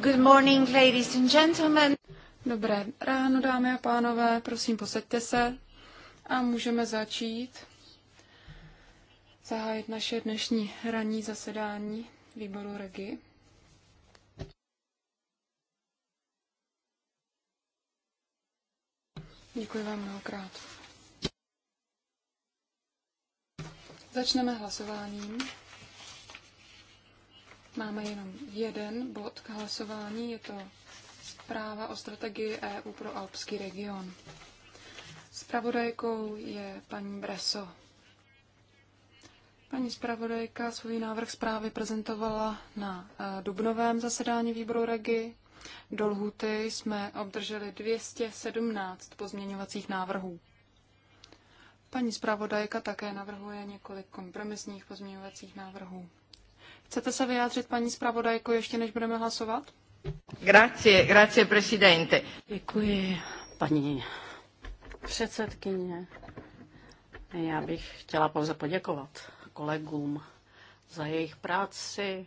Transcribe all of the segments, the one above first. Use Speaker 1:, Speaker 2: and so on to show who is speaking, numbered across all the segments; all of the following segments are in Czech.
Speaker 1: Good morning, ladies and gentlemen. Dobré ráno, dámy a pánové, prosím, posaďte se a můžeme začít zahájit naše dnešní ranní zasedání výboru Regi. Děkuji vám mnohokrát. Začneme hlasováním. Máme jenom jeden bod k hlasování, je to zpráva o strategii EU pro alpský region. Spravodajkou je paní Breso. Paní zpravodajka svůj návrh zprávy prezentovala na eh, dubnovém zasedání výboru REGI. Do lhuty jsme obdrželi 217 pozměňovacích návrhů. Paní zpravodajka také navrhuje několik kompromisních pozměňovacích návrhů. Chcete se vyjádřit, paní zpravodajko, ještě než budeme hlasovat?
Speaker 2: Grazie, grazie, presidente. Děkuji, paní předsedkyně. Já bych chtěla pouze poděkovat kolegům za jejich práci.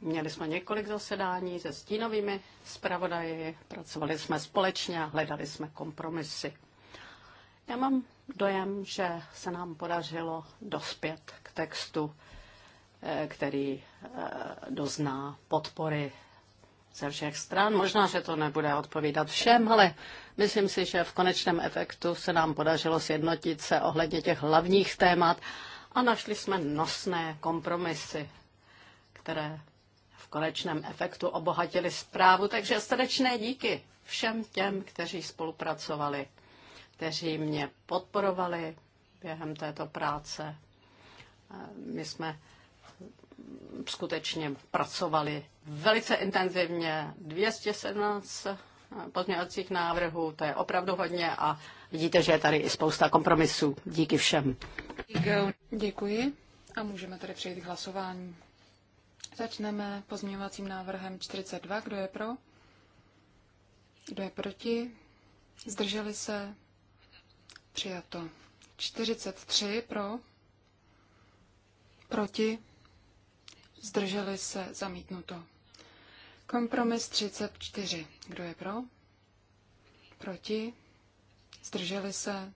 Speaker 2: Měli jsme několik zasedání se stínovými zpravodaji, pracovali jsme společně a hledali jsme kompromisy. Já mám dojem, že se nám podařilo dospět k textu, který eh, dozná podpory ze všech stran. Možná, že to nebude odpovídat všem, ale myslím si, že v konečném efektu se nám podařilo sjednotit se ohledně těch hlavních témat a našli jsme nosné kompromisy, které v konečném efektu obohatily zprávu. Takže srdečné díky všem těm, kteří spolupracovali, kteří mě podporovali během této práce. Eh, my jsme skutečně pracovali velice intenzivně. 217 pozměňovacích návrhů, to je opravdu hodně a vidíte, že je tady i spousta kompromisů. Díky všem.
Speaker 1: Děkuji a můžeme tady přejít k hlasování. Začneme pozměňovacím návrhem 42. Kdo je pro? Kdo je proti? Zdrželi se? Přijato. 43 pro? Proti? zdrželi se, zamítnuto. Kompromis 34. Kdo je pro? Proti? Zdrželi se?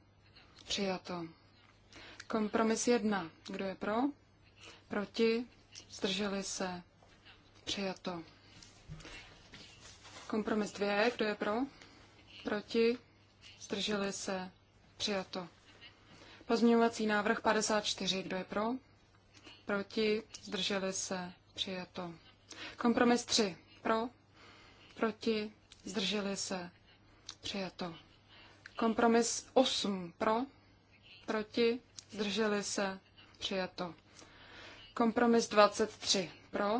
Speaker 1: Přijato. Kompromis 1. Kdo je pro? Proti? Zdrželi se? Přijato. Kompromis 2. Kdo je pro? Proti? Zdrželi se? Přijato. Pozměňovací návrh 54. Kdo je pro? proti, zdrželi se, přijato. Kompromis 3, pro, proti, zdrželi se, přijato. Kompromis 8, pro, proti, zdrželi se, přijato. Kompromis 23, pro,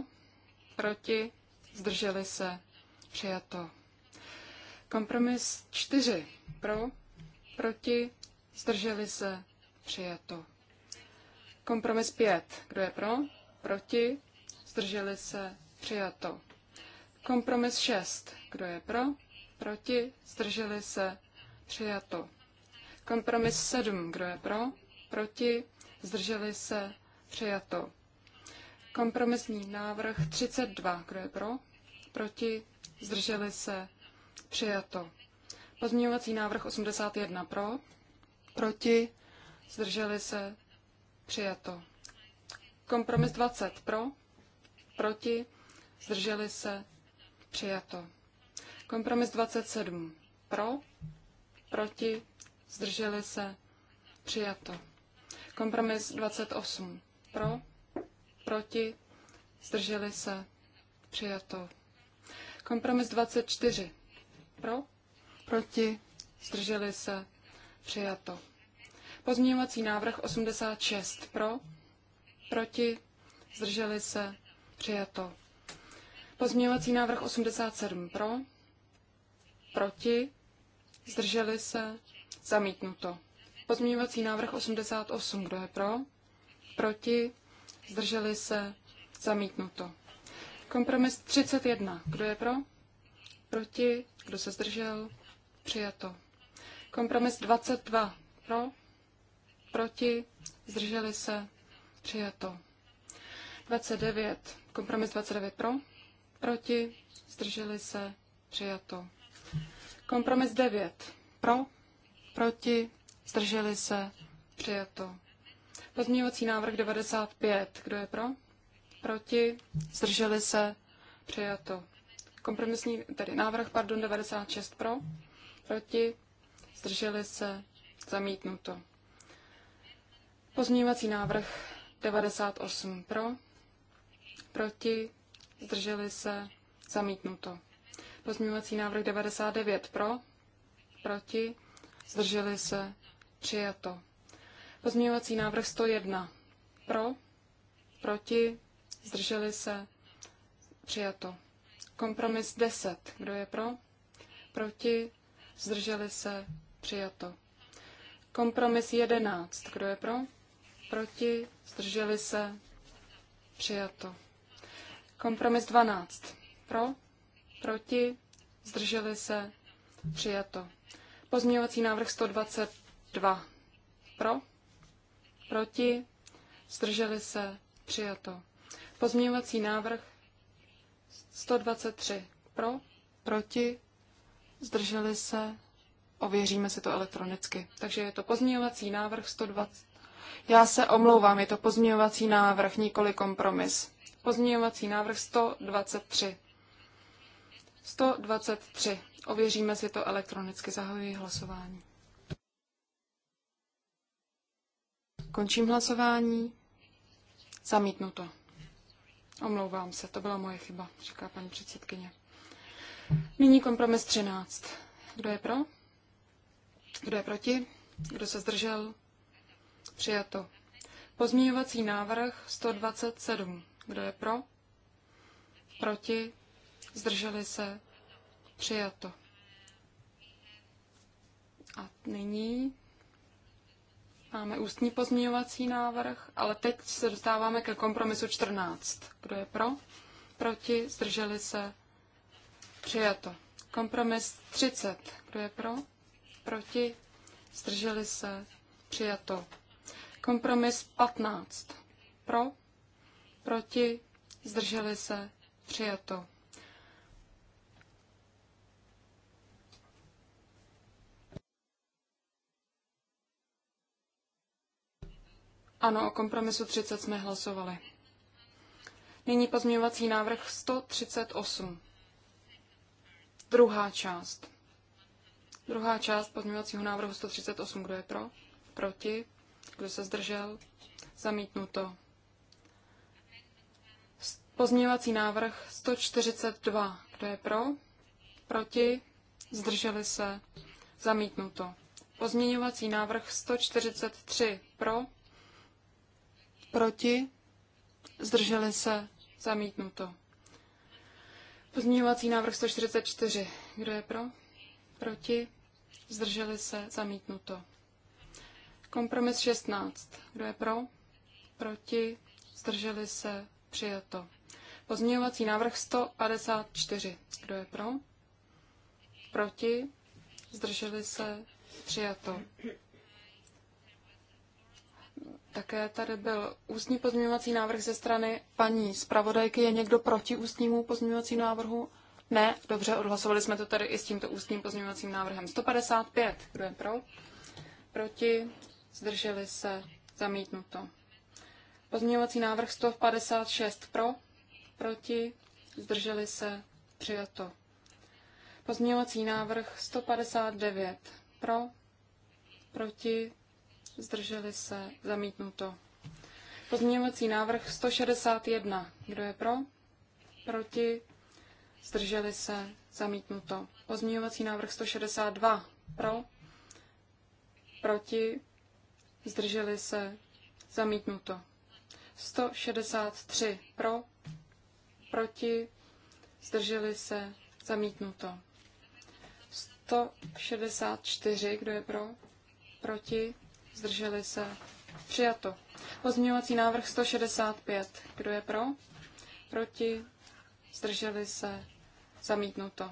Speaker 1: proti, zdrželi se, přijato. Kompromis 4, pro, proti, zdrželi se, přijato. Kompromis 5. Kdo je pro? Proti? Zdrželi se? Přijato. Kompromis 6. Kdo je pro? Proti? Zdrželi se? Přijato. Kompromis 7. Kdo je pro? Proti? Zdrželi se? Přijato. Kompromisní návrh 32. Kdo je pro? Proti? Zdrželi se? Přijato. Pozměňovací návrh 81 pro, proti, zdrželi se, Přijato. Kompromis 20 pro, proti, zdrželi se, přijato. Kompromis 27 pro, proti, zdrželi se, přijato. Kompromis 28 pro, proti, zdrželi se, přijato. Kompromis 24 pro, proti, zdrželi se, přijato. Pozměňovací návrh 86 pro, proti, zdrželi se, přijato. Pozměňovací návrh 87 pro, proti, zdrželi se, zamítnuto. Pozměňovací návrh 88, kdo je pro, proti, zdrželi se, zamítnuto. Kompromis 31, kdo je pro, proti, kdo se zdržel, přijato. Kompromis 22, pro, proti, zdrželi se, přijato. 29, kompromis 29 pro, proti, zdrželi se, přijato. Kompromis 9 pro, proti, zdrželi se, přijato. Pozměňovací návrh 95, kdo je pro, proti, zdrželi se, přijato. Kompromisní, tedy návrh, pardon, 96 pro, proti, zdrželi se, zamítnuto. Pozměňovací návrh 98 pro, proti, zdrželi se, zamítnuto. Pozměňovací návrh 99 pro, proti, zdrželi se, přijato. Pozměňovací návrh 101 pro, proti, zdrželi se, přijato. Kompromis 10, kdo je pro, proti, zdrželi se, přijato. Kompromis 11, kdo je pro, Proti? Zdrželi se? Přijato. Kompromis 12. Pro? Proti? Zdrželi se? Přijato. Pozměňovací návrh 122. Pro? Proti? Zdrželi se? Přijato. Pozměňovací návrh 123. Pro? Proti? Zdrželi se? Ověříme si to elektronicky. Takže je to pozměňovací návrh 120, já se omlouvám, je to pozměňovací návrh, nikoli kompromis. Pozměňovací návrh 123. 123. Ověříme si to elektronicky. Zahajuji hlasování. Končím hlasování. Zamítnuto. Omlouvám se, to byla moje chyba, říká paní předsedkyně. Nyní kompromis 13. Kdo je pro? Kdo je proti? Kdo se zdržel? Přijato. Pozměňovací návrh 127. Kdo je pro? Proti? Zdrželi se? Přijato. A nyní máme ústní pozměňovací návrh, ale teď se dostáváme ke kompromisu 14. Kdo je pro? Proti? Zdrželi se? Přijato. Kompromis 30. Kdo je pro? Proti? Zdrželi se? Přijato. Kompromis 15. Pro, proti, zdrželi se, přijato. Ano, o kompromisu 30 jsme hlasovali. Nyní pozměňovací návrh 138. Druhá část. Druhá část pozměňovacího návrhu 138. Kdo je pro? Proti? Kdo se zdržel? Zamítnuto. Pozměňovací návrh 142. Kdo je pro? Proti? Zdrželi se? Zamítnuto. Pozměňovací návrh 143. Pro? Proti? Zdrželi se? Zamítnuto. Pozměňovací návrh 144. Kdo je pro? Proti? Zdrželi se? Zamítnuto. Kompromis 16. Kdo je pro? Proti? Zdrželi se? Přijato. Pozměňovací návrh 154. Kdo je pro? Proti? Zdrželi se? Přijato. Také tady byl ústní pozměňovací návrh ze strany paní zpravodajky. Je někdo proti ústnímu pozměňovacímu návrhu? Ne, dobře, odhlasovali jsme to tady i s tímto ústním pozměňovacím návrhem. 155, kdo je pro? Proti, zdrželi se, zamítnuto. Pozměňovací návrh 156 pro, proti, zdrželi se, přijato. Pozměňovací návrh 159 pro, proti, zdrželi se, zamítnuto. Pozměňovací návrh 161. Kdo je pro? Proti? Zdrželi se? Zamítnuto. Pozměňovací návrh 162. Pro? Proti? zdrželi se, zamítnuto. 163 pro, proti, zdrželi se, zamítnuto. 164, kdo je pro, proti, zdrželi se, přijato. Pozměňovací návrh 165, kdo je pro, proti, zdrželi se, zamítnuto.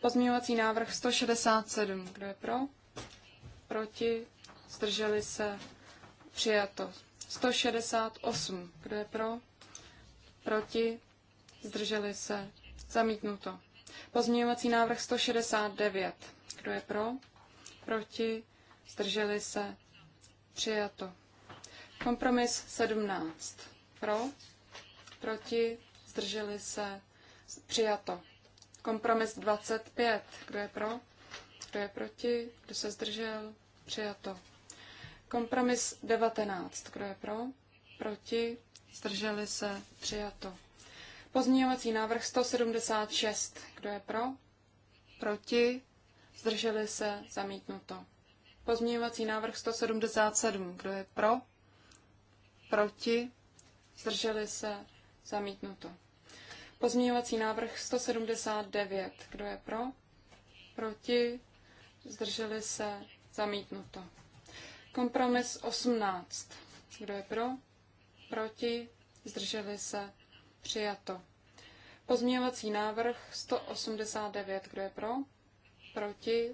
Speaker 1: Pozměňovací návrh 167, kdo je pro, proti, zdrželi se, přijato. 168, kdo je pro, proti, zdrželi se, zamítnuto. Pozměňovací návrh 169, kdo je pro, proti, zdrželi se, přijato. Kompromis 17, pro, proti, zdrželi se, přijato. Kompromis 25, kdo je pro, kdo je proti, kdo se zdržel, přijato. Kompromis 19. Kdo je pro? Proti? Zdrželi se? Přijato. Pozměňovací návrh 176. Kdo je pro? Proti? Zdrželi se? Zamítnuto. Pozměňovací návrh 177. Kdo je pro? Proti? Zdrželi se? Zamítnuto. Pozměňovací návrh 179. Kdo je pro? Proti? Zdrželi se? Zamítnuto. Kompromis 18. Kdo je pro? Proti? Zdrželi se? Přijato. Pozměňovací návrh 189. Kdo je pro? Proti?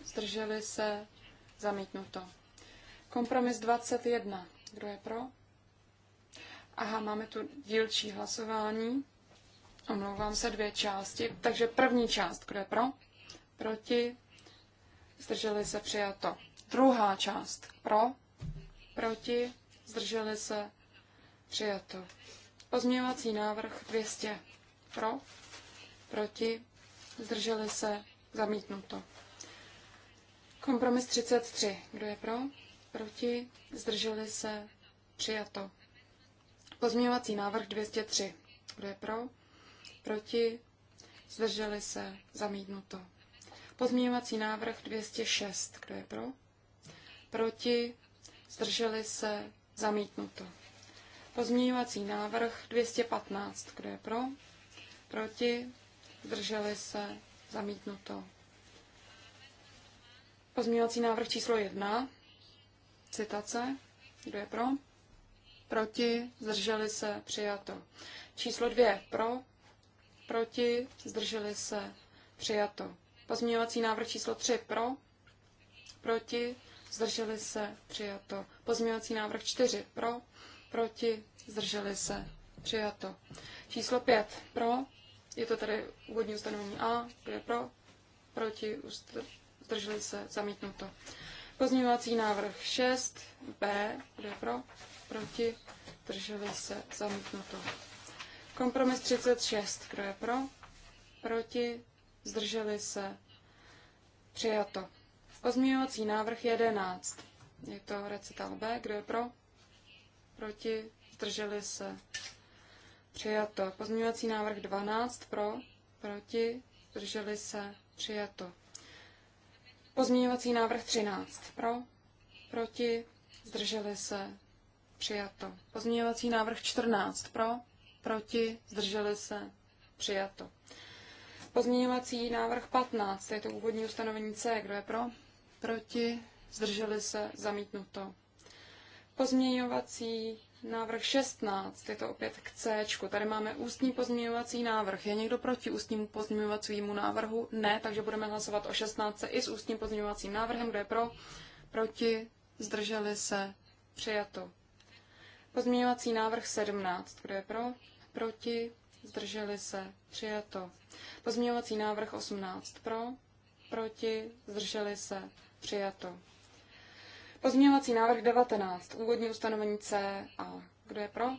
Speaker 1: Zdrželi se? Zamítnuto. Kompromis 21. Kdo je pro? Aha, máme tu dílčí hlasování. Omlouvám se dvě části. Takže první část, kdo je pro? Proti? Zdrželi se přijato. Druhá část pro, proti, zdrželi se, přijato. Pozměňovací návrh 200 pro, proti, zdrželi se, zamítnuto. Kompromis 33. Kdo je pro? Proti? Zdrželi se? Přijato. Pozměňovací návrh 203. Kdo je pro? Proti? Zdrželi se? Zamítnuto. Pozměňovací návrh 206. Kdo je pro? proti, zdrželi se, zamítnuto. Pozměňovací návrh 215, kdo je pro, proti, zdrželi se, zamítnuto. Pozměňovací návrh číslo 1, citace, kdo je pro, proti, zdrželi se, přijato. Číslo 2, pro, proti, zdrželi se, přijato. Pozměňovací návrh číslo 3, pro, proti, zdrželi se, přijato. Pozměňovací návrh 4 pro, proti, zdrželi se, přijato. Číslo 5 pro, je to tady úvodní ustanovení A, to je pro, proti, zdrželi se, zamítnuto. Pozměňovací návrh 6, B, kde je pro, proti, zdrželi se, zamítnuto. Kompromis 36, kdo je pro, proti, zdrželi se, přijato. Pozměňovací návrh 11. Je to recital B. Kdo je pro? Proti? Zdrželi se. Přijato. Pozměňovací návrh 12. Pro? Proti? Zdrželi se. Přijato. Pozměňovací návrh 13. Pro? Proti? Zdrželi se. Přijato. Pozměňovací návrh 14. Pro? Proti? Zdrželi se. Přijato. Pozměňovací návrh 15. Je to úvodní ustanovení C. Kdo je pro? proti, zdrželi se, zamítnuto. Pozměňovací návrh 16, je to opět k C. Tady máme ústní pozměňovací návrh. Je někdo proti ústnímu pozměňovacímu návrhu? Ne, takže budeme hlasovat o 16 i s ústním pozměňovacím návrhem. Kdo je pro? Proti? Zdrželi se? Přijato. Pozměňovací návrh 17. Kdo je pro? Proti? Zdrželi se? Přijato. Pozměňovací návrh 18. Pro? Proti? Zdrželi se? Přijato. Pozměňovací návrh 19. Úvodní ustanovení C a kdo je pro?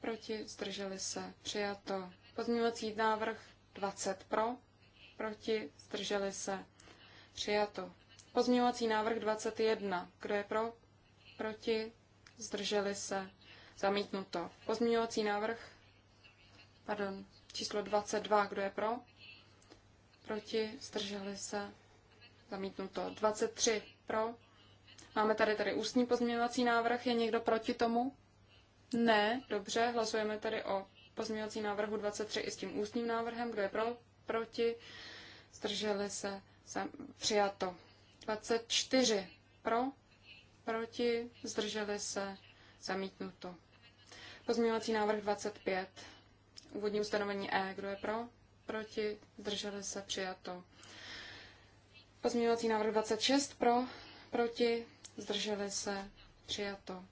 Speaker 1: Proti. Zdrželi se. Přijato. Pozměňovací návrh 20 pro. Proti. Zdrželi se. Přijato. Pozměňovací návrh 21. Kdo je pro? Proti. Zdrželi se. Zamítnuto. Pozměňovací návrh, pardon, číslo 22. Kdo je pro? Proti. Zdrželi se. Zamítnuto 23 pro. Máme tady tady ústní pozměňovací návrh. Je někdo proti tomu? Ne, dobře, hlasujeme tady o pozměňovací návrhu 23 i s tím ústním návrhem. Kdo je pro? Proti? Zdrželi se? Přijato. 24 pro? Proti? Zdrželi se? Zamítnuto. Pozměňovací návrh 25. Úvodní ustanovení E. Kdo je pro? Proti? Zdrželi se? Přijato. Pozměňovací návrh 26 pro, proti, zdrželi se, přijato.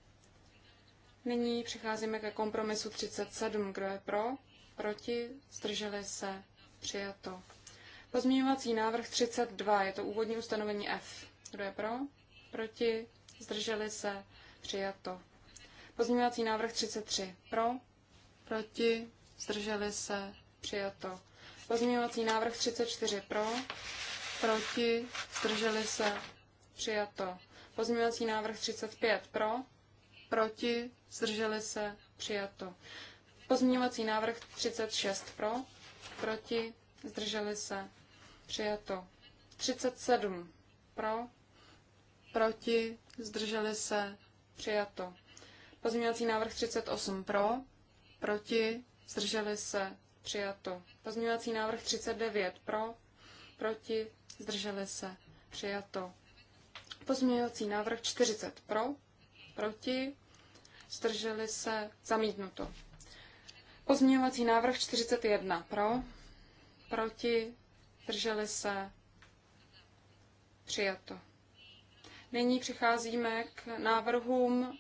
Speaker 1: Nyní přicházíme ke kompromisu 37. Kdo je pro, proti, zdrželi se, přijato. Pozměňovací návrh 32, je to úvodní ustanovení F. Kdo je pro, proti, zdrželi se, přijato. Pozměňovací návrh 33, pro, proti, zdrželi se, přijato. Pozměňovací návrh 34, pro, proti, zdrželi se, přijato. Pozměňovací návrh 35 pro, proti, zdrželi se, přijato. Pozměňovací návrh 36 pro, proti, zdrželi se, přijato. 37 pro, proti, zdrželi se, přijato. Pozměňovací návrh 38 pro, proti, zdrželi se, přijato. Pozměňovací návrh 39 pro, proti, zdrželi se, přijato. Pozměňovací návrh 40 pro, proti, zdrželi se, zamítnuto. Pozměňovací návrh 41 pro, proti, zdrželi se, přijato. Nyní přicházíme k návrhům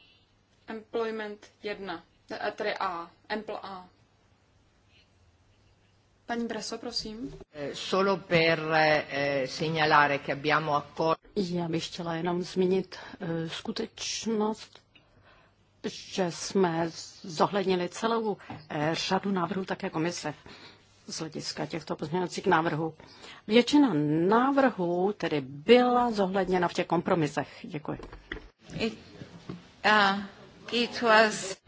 Speaker 1: Employment 1, tedy A, Empl A. Paní Breso, prosím. Eh, solo per eh, eh, segnalare che abbiamo accordo... Já
Speaker 2: bych chtěla jenom zmínit skutečnost, že jsme zohlednili celou řadu návrhů také komise z hlediska těchto pozměňovacích návrhů. Většina návrhů tedy byla zohledněna v těch kompromisech. Děkuji.
Speaker 1: It, uh, it was...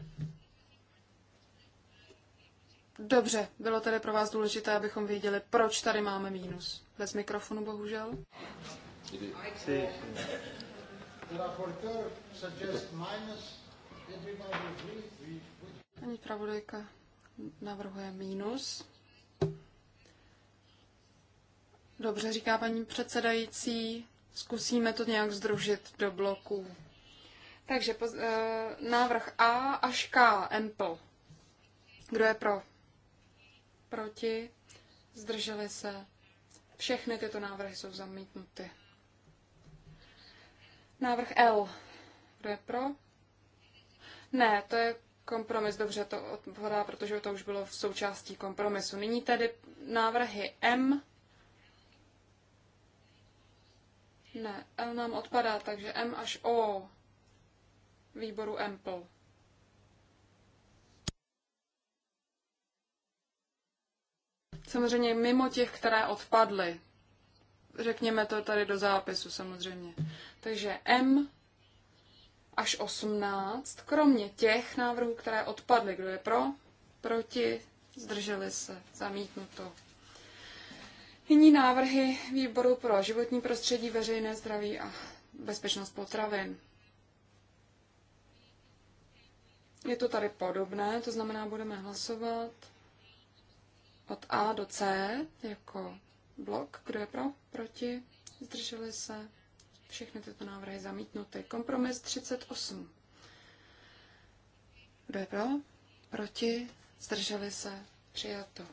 Speaker 1: Dobře, bylo tedy pro vás důležité, abychom věděli, proč tady máme mínus. Bez mikrofonu, bohužel. Ani Paní pravodajka navrhuje mínus. Dobře, říká paní předsedající, zkusíme to nějak združit do bloků. Takže poz, e, návrh A až K, Ample. Kdo je pro? proti, zdrželi se. Všechny tyto návrhy jsou zamítnuty. Návrh L. Kdo je pro? Ne, to je kompromis, dobře to odpadá, protože to už bylo v součástí kompromisu. Nyní tedy návrhy M. Ne, L nám odpadá, takže M až O výboru Ample. Samozřejmě mimo těch, které odpadly. Řekněme to tady do zápisu samozřejmě. Takže M až 18, kromě těch návrhů, které odpadly. Kdo je pro? Proti? Zdrželi se. Zamítnuto. Nyní návrhy výboru pro životní prostředí, veřejné zdraví a bezpečnost potravin. Je to tady podobné, to znamená, budeme hlasovat od A do C jako blok. Kdo je pro? Proti? Zdrželi se? Všechny tyto návrhy zamítnuty. Kompromis 38. Kdo je pro? Proti? Zdrželi se? Přijato.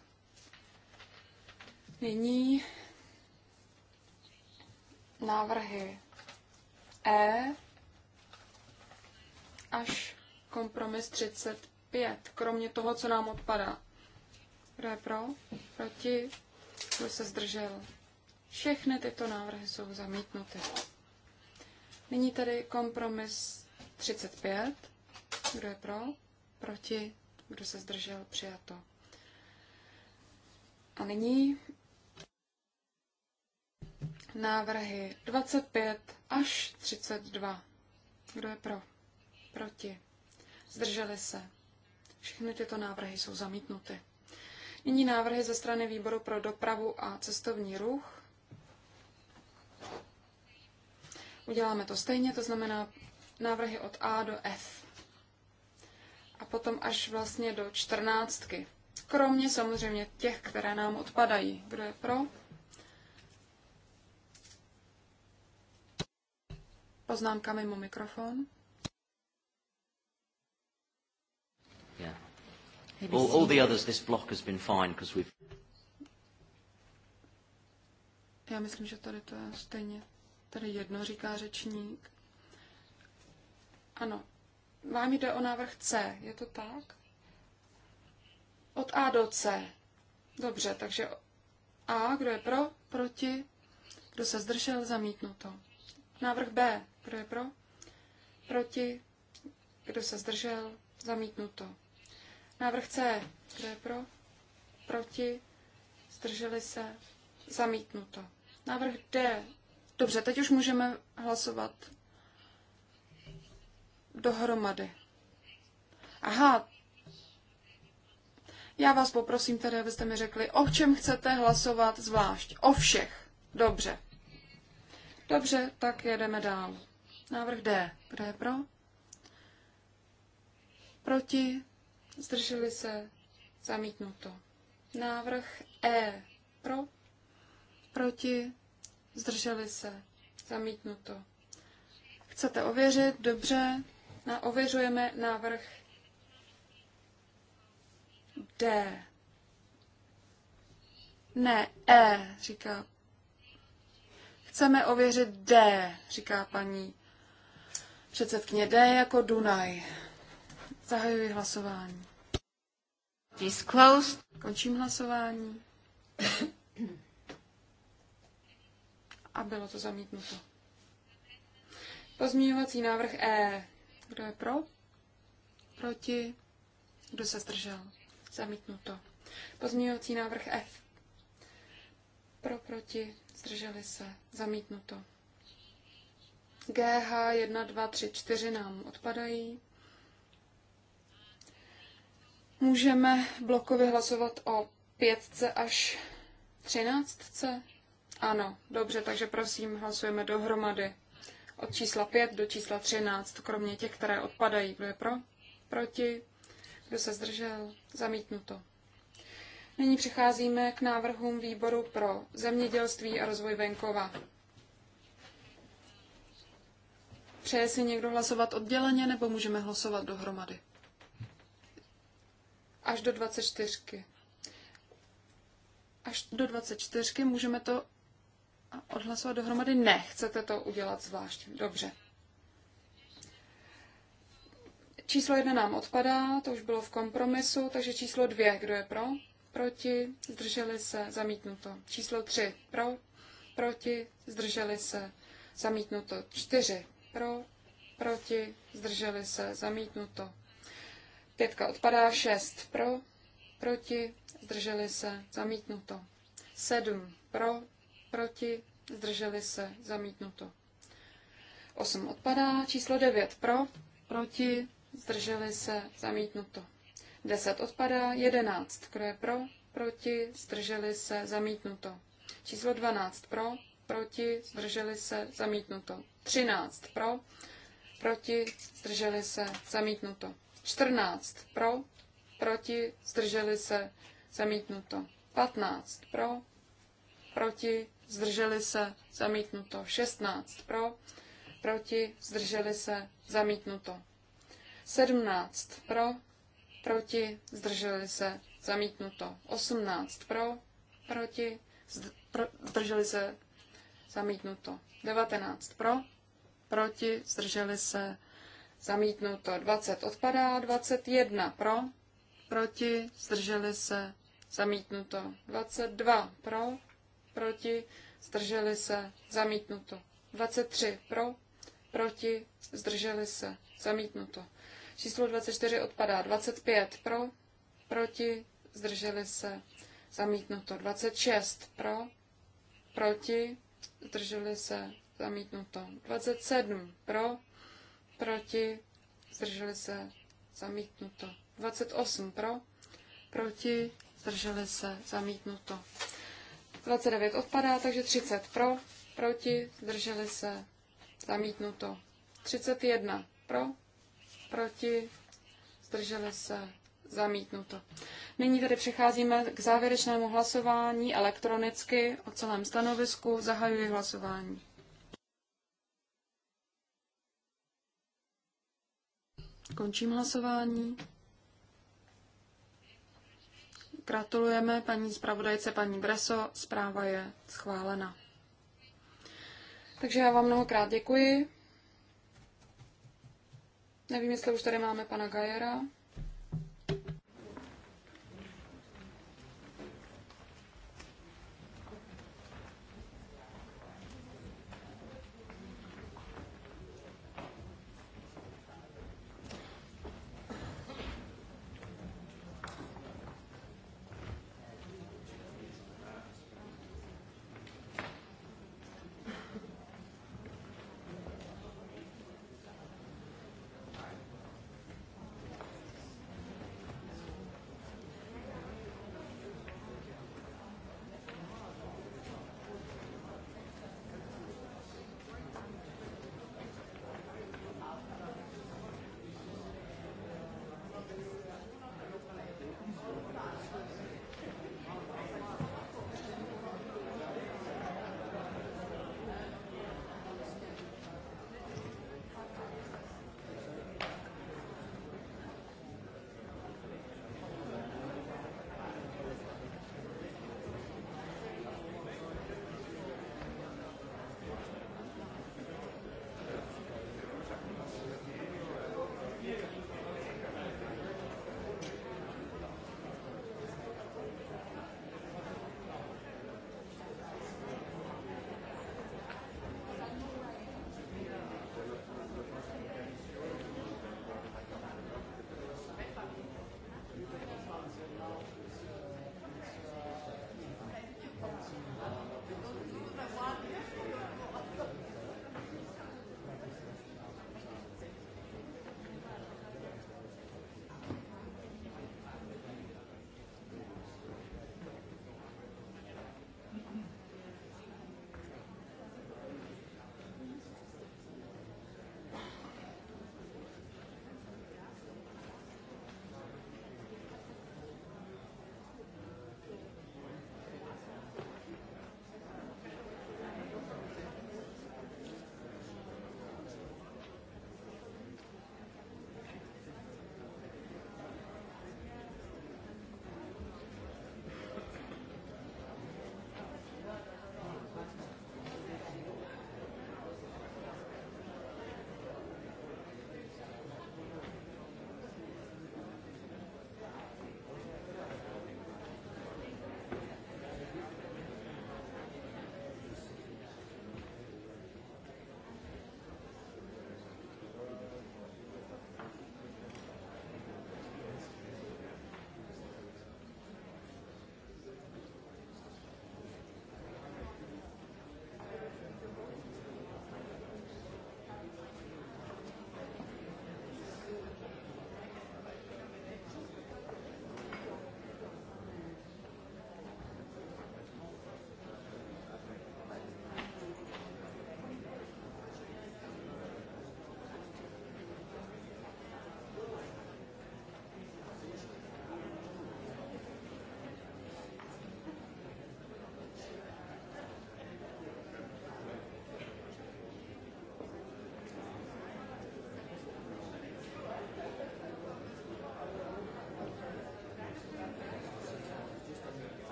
Speaker 1: Nyní návrhy E až kompromis 35, kromě toho, co nám odpadá. Kdo je pro? Proti? Kdo se zdržel? Všechny tyto návrhy jsou zamítnuty. Nyní tedy kompromis 35. Kdo je pro? Proti? Kdo se zdržel? Přijato. A nyní návrhy 25 až 32. Kdo je pro? Proti? Zdrželi se. Všechny tyto návrhy jsou zamítnuty. Nyní návrhy ze strany výboru pro dopravu a cestovní ruch. Uděláme to stejně, to znamená návrhy od A do F. A potom až vlastně do čtrnáctky. Kromě samozřejmě těch, které nám odpadají. Kdo je pro? Poznámka mimo mikrofon.
Speaker 2: all, all the others, this block has been fine because we've...
Speaker 1: Já myslím, že tady to je stejně. Tady jedno říká řečník. Ano. Vám jde o návrh C, je to tak? Od A do C. Dobře, takže A, kdo je pro, proti, kdo se zdržel, zamítnuto. Návrh B, kdo je pro, proti, kdo se zdržel, zamítnuto. Návrh C. Kdo je pro? Proti? Zdrželi se? Zamítnuto. Návrh D. Dobře, teď už můžeme hlasovat dohromady. Aha, já vás poprosím tedy, abyste mi řekli, o čem chcete hlasovat zvlášť. O všech. Dobře. Dobře, tak jedeme dál. Návrh D. Kdo je pro? Proti? zdrželi se, zamítnuto. Návrh E pro, proti, zdrželi se, zamítnuto. Chcete ověřit? Dobře. Na, ověřujeme návrh D. Ne, E, říká. Chceme ověřit D, říká paní předsedkyně D jako Dunaj. Zahajuji hlasování. Disclosed. Končím hlasování. A bylo to zamítnuto. Pozměňovací návrh E. Kdo je pro? Proti? Kdo se zdržel? Zamítnuto. Pozměňovací návrh F. Pro, proti, zdrželi se, zamítnuto. GH 1, 2, 3, 4 nám odpadají. Můžeme blokově hlasovat o pětce až třináctce? Ano, dobře, takže prosím, hlasujeme dohromady. Od čísla 5 do čísla 13, kromě těch, které odpadají. Kdo je pro? Proti? Kdo se zdržel? Zamítnuto. Nyní přecházíme k návrhům výboru pro zemědělství a rozvoj venkova. Přeje si někdo hlasovat odděleně nebo můžeme hlasovat dohromady? až do 24. Až do 24 můžeme to odhlasovat dohromady? Ne, chcete to udělat zvlášť. Dobře. Číslo jedna nám odpadá, to už bylo v kompromisu, takže číslo dvě, kdo je pro? Proti, zdrželi se, zamítnuto. Číslo tři, pro, proti, zdrželi se, zamítnuto. Čtyři, pro, proti, zdrželi se, zamítnuto. Pětka odpadá, šest pro, proti, zdrželi se, zamítnuto. Sedm pro, proti, zdrželi se, zamítnuto. Osm odpadá, číslo devět pro, proti, zdrželi se, zamítnuto. Deset odpadá, jedenáct, kdo je pro, proti, zdrželi se, zamítnuto. Číslo dvanáct pro, proti, zdrželi se, zamítnuto. třináct pro, proti, zdrželi se, zamítnuto. 14 pro, proti, zdrželi se, zamítnuto. 15 pro, proti, zdrželi se, zamítnuto. 16 pro, proti, zdrželi se, zamítnuto. 17 pro, proti, zdrželi se, zamítnuto. 18 pro, proti, zdrželi se, zamítnuto. 19 pro, proti, zdrželi se, zamítnuto. 20 odpadá, 21 pro, proti, zdrželi se, zamítnuto. 22 pro, proti, zdrželi se, zamítnuto. 23 pro, proti, zdrželi se, zamítnuto. Číslo 24 odpadá, 25 pro, proti, zdrželi se, zamítnuto. 26 pro, proti, zdrželi se, zamítnuto. 27 pro, proti, zdrželi se, zamítnuto. 28 pro, proti, zdrželi se, zamítnuto. 29 odpadá, takže 30 pro, proti, zdrželi se, zamítnuto. 31 pro, proti, zdrželi se, zamítnuto. Nyní tedy přecházíme k závěrečnému hlasování elektronicky o celém stanovisku. Zahajuji hlasování. Končím hlasování. Gratulujeme paní zpravodajce, paní Breso. Zpráva je schválena. Takže já vám mnohokrát děkuji. Nevím, jestli už tady máme pana Gajera.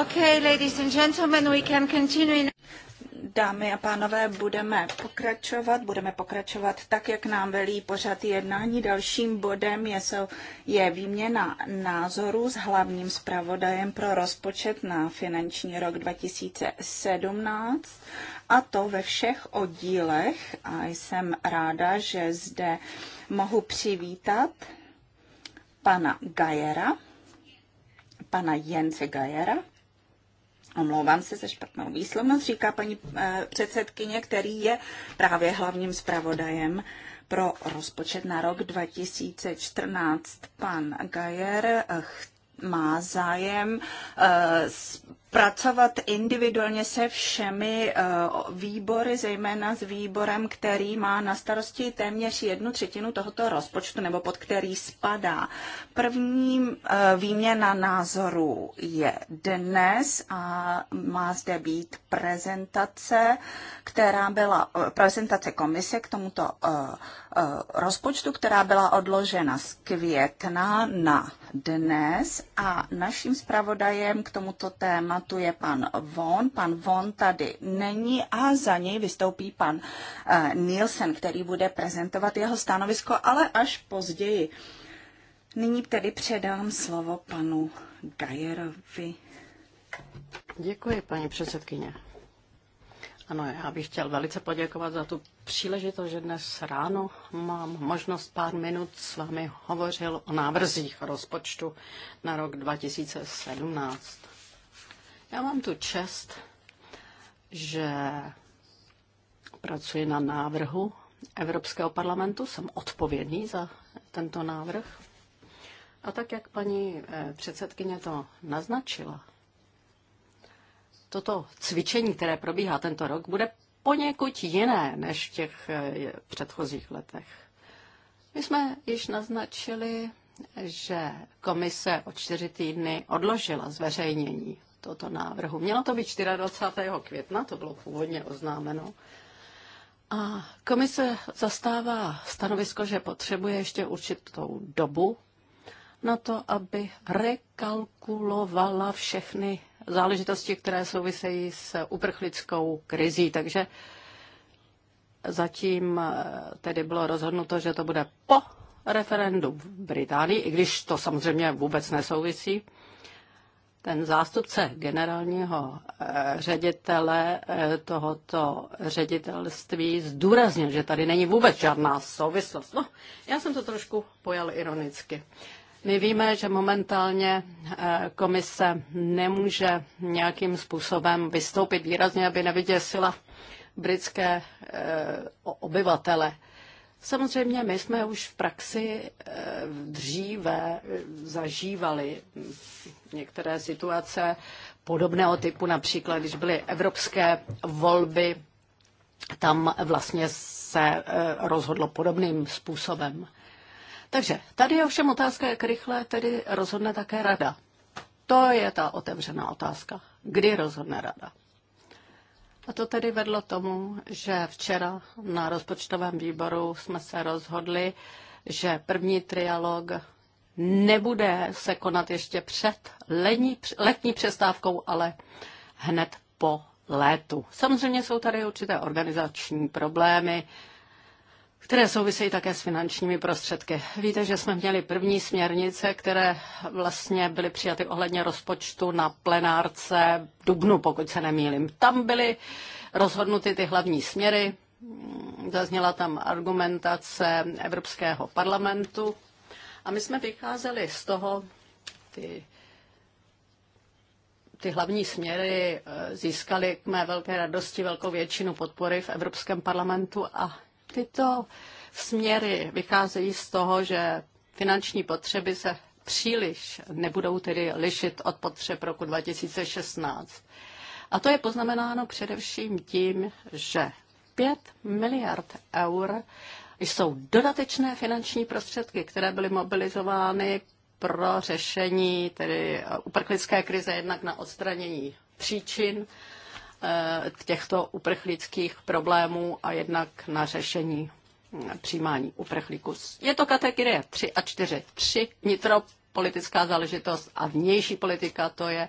Speaker 3: Okay, ladies and gentlemen, we can continue. Dámy a pánové, budeme pokračovat, budeme pokračovat tak, jak nám velí pořad jednání. Dalším bodem je, je výměna názorů s hlavním zpravodajem pro rozpočet na finanční rok 2017 a to ve všech oddílech. A jsem ráda, že zde mohu přivítat pana Gajera, pana Jence Gajera, Omlouvám se za špatnou výslovnost, říká paní eh, předsedkyně, který je právě hlavním zpravodajem pro rozpočet na rok 2014. Pan Gajer eh, má zájem eh, pracovat individuálně se všemi eh, výbory, zejména s výborem, který má na starosti téměř jednu třetinu tohoto rozpočtu nebo pod který spadá. První eh, výměna názorů je dnes a má zde být prezentace, která byla eh, prezentace komise k tomuto Eh, rozpočtu, která byla odložena z května na dnes a naším zpravodajem k tomuto tématu je pan Von. Pan Von tady není a za něj vystoupí pan eh, Nielsen, který bude prezentovat jeho stanovisko, ale až později. Nyní tedy předám slovo panu Gajerovi. Děkuji, paní předsedkyně. Ano, já bych
Speaker 2: chtěl velice poděkovat za tu příležitost, že dnes ráno mám možnost pár minut s vámi hovořil o návrzích rozpočtu na rok 2017. Já mám tu čest, že pracuji na návrhu Evropského parlamentu, jsem odpovědný za tento návrh. A tak, jak paní eh, předsedkyně to naznačila, toto cvičení, které probíhá tento rok, bude poněkud jiné než v těch eh, předchozích letech. My jsme již naznačili, že komise o čtyři týdny odložila zveřejnění tohoto návrhu. Mělo to být 24. května, to bylo původně oznámeno. A komise zastává stanovisko, že potřebuje ještě určitou dobu na to, aby rekalkulovala všechny záležitosti, které souvisejí s uprchlickou krizí. Takže zatím eh, tedy bylo rozhodnuto, že to bude po referendu v Británii, i když to samozřejmě vůbec nesouvisí. Ten zástupce generálního eh, ředitele eh, tohoto ředitelství zdůraznil, že tady není vůbec žádná souvislost. No, já jsem to trošku pojal ironicky. My víme, že momentálně eh, komise nemůže nějakým způsobem vystoupit výrazně, aby nevyděsila britské eh, obyvatele. Samozřejmě my jsme už v praxi eh, dříve zažívali některé situace podobného typu, například když byly evropské volby, tam vlastně se rozhodlo podobným způsobem. Takže tady je ovšem otázka, jak rychle tedy rozhodne také rada. To je ta otevřená otázka. Kdy rozhodne rada? A to tedy vedlo tomu, že včera na rozpočtovém výboru jsme se rozhodli, že první trialog nebude se konat ještě před letní, letní přestávkou, ale hned po létu. Samozřejmě jsou tady určité organizační problémy, které souvisejí také s finančními prostředky. Víte, že jsme měli první směrnice, které vlastně byly přijaty ohledně rozpočtu na plenárce Dubnu, pokud se nemýlim. Tam byly rozhodnuty ty hlavní směry, zazněla tam argumentace Evropského parlamentu a my jsme vycházeli z toho, ty, ty hlavní směry eh, získaly k mé velké radosti velkou většinu podpory v Evropském parlamentu a Tyto směry vycházejí z toho, že finanční potřeby se příliš nebudou tedy lišit od potřeb roku 2016. A to je poznamenáno především tím, že 5 miliard eur jsou dodatečné finanční prostředky, které byly mobilizovány pro řešení tedy uprchlické krize jednak na odstranění příčin Eh, těchto uprchlických problémů a jednak na řešení eh, přijímání uprchlíků. Je to kategorie 3 a 4. 3 vnitropolitická záležitost a vnější politika to je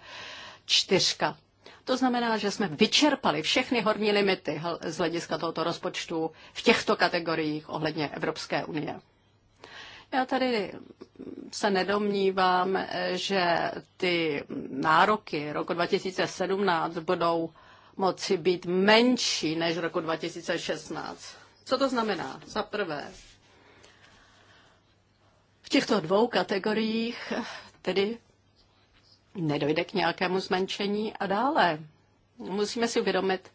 Speaker 2: čtyřka. To znamená, že jsme vyčerpali všechny horní limity z hlediska tohoto rozpočtu v těchto kategoriích ohledně Evropské unie. Já tady se nedomnívám, eh, že ty nároky roku 2017 budou moci být menší než roku 2016. Co to znamená? Za prvé, v těchto dvou kategoriích tedy nedojde k nějakému zmenšení a dále. Musíme si uvědomit,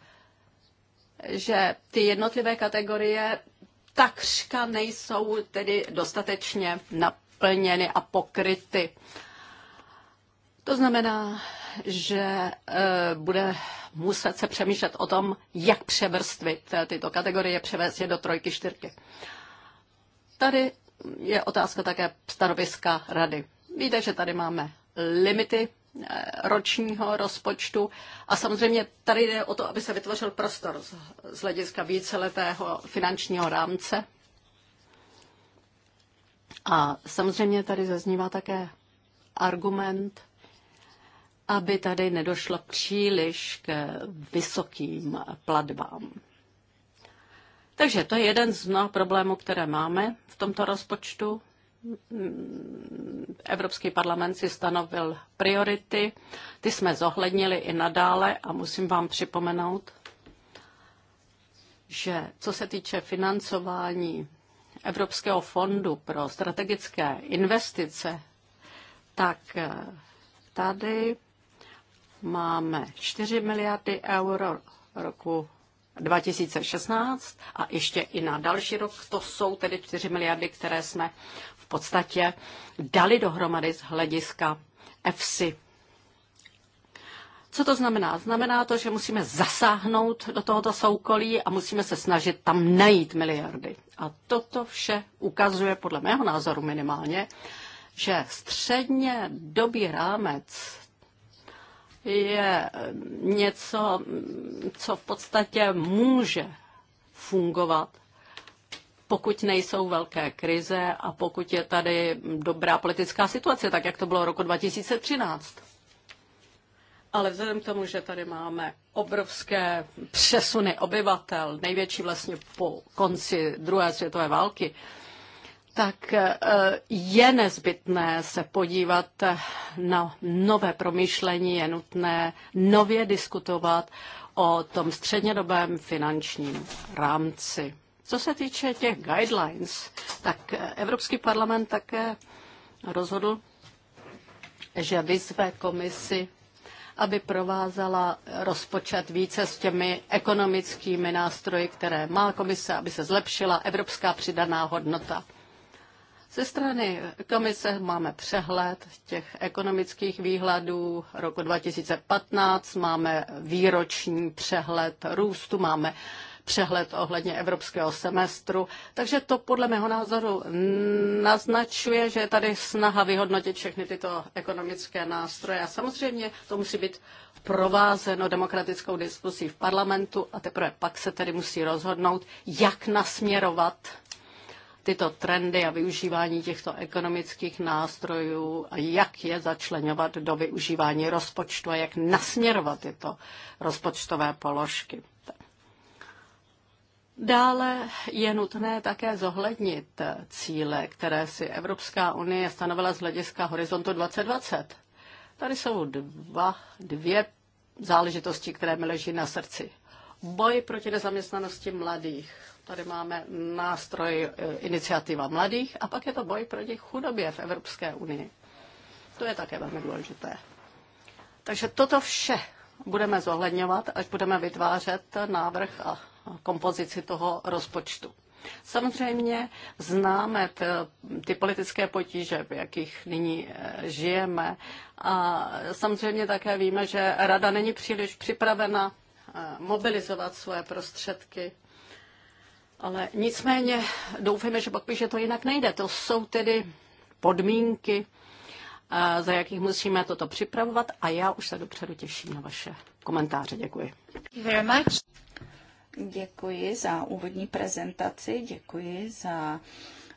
Speaker 2: že ty jednotlivé kategorie takřka nejsou tedy dostatečně naplněny a pokryty. To znamená, že eh, bude muset se přemýšlet o tom, jak převrstvit eh, tyto kategorie, převést je do trojky, čtyřky. Tady je otázka také stanoviska rady. Víte, že tady máme limity eh, ročního rozpočtu a samozřejmě tady jde o to, aby se vytvořil prostor z hlediska víceletého finančního rámce. A samozřejmě tady zaznívá také argument, aby tady nedošlo příliš k vysokým platbám. Takže to je jeden z mnoha problémů, které máme v tomto rozpočtu. Evropský parlament si stanovil priority, ty jsme zohlednili i nadále a musím vám připomenout, že co se týče financování Evropského fondu pro strategické investice, tak tady máme 4 miliardy euro roku 2016 a ještě i na další rok. To jsou tedy 4 miliardy, které jsme v podstatě dali dohromady z hlediska EFSI. Co to znamená? Znamená to, že musíme zasáhnout do tohoto soukolí a musíme se snažit tam najít miliardy. A toto vše ukazuje, podle mého názoru minimálně, že středně dobý rámec je něco, co v podstatě může fungovat, pokud nejsou velké krize a pokud je tady dobrá politická situace, tak jak to bylo roku 2013. Ale vzhledem k tomu, že tady máme obrovské přesuny obyvatel, největší vlastně po konci druhé světové války, tak eh, je nezbytné se podívat na nové promýšlení, je nutné nově diskutovat o tom střednědobém finančním rámci. Co se týče těch guidelines, tak Evropský parlament také rozhodl, že vyzve komisi, aby provázala rozpočet více s těmi ekonomickými nástroji, které má komise, aby se zlepšila evropská přidaná hodnota. Ze strany komise máme přehled těch ekonomických výhledů roku 2015, máme výroční přehled růstu, máme přehled ohledně evropského semestru. Takže to podle mého názoru naznačuje, že je tady snaha vyhodnotit všechny tyto ekonomické nástroje. A samozřejmě to musí být provázeno demokratickou diskusí v parlamentu a teprve pak se tedy musí rozhodnout, jak nasměrovat tyto trendy a využívání těchto ekonomických nástrojů, jak je začlenovat do využívání rozpočtu a jak nasměrovat tyto rozpočtové položky. Dále je nutné také zohlednit cíle, které si Evropská unie stanovila z hlediska horizontu 2020. Tady jsou dva, dvě záležitosti, které mi leží na srdci. Boj proti nezaměstnanosti mladých Tady máme nástroj e, iniciativa mladých a pak je to boj proti chudobě v Evropské unii. To je také velmi důležité. Takže toto vše budeme zohledňovat, až budeme vytvářet návrh a kompozici toho rozpočtu. Samozřejmě známe ty politické potíže, v jakých nyní e, žijeme a samozřejmě také víme, že rada není příliš připravena e, mobilizovat své prostředky ale nicméně doufejme, že pak že to jinak nejde. To jsou tedy podmínky, za jakých musíme toto připravovat a já už se dopředu těším na vaše komentáře. Děkuji.
Speaker 3: Very much. Děkuji za úvodní prezentaci, děkuji za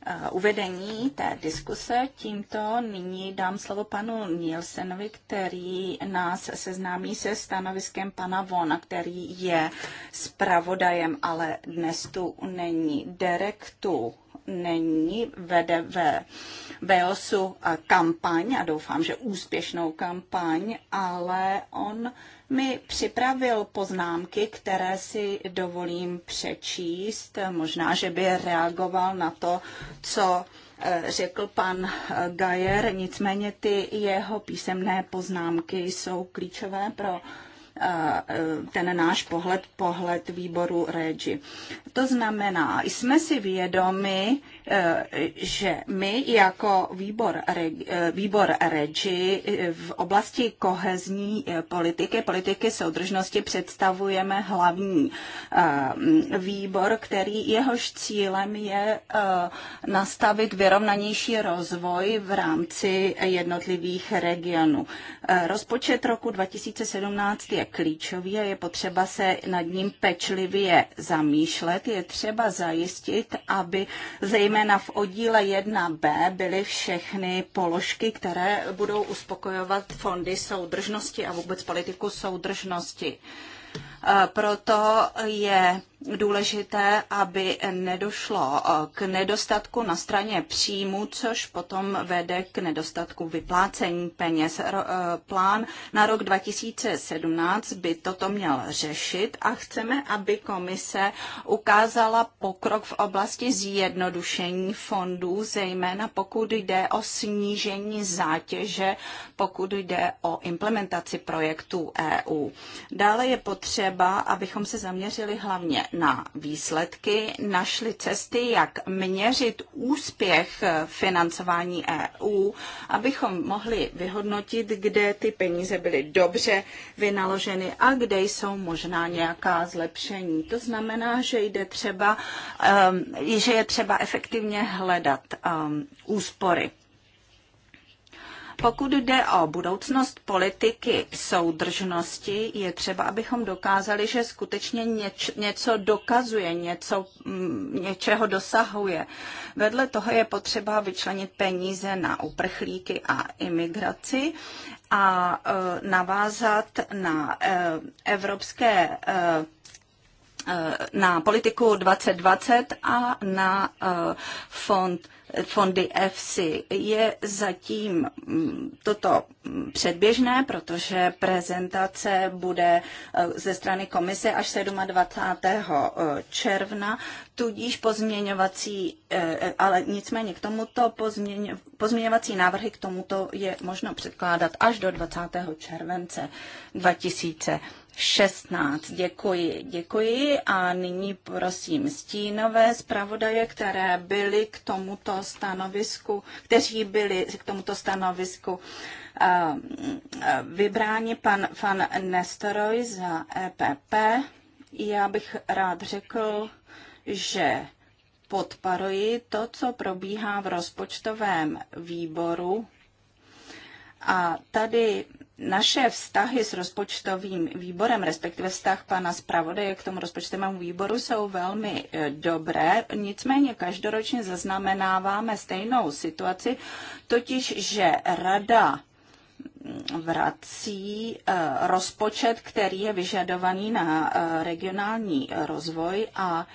Speaker 3: Eh, uvedení té diskuse. Tímto nyní dám slovo panu Nielsenovi, který nás seznámí se stanoviskem pana Vona, který je zpravodajem, ale dnes tu není. Derek tu není, vede ve Veosu eh, kampaň a doufám, že úspěšnou kampaň, ale on mi připravil poznámky, které si dovolím přečíst. Možná, že by reagoval na to, co eh, řekl pan eh, Gajer, nicméně ty jeho písemné poznámky jsou klíčové pro eh, ten náš pohled, pohled výboru REGI. To znamená, jsme si vědomi Eh, že my jako výbor, eh, výbor REGI eh, v oblasti kohezní politiky, politiky soudržnosti představujeme hlavní výbor, který jehož cílem je nastavit vyrovnanější rozvoj v rámci jednotlivých regionů. Rozpočet roku 2017 je klíčový a je potřeba se nad ním pečlivě zamýšlet. Je třeba zajistit, aby zejména zejména v oddíle 1b byly všechny položky, které budou uspokojovat fondy soudržnosti a vůbec politiku soudržnosti. E, proto je důležité, aby nedošlo eh, k nedostatku na straně příjmu, což potom vede k nedostatku vyplácení peněz. Eh, plán na rok 2017 by toto měl řešit a chceme, aby komise ukázala pokrok v oblasti zjednodušení fondů, zejména pokud jde o snížení zátěže, pokud jde o implementaci projektů EU. Dále je potřeba, abychom se zaměřili hlavně na výsledky, našli cesty, jak měřit úspěch financování EU, abychom mohli vyhodnotit, kde ty peníze byly dobře vynaloženy a kde jsou možná nějaká zlepšení. To znamená, že jde třeba, um, že je třeba efektivně hledat um, úspory. Pokud jde o budoucnost politiky soudržnosti, je třeba, abychom dokázali, že skutečně něč, něco dokazuje, něco, mm, něčeho dosahuje. Vedle toho je potřeba vyčlenit peníze na uprchlíky a imigraci a e, navázat na e, evropské e, na politiku 2020 a na fond fondy EFSI. Je zatím mm, toto předběžné, protože prezentace bude eh, ze strany komise až 27. Eh, června, tudíž pozměňovací, eh, ale nicméně k tomuto pozměň, pozměňovací návrhy k tomuto je možno předkládat až do 20. července 2000. 16. Děkuji, děkuji a nyní prosím stínové zpravodaje, které byly k tomuto stanovisku, kteří byli k tomuto stanovisku eh, vybráni pan, pan Nestoroj za EPP. Já bych rád řekl, že podporuji to, co probíhá v rozpočtovém výboru. A tady naše vztahy s rozpočtovým výborem, respektive vztah pana zpravodaje k tomu rozpočtovému výboru, jsou velmi e, dobré. Nicméně každoročně zaznamenáváme stejnou situaci, totiž, že rada mm, vrací e, rozpočet, který je vyžadovaný na e, regionální rozvoj a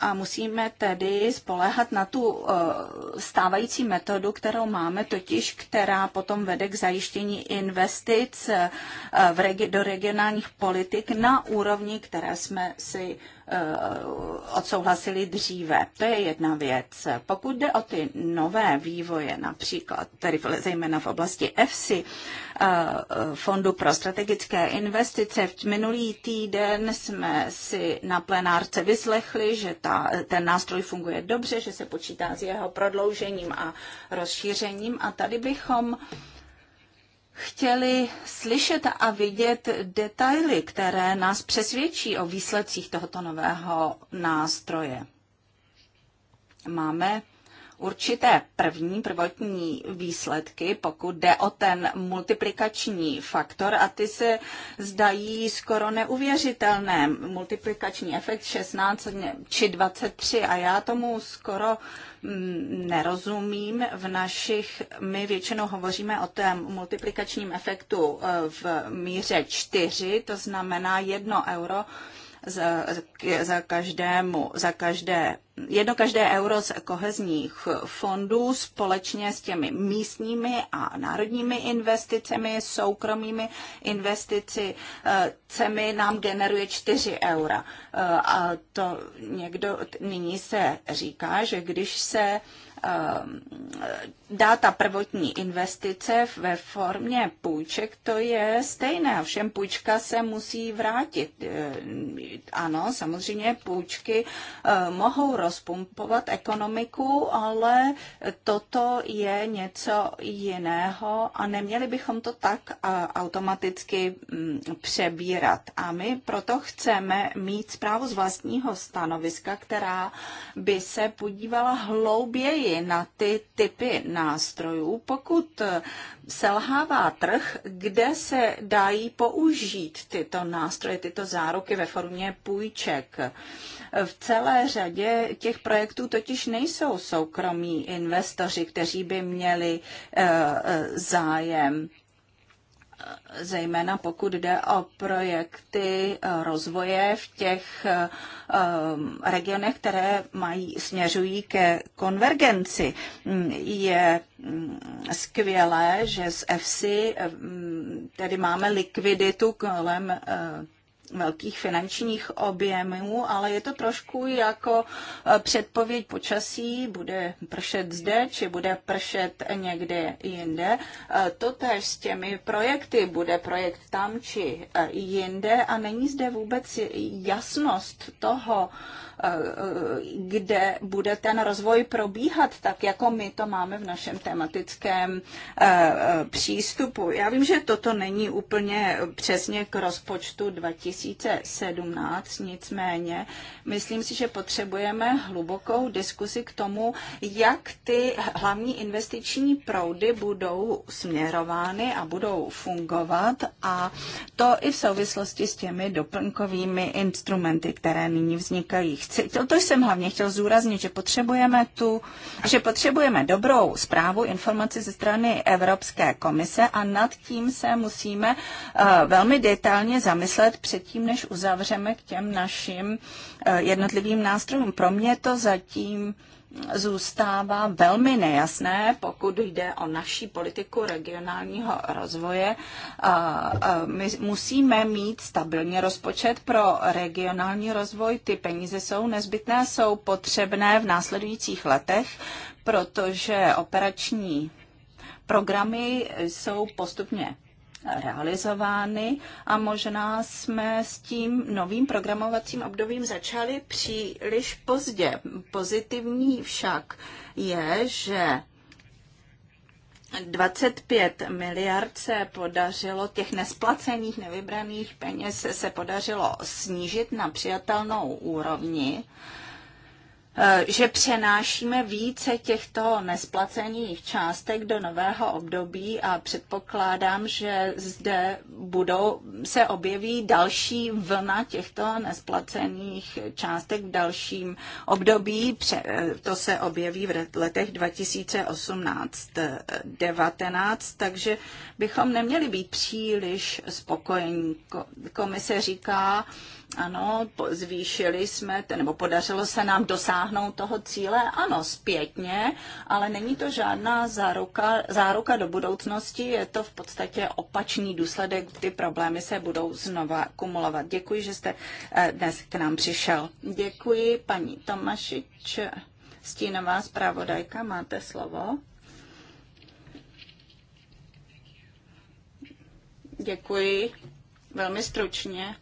Speaker 3: a musíme tedy spoléhat na tu eh, stávající metodu, kterou máme, totiž která potom vede k zajištění investic eh, do regionálních politik na úrovni, které jsme si Eh, odsouhlasili dříve. To je jedna věc. Pokud jde o ty nové vývoje, například, tedy zejména v oblasti EFSI, eh, Fondu pro strategické investice, v minulý týden jsme si na plenárce vyslechli, že ta, ten nástroj funguje dobře, že se počítá s jeho prodloužením a rozšířením a tady bychom uh, chtěli slyšet a vidět detaily, které nás přesvědčí o výsledcích tohoto nového nástroje. Máme určité první, prvotní výsledky, pokud jde o ten multiplikační faktor a ty se zdají skoro neuvěřitelné. Multiplikační efekt 16 či 23 a já tomu skoro mm, nerozumím. V našich, my většinou hovoříme o tom multiplikačním efektu e, v míře 4, to znamená 1 euro za, za, každému, za každé, jedno každé euro z kohezních fondů společně s těmi místními a národními investicemi, soukromými investicemi nám generuje 4 eura. A to někdo nyní se říká, že když se Ehm, data prvotní investice ve formě půjček, to je stejné. Všem půjčka se musí vrátit. E, ano, samozřejmě půjčky e, mohou rozpumpovat ekonomiku, ale toto je něco jiného a neměli bychom to tak e, automaticky mm, přebírat. A my proto chceme mít zprávu z vlastního stanoviska, která by se podívala hlouběji Itálii na ty typy nástrojů, pokud selhává trh, kde se dají použít tyto nástroje, tyto záruky ve formě půjček. V celé řadě těch projektů totiž nejsou soukromí investoři, kteří by měli eh, eh, zájem zejména pokud jde o projekty eh, rozvoje v těch eh, eh, regionech, které mají, směřují ke konvergenci. Mm, je mm, skvělé, že z EFSI mm, tedy máme likviditu kolem velkých finančních objemů, ale je to trošku jako eh, předpověď počasí, bude pršet zde, či bude pršet někde jinde. Eh, to tež s těmi projekty bude projekt tam, či eh, jinde a není zde vůbec jasnost toho, kde bude ten rozvoj probíhat, tak jako my to máme v našem tematickém přístupu. Já vím, že toto není úplně přesně k rozpočtu 2000 2017. Nicméně myslím si, že potřebujeme hlubokou diskusi k tomu, jak ty hlavní investiční proudy budou směrovány a budou fungovat a to i v souvislosti s těmi doplňkovými instrumenty, které nyní vznikají. Chci, to, to jsem hlavně chtěl zúraznit, že potřebujeme tu, že potřebujeme dobrou zprávu, informaci ze strany Evropské komise a nad tím se musíme uh, velmi detailně zamyslet před předtím, než uzavřeme k těm našim eh, jednotlivým nástrojům. Pro mě to zatím zůstává velmi nejasné, pokud jde o naší politiku regionálního rozvoje. My musíme mít stabilní rozpočet pro regionální rozvoj. Ty peníze jsou nezbytné, jsou potřebné v následujících letech, protože operační programy jsou postupně realizovány a možná jsme s tím novým programovacím obdobím začali příliš pozdě. Pozitivní však je, že 25 miliard se podařilo, těch nesplacených, nevybraných peněz se podařilo snížit na přijatelnou úrovni. Eh, že přenášíme více těchto nesplacených částek do nového období a předpokládám, že zde budou, se objeví další vlna těchto nesplacených částek v dalším období. Eh, to se objeví v letech 2018-19, takže bychom neměli být příliš spokojení. Komise říká, ano, zvýšili jsme, nebo podařilo se nám dosáhnout toho cíle, ano, zpětně, ale není to žádná záruka, záruka do budoucnosti, je to v podstatě opačný důsledek, ty problémy se budou znova kumulovat. Děkuji, že jste eh, dnes k nám přišel. Děkuji, paní Tomašič, stínová zpravodajka, máte slovo. Děkuji. Velmi stručně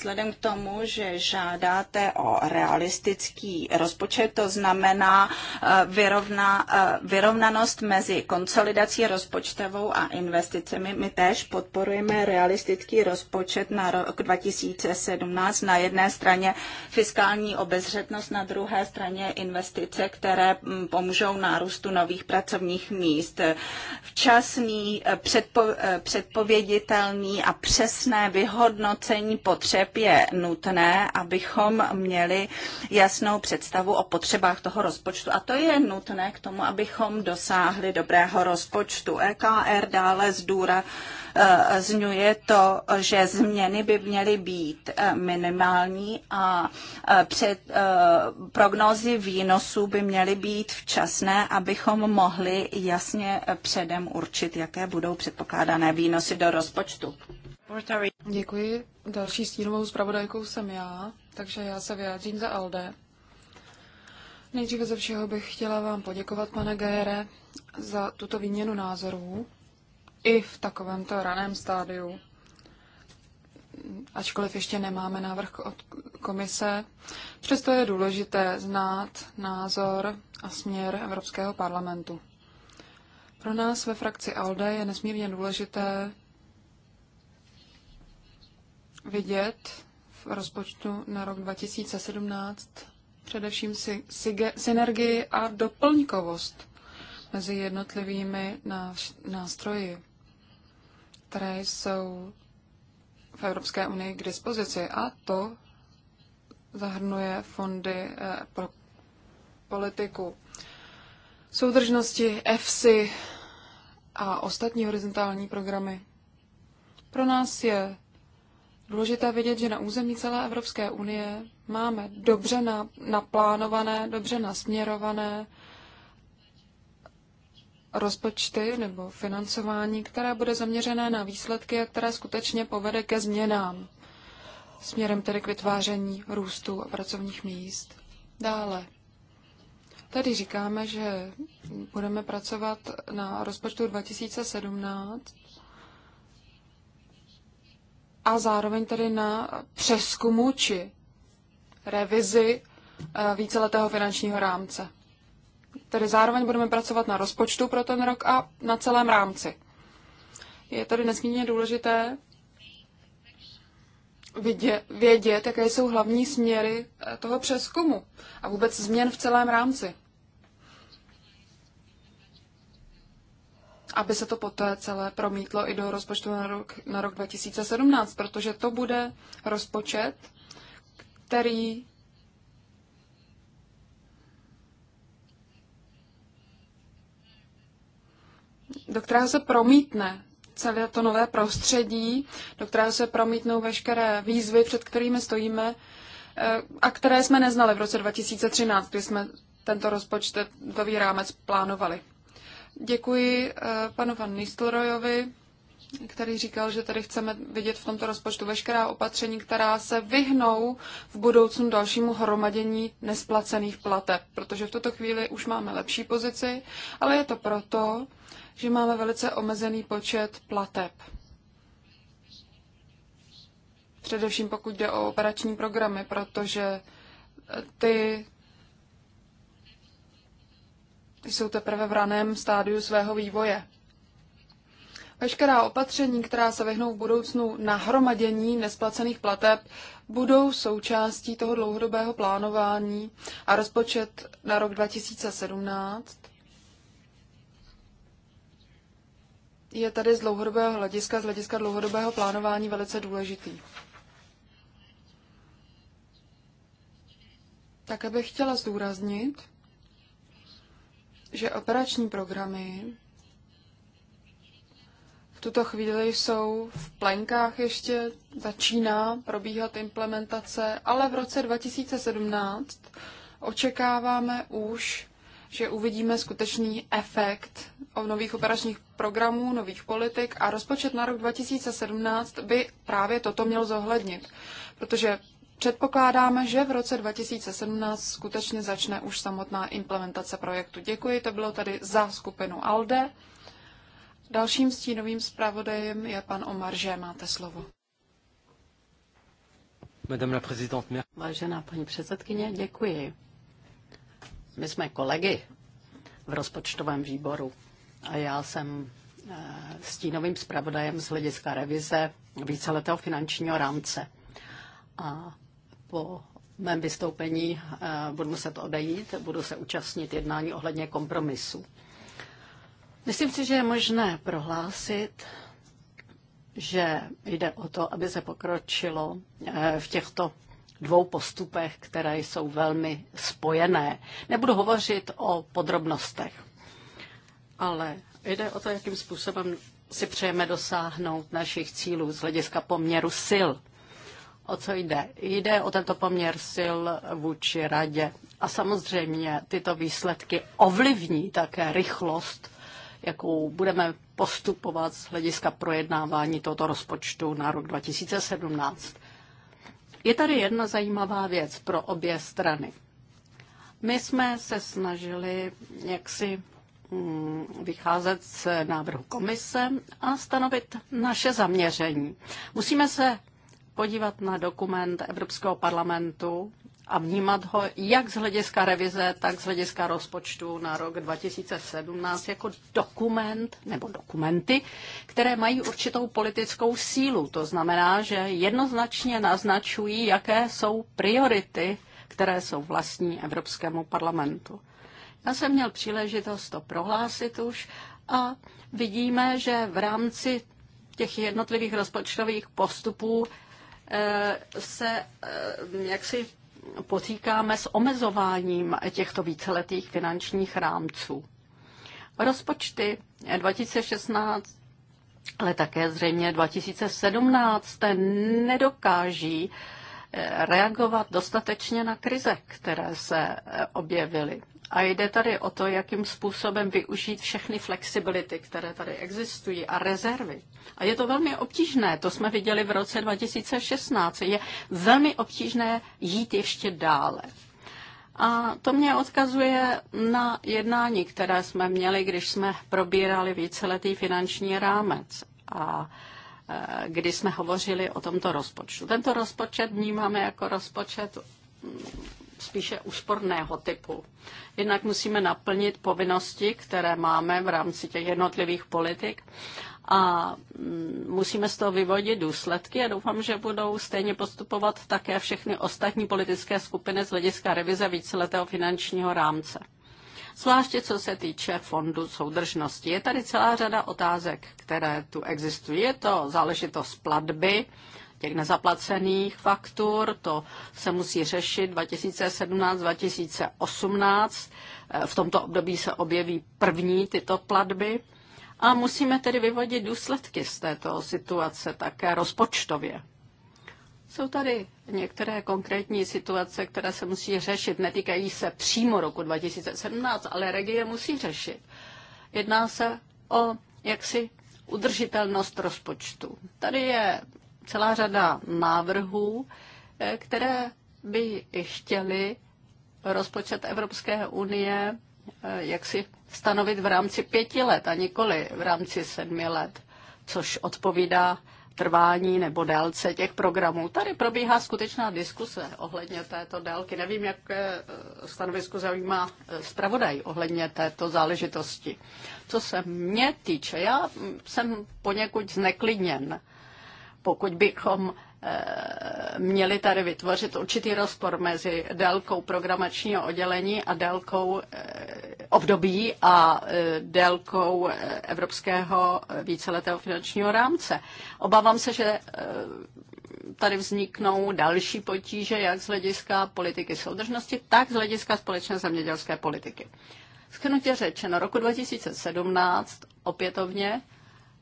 Speaker 3: Vzhledem k tomu, že žádáte o realistický rozpočet, to znamená eh, vyrovna, eh, vyrovnanost mezi konsolidací rozpočtovou a investicemi. My též podporujeme realistický rozpočet na rok 2017. Na jedné straně fiskální obezřetnost, na druhé straně investice, které hm, pomůžou nárůstu nových pracovních míst. Včasný, eh, předpověditelný a přesné vyhodnocení potřeb služeb je nutné, abychom měli jasnou představu o potřebách toho rozpočtu. A to je nutné k tomu, abychom dosáhli dobrého rozpočtu. EKR dále důra e, zňuje to, že změny by měly být e, minimální a e, před prognózy výnosů by měly být včasné, abychom mohli jasně předem určit, jaké budou předpokládané výnosy do rozpočtu.
Speaker 1: Děkuji. Další stínovou zpravodajkou jsem já, takže já se vyjádřím za ALDE. Nejdříve ze všeho bych chtěla vám poděkovat, pane Gére, za tuto výměnu názorů i v takovémto raném stádiu. Ačkoliv ještě nemáme návrh od komise, přesto je důležité znát názor a směr Evropského parlamentu. Pro nás ve frakci ALDE je nesmírně důležité vidět v rozpočtu na rok 2017 především si, synergii a doplňkovost mezi jednotlivými nástroji, které jsou v Evropské unii k dispozici. A to zahrnuje fondy eh, pro politiku soudržnosti, EFSI a ostatní horizontální programy. Pro nás je důležité vědět, že na území celé Evropské unie máme dobře naplánované, dobře nasměrované rozpočty nebo financování, které bude zaměřené na výsledky a které skutečně povede ke změnám směrem tedy k vytváření růstu a pracovních míst. Dále. Tady říkáme, že budeme pracovat na rozpočtu 2017 a zároveň tedy na přeskumu či revizi eh, víceletého finančního rámce. Tedy zároveň budeme pracovat na rozpočtu pro ten rok a na celém rámci. Je tady nesmírně důležité vědět, jaké jsou hlavní směry eh, toho přeskumu a vůbec změn v celém rámci. aby se to poté celé promítlo i do rozpočtu na rok, na rok 2017, protože to bude rozpočet, který do kterého se promítne celé to nové prostředí, do kterého se promítnou veškeré výzvy, před kterými stojíme eh, a které jsme neznali v roce 2013, kdy jsme tento rozpočtový rámec plánovali. Děkuji eh, panu Van Nistelrojovi, který říkal, že tady chceme vidět v tomto rozpočtu veškerá opatření, která se vyhnou v budoucnu dalšímu hromadění nesplacených plateb, protože v tuto chvíli už máme lepší pozici, ale je to proto, že máme velice omezený počet plateb. Především pokud jde o operační programy, protože ty jsou teprve v raném stádiu svého vývoje. Veškerá opatření, která se vyhnou v budoucnu nahromadění nesplacených plateb, budou součástí toho dlouhodobého plánování a rozpočet na rok 2017 je tady z dlouhodobého hlediska, z hlediska dlouhodobého plánování velice důležitý. Tak bych chtěla zdůraznit, že operační programy v tuto chvíli jsou v plenkách ještě, začíná probíhat implementace, ale v roce 2017 očekáváme už, že uvidíme skutečný efekt o nových operačních programů, nových politik a rozpočet na rok 2017 by právě toto měl zohlednit, protože Předpokládáme, že v roce 2017 skutečně začne už samotná implementace projektu. Děkuji, to bylo tady za skupinu ALDE. Dalším stínovým zpravodajem je pan Omar Že. Máte slovo.
Speaker 2: Madame la présidente,
Speaker 1: Vážená paní předsedkyně, děkuji. My jsme
Speaker 2: kolegy v rozpočtovém výboru a já jsem eh, stínovým zpravodajem z hlediska revize víceletého finančního rámce. A po mém vystoupení eh, budu muset odejít, budu se účastnit jednání ohledně kompromisu. Myslím si, že je možné prohlásit, že jde o to, aby se pokročilo eh, v těchto dvou postupech, které jsou velmi spojené. Nebudu hovořit o podrobnostech, ale jde o to, jakým způsobem si přejeme dosáhnout našich cílů z hlediska poměru sil o co jde. Jde o tento poměr sil vůči radě. A samozřejmě tyto výsledky ovlivní také rychlost, jakou budeme postupovat z hlediska projednávání tohoto rozpočtu na rok 2017. Je tady jedna zajímavá věc pro obě strany. My jsme se snažili jaksi mm, vycházet z návrhu komise a stanovit naše zaměření. Musíme se podívat na dokument Evropského parlamentu a vnímat ho jak z hlediska revize, tak z hlediska rozpočtu na rok 2017 jako dokument nebo dokumenty, které mají určitou politickou sílu. To znamená, že jednoznačně naznačují, jaké jsou priority, které jsou vlastní Evropskému parlamentu. Já jsem měl příležitost to prohlásit už a vidíme, že v rámci těch jednotlivých rozpočtových postupů Eh, se eh, jaksi potýkáme s omezováním těchto víceletých finančních rámců. Rozpočty 2016 ale také zřejmě 2017 nedokáží eh, reagovat dostatečně na krize, které se objevily. A jde tady o to, jakým způsobem využít všechny flexibility, které tady existují a rezervy. A je to velmi obtížné, to jsme viděli v roce 2016, je velmi obtížné jít ještě dále. A to mě odkazuje na jednání, které jsme měli, když jsme probírali víceletý finanční rámec. A e, kdy jsme hovořili o tomto rozpočtu. Tento rozpočet vnímáme jako rozpočet spíše úsporného typu. Jednak musíme naplnit povinnosti, které máme v rámci těch jednotlivých politik a mm, musíme z toho vyvodit důsledky a doufám, že budou stejně postupovat také všechny ostatní politické skupiny z hlediska revize víceletého finančního rámce. Zvláště co se týče fondu soudržnosti. Je tady celá řada otázek, které tu existují. Je to záležitost platby, těch nezaplacených faktur. To se musí řešit 2017-2018. V tomto období se objeví první tyto platby. A musíme tedy vyvodit důsledky z této situace také rozpočtově. Jsou tady některé konkrétní situace, které se musí řešit. Netýkají se přímo roku 2017, ale regie musí řešit. Jedná se o jaksi udržitelnost rozpočtu. Tady je celá řada návrhů, eh, které by chtěli rozpočet Evropské unie eh, jak si stanovit v rámci pěti let a nikoli v rámci sedmi let, což odpovídá trvání nebo délce těch programů. Tady probíhá skutečná diskuse ohledně této délky. Nevím, jak eh, stanovisko zaujímá zpravodaj ohledně této záležitosti. Co se mě týče, já mm, jsem poněkud zneklidněn pokud bychom eh, měli tady vytvořit určitý rozpor mezi délkou programačního oddělení a délkou eh, období a eh, délkou evropského víceletého finančního rámce. Obávám se, že tady vzniknou další potíže jak z hlediska politiky soudržnosti, tak z hlediska společné zemědělské politiky. Schrnutě řečeno, roku 2017 opětovně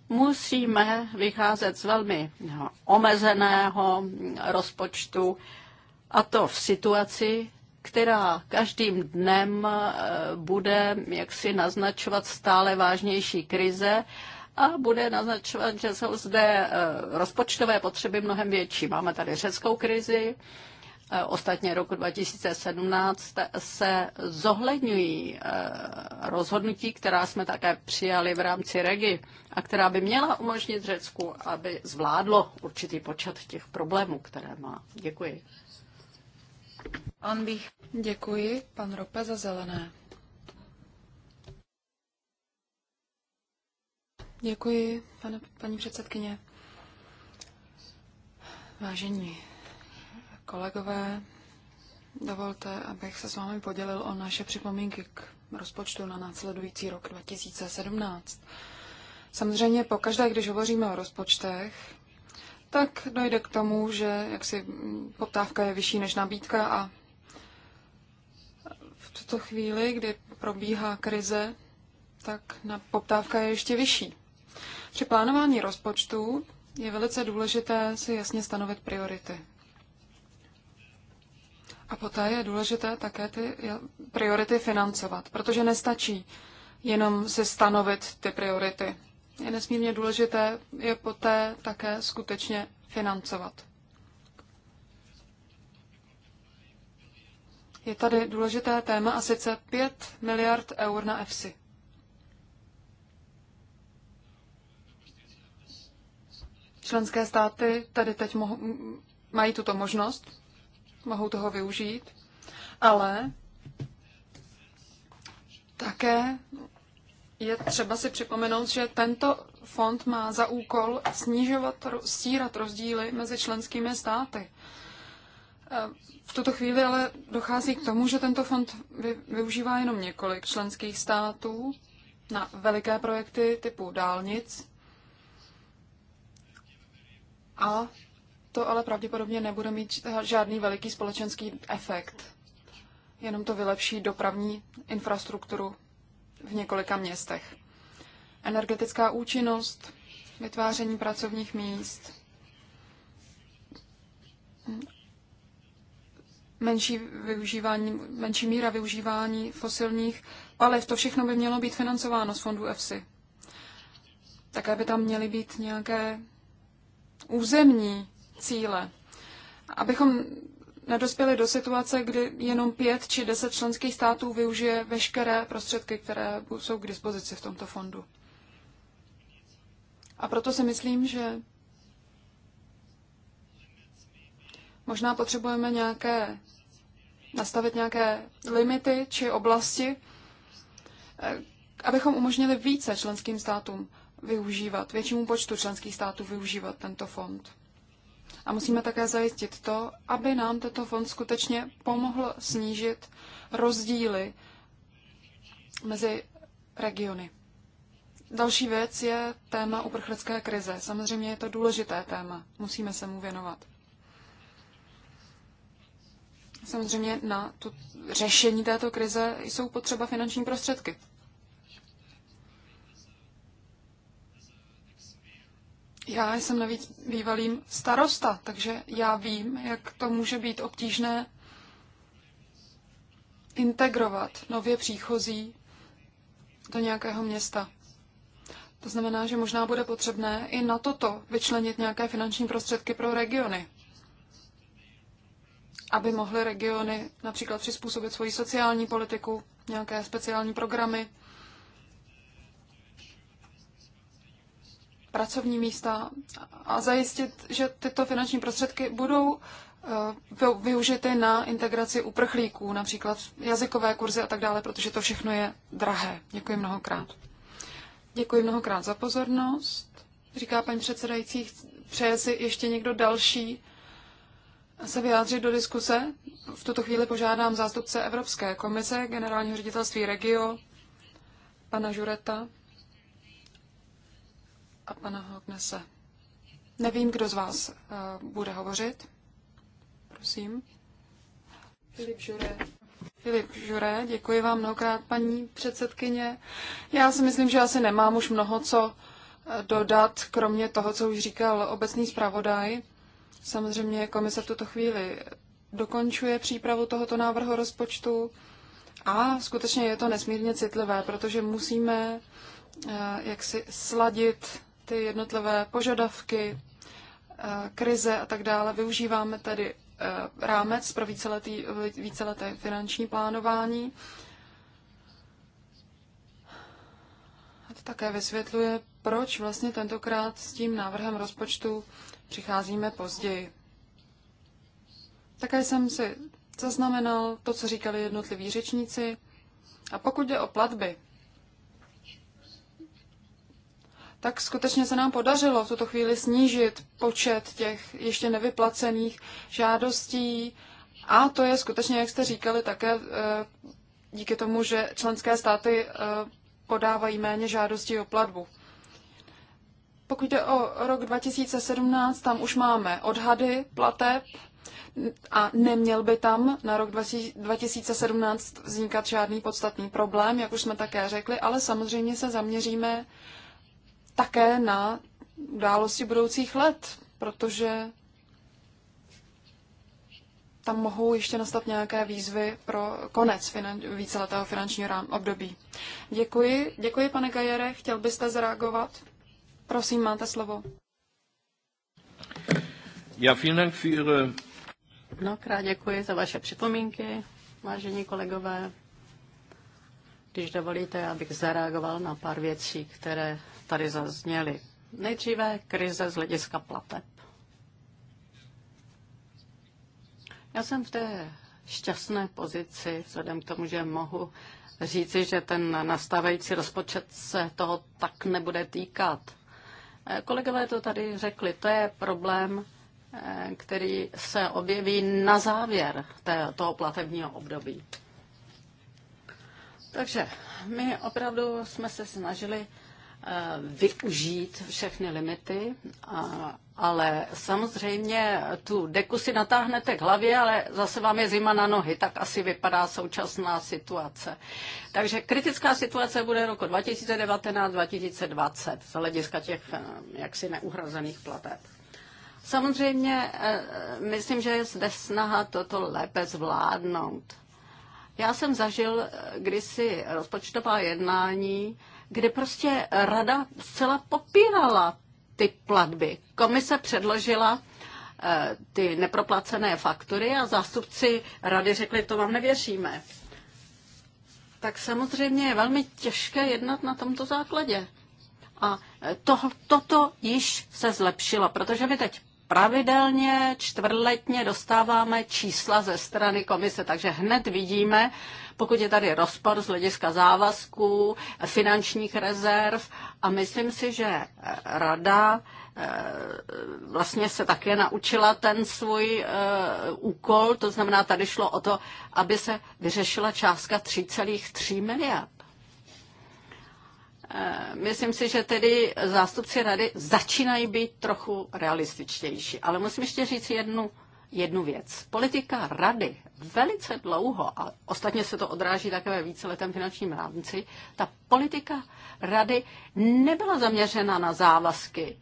Speaker 2: musíme vycházet z velmi omezeného rozpočtu a to v situaci, která každým dnem eh, bude jaksi naznačovat stále vážnější krize a bude naznačovat, že jsou zde eh, rozpočtové potřeby mnohem větší. Máme tady řeckou krizi, Eh, ostatně roku 2017, se zohledňují eh, rozhodnutí, která jsme také přijali v rámci REGI a která by měla umožnit Řecku, aby zvládlo určitý počet těch problémů, které má. Děkuji.
Speaker 1: On Děkuji, pan Rope za zelené. Děkuji, pane, paní předsedkyně. Vážení kolegové, dovolte, abych se s vámi podělil o naše připomínky k rozpočtu na následující rok 2017. Samozřejmě pokaždé, když hovoříme o rozpočtech, tak dojde k tomu, že jaksi poptávka je vyšší než nabídka a v tuto chvíli, kdy probíhá krize, tak na poptávka je ještě vyšší. Při plánování rozpočtu je velice důležité si jasně stanovit priority. A poté je důležité také ty priority financovat, protože nestačí jenom si stanovit ty priority. Je nesmírně důležité je poté také skutečně financovat. Je tady důležité téma a sice 5 miliard eur na EFSI. Členské státy tady teď mohou, mají tuto možnost mohou toho využít, ale také je třeba si připomenout, že tento fond má za úkol snižovat, stírat rozdíly mezi členskými státy. V tuto chvíli ale dochází k tomu, že tento fond využívá jenom několik členských států na veliké projekty typu dálnic a to ale pravděpodobně nebude mít eh, žádný veliký společenský efekt. Jenom to vylepší dopravní infrastrukturu v několika městech. Energetická účinnost, vytváření pracovních míst, menší, využívání, menší míra využívání fosilních paliv, to všechno by mělo být financováno z fondu EFSI. Také by tam měly být nějaké územní cíle. Abychom nedospěli do situace, kdy jenom pět či deset členských států využije veškeré prostředky, které jsou k dispozici v tomto fondu. A proto si myslím, že možná potřebujeme nějaké, nastavit nějaké limity či oblasti, eh, abychom umožnili více členským státům využívat, většímu počtu členských států využívat tento fond. A musíme také zajistit to, aby nám tento fond skutečně pomohl snížit rozdíly mezi regiony. Další věc je téma uprchlické krize. Samozřejmě je to důležité téma, musíme se mu věnovat. Samozřejmě na to řešení této krize jsou potřeba finanční prostředky. Já jsem navíc bývalým starosta, takže já vím, jak to může být obtížné integrovat nově příchozí do nějakého města. To znamená, že možná bude potřebné i na toto vyčlenit nějaké finanční prostředky pro regiony, aby mohly regiony například přizpůsobit svoji sociální politiku, nějaké speciální programy pracovní místa a zajistit, že tyto finanční prostředky budou eh, využity na integraci uprchlíků, například jazykové kurzy a tak dále, protože to všechno je drahé. Děkuji mnohokrát. Děkuji mnohokrát za pozornost. Říká paní předsedající, přeje si ještě někdo další se vyjádřit do diskuse. V tuto chvíli požádám zástupce Evropské komise, generálního ředitelství Regio, pana Žureta, a pana Hognese. Nevím, kdo z vás uh, bude hovořit. Prosím. Filip Žuré. Filip Žuré, děkuji vám mnohokrát, paní předsedkyně. Já si myslím, že asi nemám už mnoho co eh, dodat, kromě toho, co už říkal obecný zpravodaj. Samozřejmě komise v tuto chvíli dokončuje přípravu tohoto návrhu rozpočtu a skutečně je to nesmírně citlivé, protože musíme eh, jak si sladit ty jednotlivé požadavky, eh, krize a tak dále. Využíváme tedy eh, rámec pro víceletý, víceleté finanční plánování. A to také vysvětluje, proč vlastně tentokrát s tím návrhem rozpočtu přicházíme později. Také jsem si zaznamenal to, co říkali jednotliví řečníci. A pokud jde o platby, tak skutečně se nám podařilo v tuto chvíli snížit počet těch ještě nevyplacených žádostí. A to je skutečně, jak jste říkali, také eh, díky tomu, že členské státy eh, podávají méně žádostí o platbu. Pokud jde o rok 2017, tam už máme odhady plateb a neměl by tam na rok 2017 vznikat žádný podstatný problém, jak už jsme také řekli, ale samozřejmě se zaměříme také na události budoucích let, protože tam mohou ještě nastat nějaké výzvy pro konec finan- víceletého finančního rám- období. Děkuji, děkuji pane Gajere, chtěl byste zareagovat? Prosím, máte slovo.
Speaker 3: Já vielen für Ihre...
Speaker 2: Mnohokrát děkuji za vaše připomínky, vážení kolegové. Když dovolíte, abych zareagoval na pár věcí, které tady zazněly. Nejdříve krize z hlediska plateb. Já
Speaker 1: jsem v té
Speaker 2: šťastné pozici, vzhledem k tomu, že mohu říci, že ten nastávající rozpočet se toho tak nebude týkat. Eh, kolegové to tady řekli, to je problém, eh, který se objeví na závěr té, toho platebního období. Takže my opravdu jsme se snažili eh, využít všechny limity, ale samozřejmě tu deku si natáhnete k hlavě, ale zase vám je zima na nohy, tak asi vypadá současná situace. Takže kritická situace bude roku 2019-2020 z hlediska těch eh, jaksi neuhrazených plateb. Samozřejmě eh, myslím, že je zde snaha toto lépe zvládnout. Já jsem zažil eh, kdysi rozpočtová jednání, kde prostě rada zcela popírala ty platby. Komise předložila eh, ty neproplacené faktury a zástupci rady řekli, to vám nevěříme. Tak samozřejmě je velmi těžké jednat na tomto základě. A eh, to, toto již se zlepšilo, protože my teď pravidelně čtvrtletně dostáváme čísla ze strany komise, takže hned vidíme, pokud je tady rozpor z hlediska závazků, finančních rezerv a myslím si, že rada eh, vlastně se také naučila ten svůj eh, úkol, to znamená, tady šlo o to, aby se vyřešila částka 3,3 miliard. Eh, myslím si, že tedy zástupci rady začínají být trochu realističtější. Ale musím ještě říct jednu, jednu věc. Politika rady velice dlouho, a ostatně se to odráží také ve víceletém finančním rámci, ta politika rady nebyla zaměřena na závazky,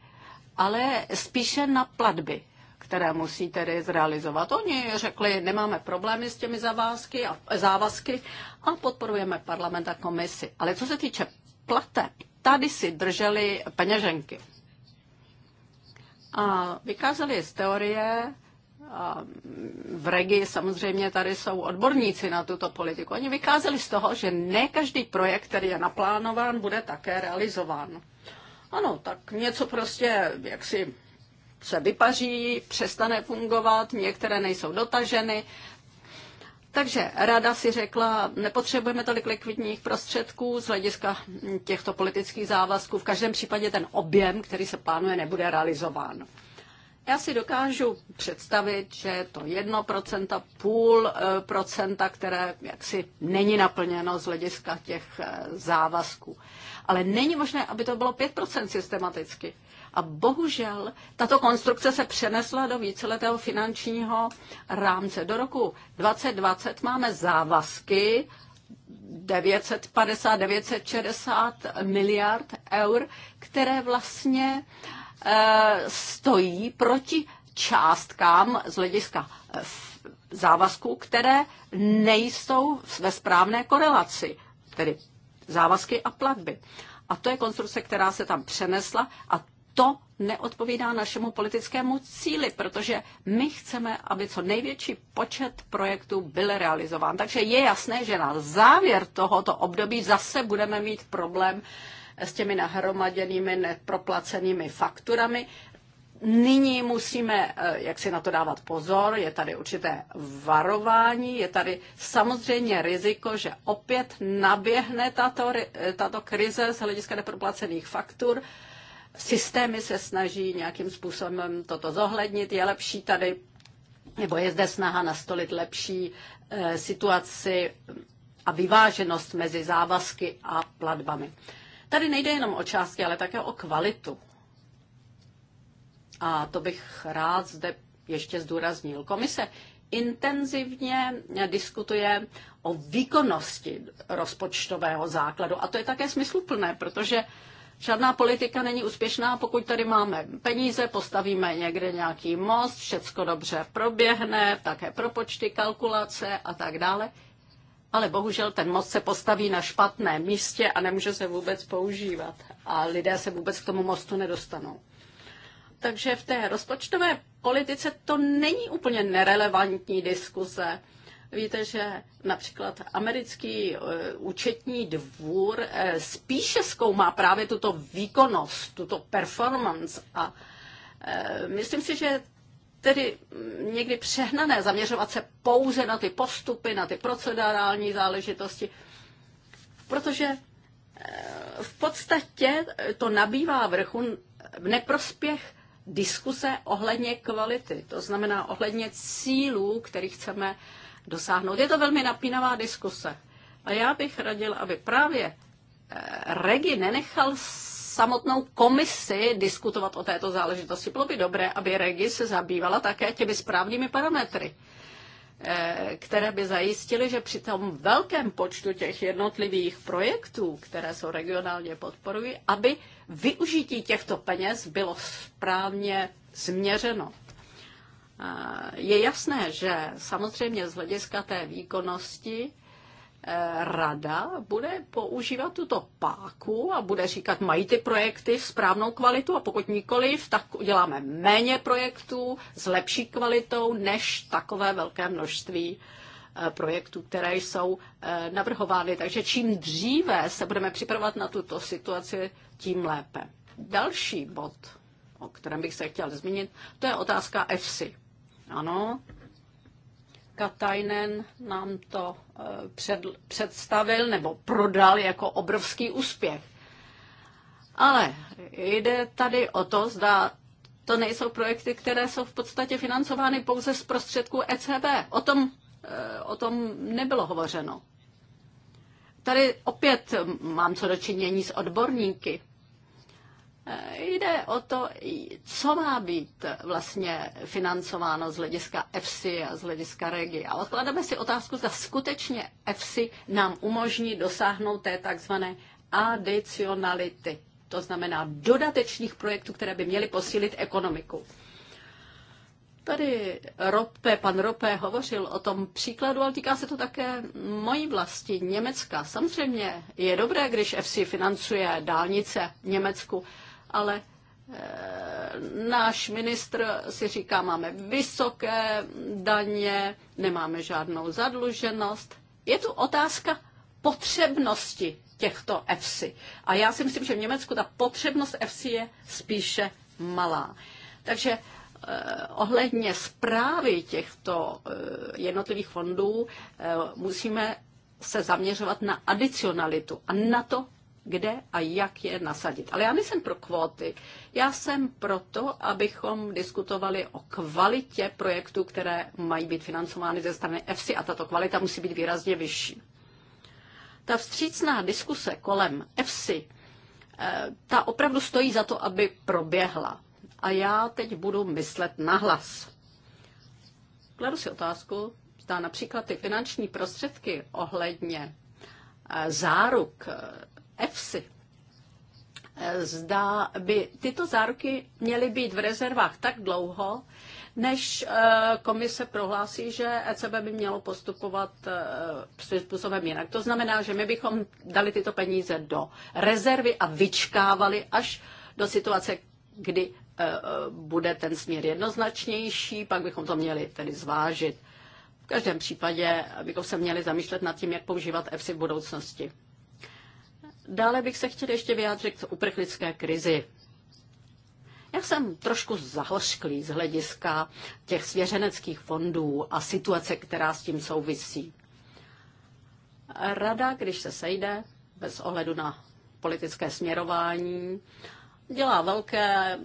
Speaker 2: ale spíše na platby které musí tedy zrealizovat. Oni řekli, nemáme problémy s těmi závazky a, závazky a podporujeme parlament a komisi. Ale co se týče plateb. Tady si drželi peněženky. A vykázali je z teorie, a v regii samozřejmě tady jsou odborníci na tuto politiku. Oni vykázali z toho, že ne každý projekt, který je naplánován, bude také realizován. Ano, tak něco prostě jaksi se vypaří, přestane fungovat, některé nejsou dotaženy, takže rada si řekla, nepotřebujeme tolik likvidních prostředků z hlediska těchto politických závazků. V každém případě ten objem, který se plánuje, nebude realizován. Já si dokážu představit, že je to 1%, půl eh, procenta, které jaksi není naplněno z hlediska těch eh, závazků. Ale není možné, aby to bylo 5% systematicky. A bohužel tato konstrukce se přenesla do víceletého finančního rámce. Do roku 2020 máme závazky 950-960 miliard eur, které vlastně e, stojí proti částkám z hlediska eh, závazků, které nejsou ve správné korelaci, tedy závazky a platby. A to je konstrukce, která se tam přenesla a to neodpovídá našemu politickému cíli, protože my chceme, aby co největší počet projektů byl realizován. Takže je jasné, že na závěr tohoto období zase budeme mít problém s těmi nahromaděnými neproplacenými fakturami. Nyní musíme, eh, jak si na to dávat pozor, je tady určité varování, je tady samozřejmě riziko, že opět naběhne tato, eh, tato krize z hlediska neproplacených faktur systémy se snaží nějakým způsobem toto zohlednit. Je lepší tady, nebo je zde snaha nastolit lepší eh, situaci a vyváženost mezi závazky a platbami. Tady nejde jenom o částky, ale také o kvalitu. A to bych rád zde ještě zdůraznil. Komise intenzivně diskutuje o výkonnosti rozpočtového základu. A to je také smysluplné, protože Žádná politika není úspěšná, pokud tady máme peníze, postavíme někde nějaký most, všecko dobře proběhne, také propočty, kalkulace a tak dále. Ale bohužel ten most se postaví na špatné místě a nemůže se vůbec používat. A lidé se vůbec k tomu mostu nedostanou. Takže v té rozpočtové politice to není úplně nerelevantní diskuze. Víte, že například americký eh, účetní dvůr eh, spíše zkoumá právě tuto výkonnost, tuto performance a eh, myslím si, že tedy mm, někdy přehnané zaměřovat se pouze na ty postupy, na ty procedurální záležitosti, protože v podstatě to nabývá vrchu v neprospěch diskuse ohledně kvality, to znamená ohledně cílů, který chceme dosáhnout. Je to velmi napínavá diskuse. A já bych radil, aby právě eh, Regi nenechal samotnou komisi diskutovat o této záležitosti. Bylo by dobré, aby Regi se zabývala také těmi správnými parametry, eh, které by zajistily, že při tom velkém počtu těch jednotlivých projektů, které jsou regionálně podporují, aby využití těchto peněz bylo správně změřeno. Eh, je jasné, že samozřejmě z hlediska té výkonnosti eh, rada bude používat tuto páku a bude říkat, mají ty projekty správnou kvalitu a pokud nikoliv, tak uděláme méně projektů s lepší kvalitou než takové velké množství eh, projektů, které jsou navrhovány. Takže čím dříve se budeme připravovat na tuto situaci, tím lépe. Další bod, o kterém bych se chtěl zmínit, to je otázka EFSI. Ano, Katajnen nám to eh, před, představil nebo prodal jako obrovský úspěch. Ale jde tady o to, zda to nejsou projekty, které jsou v podstatě financovány pouze z prostředků ECB. O tom, eh, o tom nebylo hovořeno. Tady opět mm, mám co dočinění s odborníky. Eh, jde o to, co má být vlastně financováno z hlediska EFSI a z hlediska regi. A odkládáme si otázku, zda skutečně EFSI nám umožní dosáhnout té takzvané adicionality. To znamená dodatečných projektů, které by měly posílit ekonomiku. Tady Rope, pan Rope hovořil o tom příkladu, ale týká se to také mojí vlasti, Německa. Samozřejmě je dobré, když FC financuje dálnice v Německu, ale eh, náš ministr si říká, máme vysoké daně, nemáme žádnou zadluženost. Je tu otázka potřebnosti těchto EFSI. A já si myslím, že v Německu ta potřebnost EFSI je spíše malá. Takže eh, ohledně zprávy těchto eh, jednotlivých fondů musíme se zaměřovat na adicionalitu a na to, kde a jak je nasadit. Ale já nejsem pro kvóty. Já jsem proto, abychom diskutovali o kvalitě projektů, které mají být financovány ze strany EFSI a tato kvalita musí být výrazně vyšší. Ta vstřícná diskuse kolem EFSI, eh, ta opravdu stojí za to, aby proběhla. A já teď budu myslet na hlas. Kladu si otázku, zda například ty finanční prostředky ohledně eh, záruk eh, EFSI. Zda by tyto záruky měly být v rezervách tak dlouho, než eh, komise prohlásí, že ECB by mělo postupovat eh, způsobem jinak. To znamená, že my bychom dali tyto peníze do rezervy a vyčkávali až do situace, kdy eh, bude ten směr jednoznačnější, pak bychom to měli tedy zvážit. V každém případě bychom se měli zamýšlet nad tím, jak používat EFSI v budoucnosti. Dále bych se chtěl ještě vyjádřit k uprchlické krizi. Já jsem trošku zahořklý z hlediska těch svěřeneckých fondů a situace, která s tím souvisí. Rada, když se sejde, bez ohledu na politické směrování, dělá velké,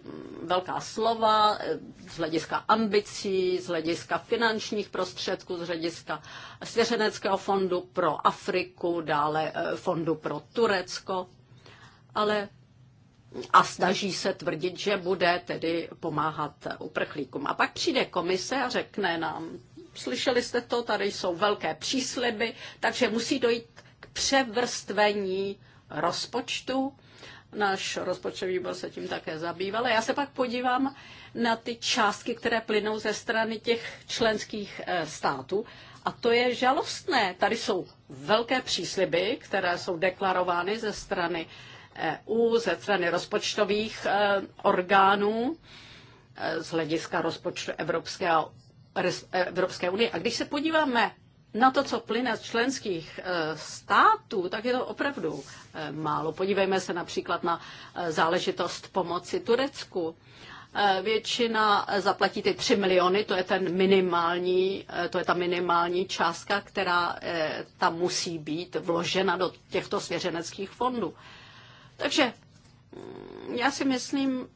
Speaker 2: velká slova eh, z hlediska ambicí, z hlediska finančních prostředků, z hlediska svěřeneckého fondu pro Afriku, dále eh, fondu pro Turecko, ale a snaží se tvrdit, že bude tedy pomáhat uprchlíkům. A pak přijde komise a řekne nám, slyšeli jste to, tady jsou velké přísliby, takže musí dojít k převrstvení rozpočtu Náš rozpočtový výbor se tím také zabýval. já se pak podívám na ty částky, které plynou ze strany těch členských eh, států. A to je žalostné. Tady jsou velké přísliby, které jsou deklarovány ze strany EU, eh, ze strany rozpočtových eh, orgánů z hlediska rozpočtu Evropské, Evropské unie. A když se podíváme na to, co plyne z členských eh, států, tak je to opravdu eh, málo. Podívejme se například na eh, záležitost pomoci Turecku. Většina zaplatí ty 3 miliony, to je, ten minimální, to je ta minimální částka, která tam musí být vložena do těchto svěřeneckých fondů. Takže mm, já si myslím,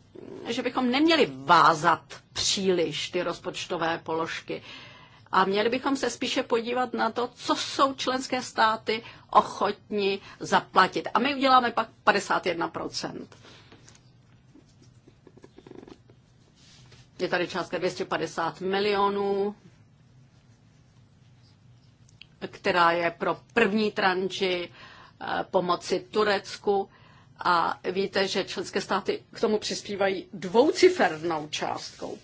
Speaker 2: že bychom neměli vázat příliš ty rozpočtové položky. A měli bychom se spíše podívat na to, co jsou členské státy ochotni zaplatit. A my uděláme pak 51%. Je tady částka 250 milionů, která je pro první tranži eh, pomoci Turecku. A víte, že členské státy k tomu přispívají dvoucifernou částkou.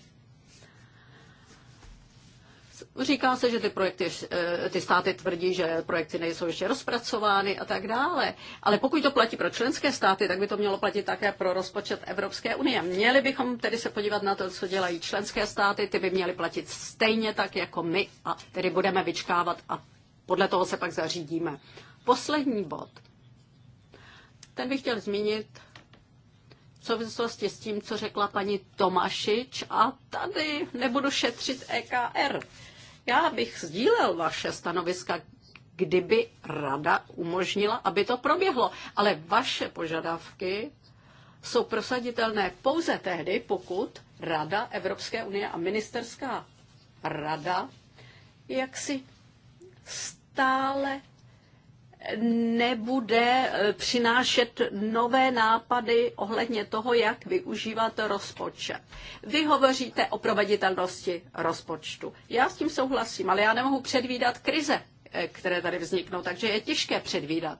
Speaker 2: Říká se, že ty, projekty, eh, ty státy tvrdí, že projekty nejsou ještě rozpracovány a tak dále. Ale pokud to platí pro členské státy, tak by to mělo platit také pro rozpočet Evropské unie. Měli bychom tedy se podívat na to, co dělají členské státy, ty by měly platit stejně tak jako my a tedy budeme vyčkávat a podle toho se pak zařídíme. Poslední bod. Ten bych chtěl zmínit v souvislosti s tím, co řekla paní Tomašič a tady nebudu šetřit EKR. Já bych sdílel vaše stanoviska, kdyby rada umožnila, aby to proběhlo. Ale vaše požadavky jsou prosaditelné pouze tehdy, pokud Rada Evropské unie a ministerská rada jaksi stále nebude eh, přinášet nové nápady ohledně toho, jak využívat rozpočet. Vy hovoříte o proveditelnosti rozpočtu. Já s tím souhlasím, ale já nemohu předvídat krize, eh, které tady vzniknou, takže je těžké předvídat.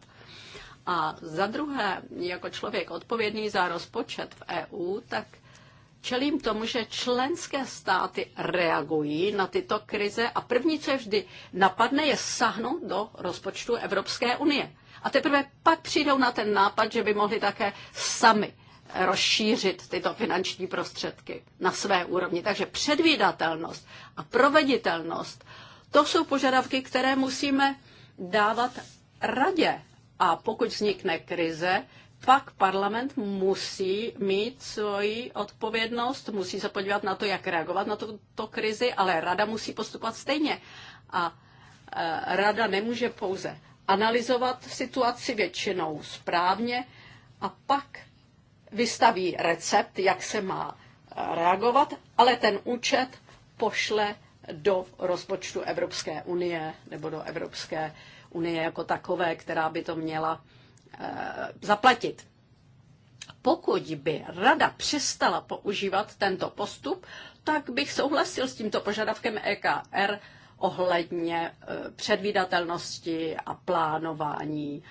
Speaker 2: A za druhé, jako člověk odpovědný za rozpočet v EU, tak čelím tomu, že členské státy reagují na tyto krize a první, co je vždy napadne, je sahnout do rozpočtu Evropské unie. A teprve pak přijdou na ten nápad, že by mohli také sami rozšířit tyto finanční prostředky na své úrovni. Takže předvídatelnost a proveditelnost, to jsou požadavky, které musíme dávat radě. A pokud vznikne krize, pak parlament musí mít svoji odpovědnost, musí se podívat na to, jak reagovat na tuto krizi, ale rada musí postupovat stejně. A e, rada nemůže pouze analyzovat situaci většinou správně a pak vystaví recept, jak se má e, reagovat, ale ten účet pošle do rozpočtu Evropské unie nebo do Evropské unie jako takové, která by to měla Eh, zaplatit. Pokud by rada přestala používat tento postup, tak bych souhlasil s tímto požadavkem EKR ohledně eh, předvídatelnosti a plánování.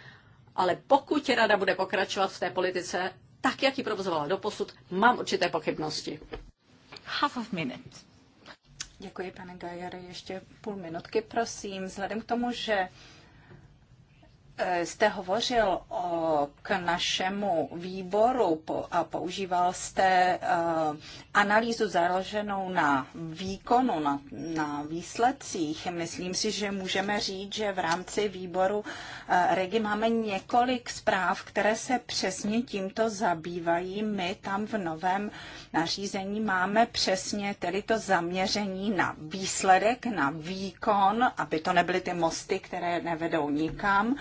Speaker 2: Ale pokud rada bude pokračovat v té politice, tak jak ji provozovala do posud, mám určité pochybnosti.
Speaker 3: Half of minute. Děkuji, pane Gajary. Ještě půl minutky, prosím. Vzhledem k tomu, že Eh, jste hovořil o, k našemu výboru po, a používal jste uh, analýzu založenou na výkonu, na, na výsledcích. Myslím si, že můžeme říct, že v rámci výboru uh, Regi máme několik zpráv, které se přesně tímto zabývají. My tam v novém nařízení máme přesně tedy to zaměření na výsledek, na výkon, aby to nebyly ty mosty, které nevedou nikam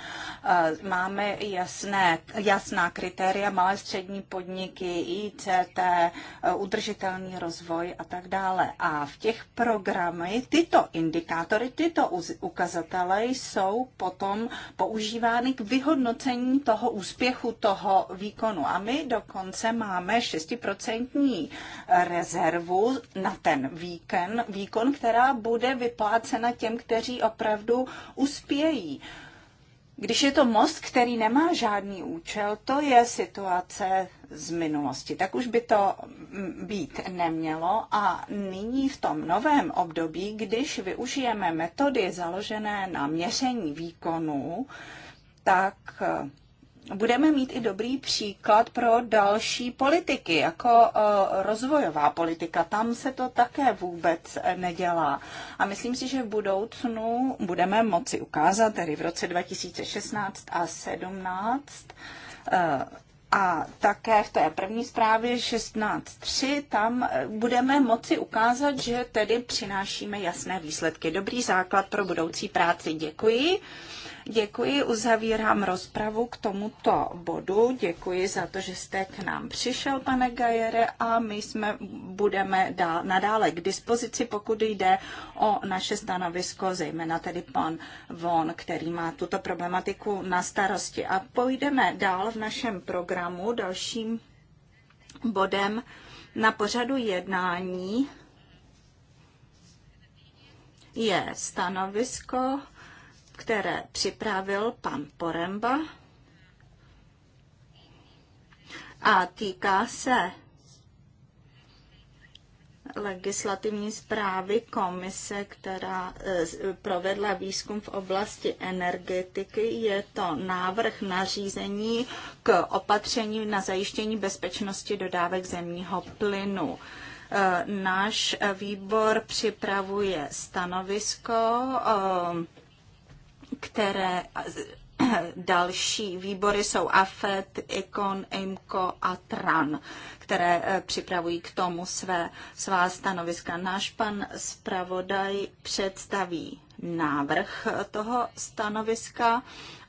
Speaker 3: Eh, máme jasné, jasná kritéria, malé střední podniky, ICT, eh, udržitelný rozvoj a tak dále. A v těch programy tyto indikátory, tyto ukazatele jsou potom používány k vyhodnocení toho úspěchu, toho výkonu. A my dokonce máme 6% rezervu na ten výkon, výkon, která bude vyplácena těm, kteří opravdu uspějí. Když je to most, který nemá žádný účel, to je situace z minulosti. Tak už by to mm, být nemělo a nyní v tom novém období, když využijeme metody založené na měření výkonu, tak eh, budeme mít i dobrý příklad pro další politiky, jako e, rozvojová politika. Tam se to také vůbec e, nedělá. A myslím si, že v budoucnu budeme moci ukázat, tedy v roce 2016 a 2017, e, a také v té první zprávě 16.3 tam budeme moci ukázat, že tedy přinášíme jasné výsledky. Dobrý základ pro budoucí práci. Děkuji. Děkuji, uzavírám rozpravu k tomuto bodu. Děkuji za to, že jste k nám přišel, pane Gajere, a my jsme budeme dál, nadále k dispozici, pokud jde o naše stanovisko, zejména tedy pan Von, který má tuto problematiku na starosti. A půjdeme dál v našem programu dalším bodem na pořadu jednání je stanovisko které připravil pan Poremba a týká se legislativní zprávy komise, která eh, provedla výzkum v oblasti energetiky. Je to návrh nařízení k opatření na zajištění bezpečnosti dodávek zemního plynu. Eh, náš eh, výbor připravuje stanovisko které další výbory jsou AFET, ICON, IMCO a TRAN, které eh, připravují k tomu své, svá stanoviska. Náš pan zpravodaj představí návrh eh, toho stanoviska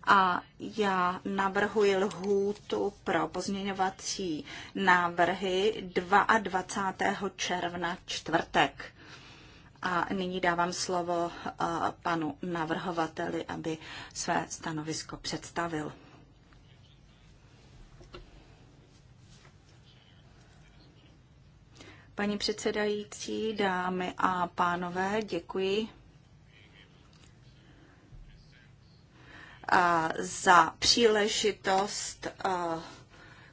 Speaker 3: a já navrhuji lhůtu pro pozměňovací návrhy 22. června čtvrtek. A nyní dávám slovo panu navrhovateli, aby své stanovisko představil. Paní předsedající, dámy a pánové, děkuji za příležitost,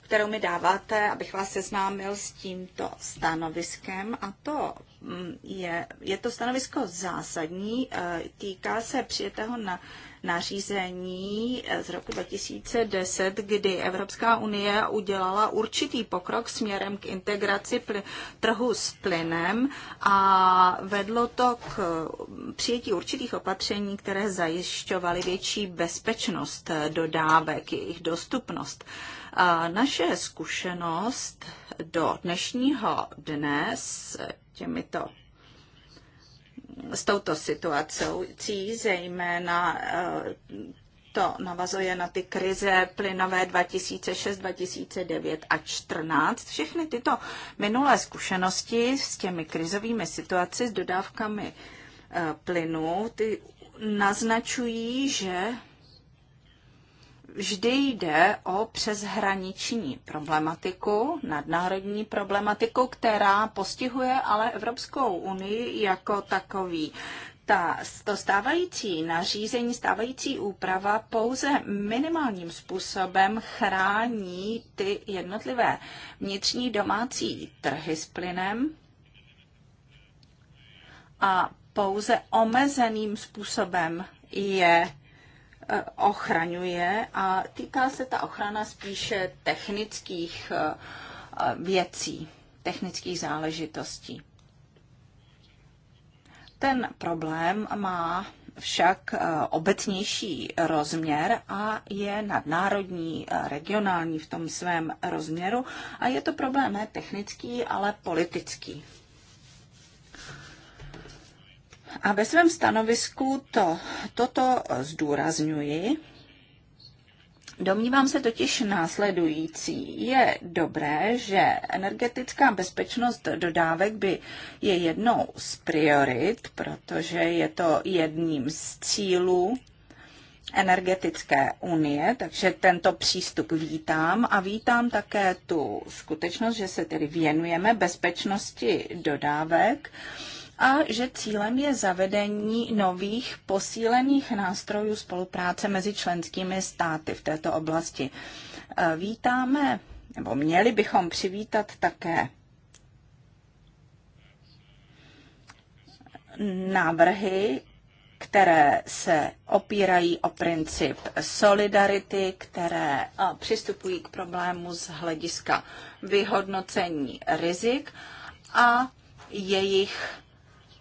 Speaker 3: kterou mi dáváte, abych vás seznámil s tímto stanoviskem. A to Mm, je, je to stanovisko zásadní, eh, týká se přijetého na nařízení eh, z roku 2010, kdy Evropská unie udělala určitý pokrok směrem k integraci trhu s plynem a vedlo to k mm, přijetí určitých opatření, které zajišťovaly větší bezpečnost eh, dodávek, jejich dostupnost. A naše zkušenost do dnešního dne s těmito s touto situací, zejména eh, to navazuje na ty krize plynové 2006, 2009 a 2014. Všechny tyto minulé zkušenosti s těmi krizovými situaci, s dodávkami eh, plynu, ty naznačují, že vždy jde o přeshraniční problematiku, nadnárodní problematiku, která postihuje ale Evropskou unii jako takový ta, to stávající nařízení, stávající úprava pouze minimálním způsobem chrání ty jednotlivé vnitřní domácí trhy s plynem a pouze omezeným způsobem je Eh, ochraňuje a týká se ta ochrana spíše technických eh, věcí, technických záležitostí. Ten problém má však eh, obecnější rozměr a je nadnárodní, regionální v tom svém rozměru a je to problém ne technický, ale politický. A ve svém stanovisku to, toto zdůrazňuji. Domnívám se totiž následující. Je dobré, že energetická bezpečnost dodávek by je jednou z priorit, protože je to jedním z cílů energetické unie, takže tento přístup vítám a vítám také tu skutečnost, že se tedy věnujeme bezpečnosti dodávek. Uh, a že cílem je zavedení nových posílených nástrojů spolupráce mezi členskými státy v této oblasti. E, vítáme, nebo měli bychom přivítat také návrhy, které se opírají o princip solidarity, které e, přistupují k problému z hlediska vyhodnocení rizik a jejich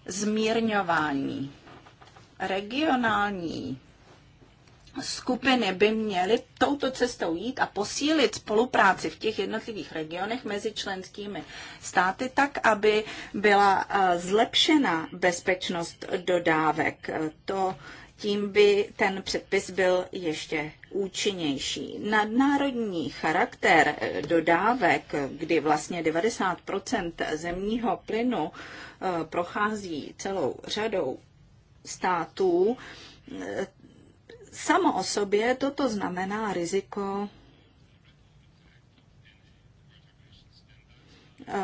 Speaker 3: zmírňování. Regionální skupiny by měly touto cestou jít a posílit spolupráci v těch jednotlivých regionech mezi členskými státy tak, aby byla eh, zlepšena bezpečnost dodávek. To tím by ten předpis byl ještě účinnější. Nadnárodní charakter eh, dodávek, kdy vlastně 90 zemního plynu Eh, prochází celou řadou států, eh, samo o sobě toto znamená riziko eh,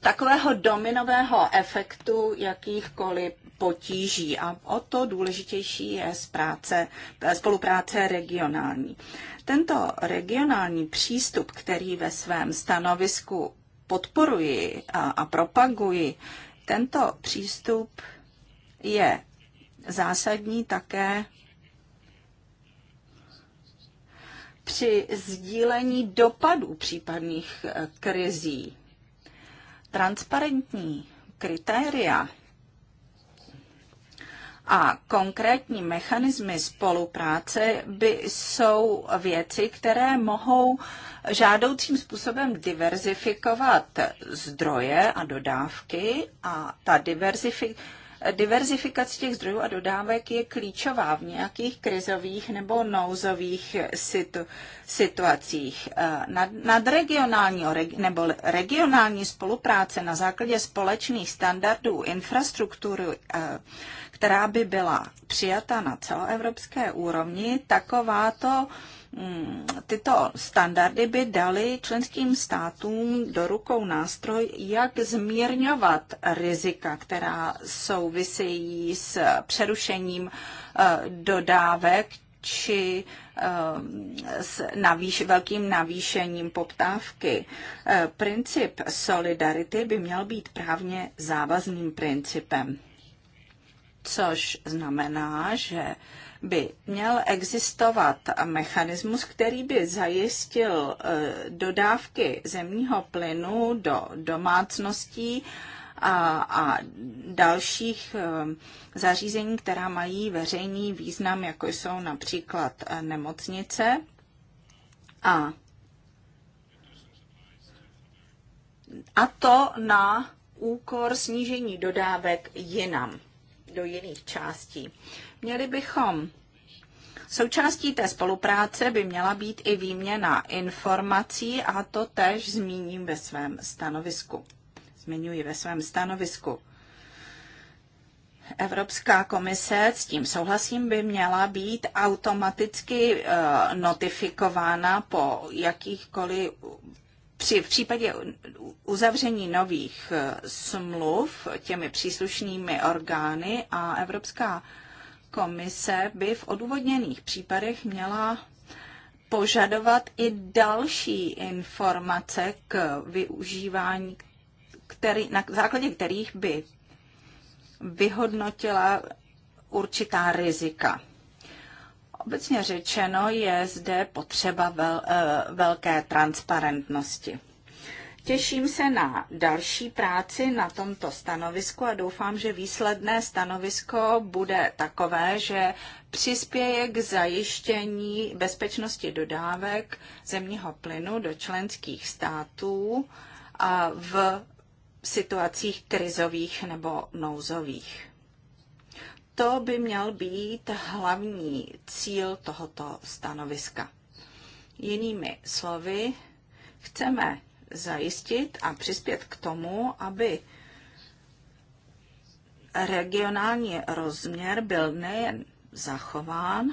Speaker 3: takového dominového efektu jakýchkoliv potíží a o to důležitější je práce, spolupráce regionální. Tento regionální přístup, který ve svém stanovisku podporuji a, a propaguji. Tento přístup je zásadní také při sdílení dopadů případných eh, krizí. Transparentní kritéria a konkrétní mechanismy spolupráce by jsou věci, které mohou žádoucím způsobem diverzifikovat zdroje a dodávky a ta diverzifikace Diverzifikace těch zdrojů a dodávek je klíčová v nějakých krizových nebo nouzových situ, situacích. E, nad, nadregionální nebo regionální spolupráce na základě společných standardů infrastruktury, e, která by byla přijata na celoevropské úrovni, takováto mm, tyto standardy by daly členským státům do rukou nástroj, jak zmírňovat rizika, která souvisejí s přerušením eh, dodávek či eh, s navýš, velkým navýšením poptávky. Eh, princip solidarity by měl být právně závazným principem což znamená, že by měl existovat mechanismus, který by zajistil eh, dodávky zemního plynu do domácností a, a dalších eh, zařízení, která mají veřejný význam, jako jsou například eh, nemocnice. A, a to na úkor snížení dodávek jinam do jiných částí. Měli bychom Součástí té spolupráce by měla být i výměna informací a to tež zmíním ve svém stanovisku. Zmiňuji ve svém stanovisku. Evropská komise, s tím souhlasím, by měla být automaticky eh, notifikována po jakýchkoliv při, v případě uzavření nových eh, smluv těmi příslušnými orgány a Evropská komise by v odůvodněných případech měla požadovat i další informace k využívání, který, na základě kterých by vyhodnotila určitá rizika. Obecně řečeno je zde potřeba vel, eh, velké transparentnosti. Těším se na další práci na tomto stanovisku a doufám, že výsledné stanovisko bude takové, že přispěje k zajištění bezpečnosti dodávek zemního plynu do členských států a v situacích krizových nebo nouzových. To by měl být hlavní cíl tohoto stanoviska. Jinými slovy, chceme zajistit a přispět k tomu, aby regionální rozměr byl nejen zachován,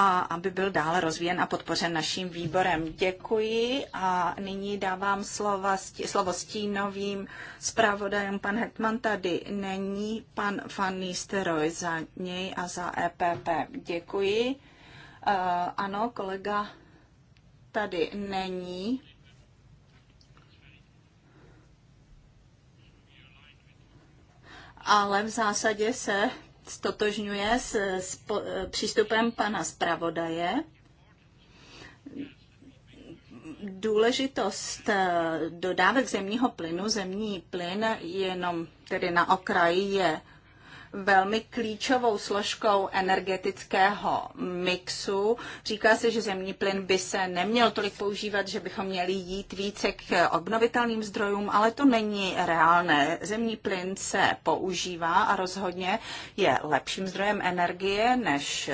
Speaker 3: a aby byl dále rozvíjen a podpořen naším výborem. Děkuji a nyní dávám slova, slovo stínovým zpravodajem. Pan Hetman tady není, pan Van Nistelrooy za něj a za EPP. Děkuji. Uh, ano, kolega tady není. Ale v zásadě se stotožňuje s, s po, přístupem pana zpravodaje. Důležitost eh, dodávek zemního plynu, zemní plyn jenom tedy na okraji je velmi klíčovou složkou energetického mixu. Říká se, že zemní plyn by se neměl tolik používat, že bychom měli jít více k obnovitelným zdrojům, ale to není reálné. Zemní plyn se používá a rozhodně je lepším zdrojem energie než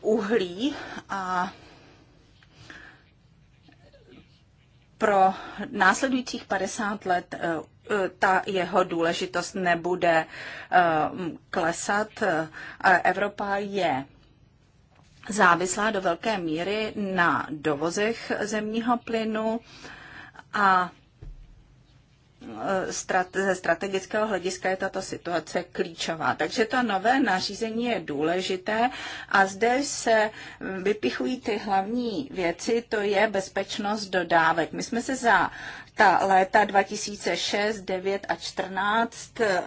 Speaker 3: uhlí a pro následujících 50 let eh, E, ta jeho důležitost nebude e, klesat. E, Evropa je závislá do velké míry na dovozech zemního plynu a ze strategického hlediska je tato situace klíčová. Takže to nové nařízení je důležité a zde se vypichují ty hlavní věci, to je bezpečnost dodávek. My jsme se za ta léta 2006, 9 a 14 eh,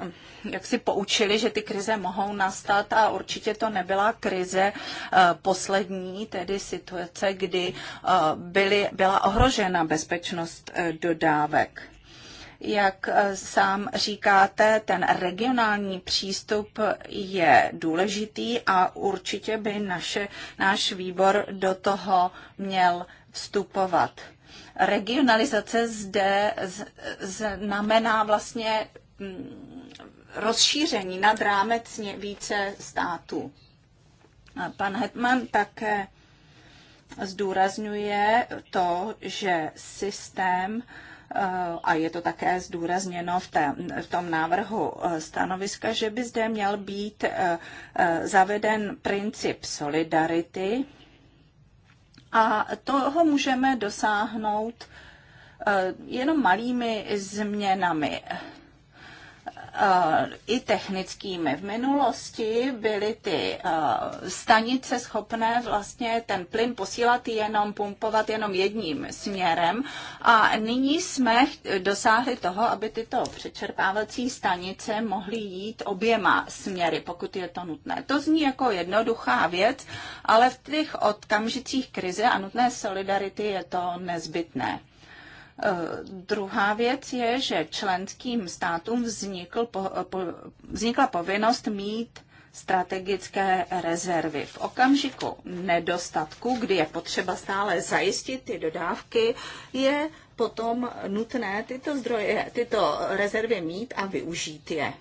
Speaker 3: jak si poučili, že ty krize mohou nastat a určitě to nebyla krize eh, poslední, tedy situace, kdy eh, byly, byla ohrožena bezpečnost dodávek jak sám říkáte, ten regionální přístup je důležitý a určitě by naše, náš výbor do toho měl vstupovat regionalizace zde znamená vlastně mm, rozšíření nad rámec více států. Pan Hetman také zdůrazňuje to, že systém eh, a je to také zdůrazněno v, té, v tom návrhu eh, stanoviska, že by zde měl být eh, zaveden princip solidarity, a toho můžeme dosáhnout eh, jenom malými změnami i technickými. V minulosti byly ty eh, stanice schopné vlastně ten plyn posílat jenom, pumpovat jenom jedním směrem a nyní jsme dosáhli toho, aby tyto přečerpávací stanice mohly jít oběma směry, pokud je to nutné. To zní jako jednoduchá věc, ale v těch odkamžicích krize a nutné solidarity je to nezbytné. Eh, druhá věc je, že členským státům vznikl, po, eh, po, vznikla povinnost mít strategické rezervy. V okamžiku nedostatku, kdy je potřeba stále zajistit ty dodávky, je potom nutné tyto zdroje, tyto rezervy mít a využít je.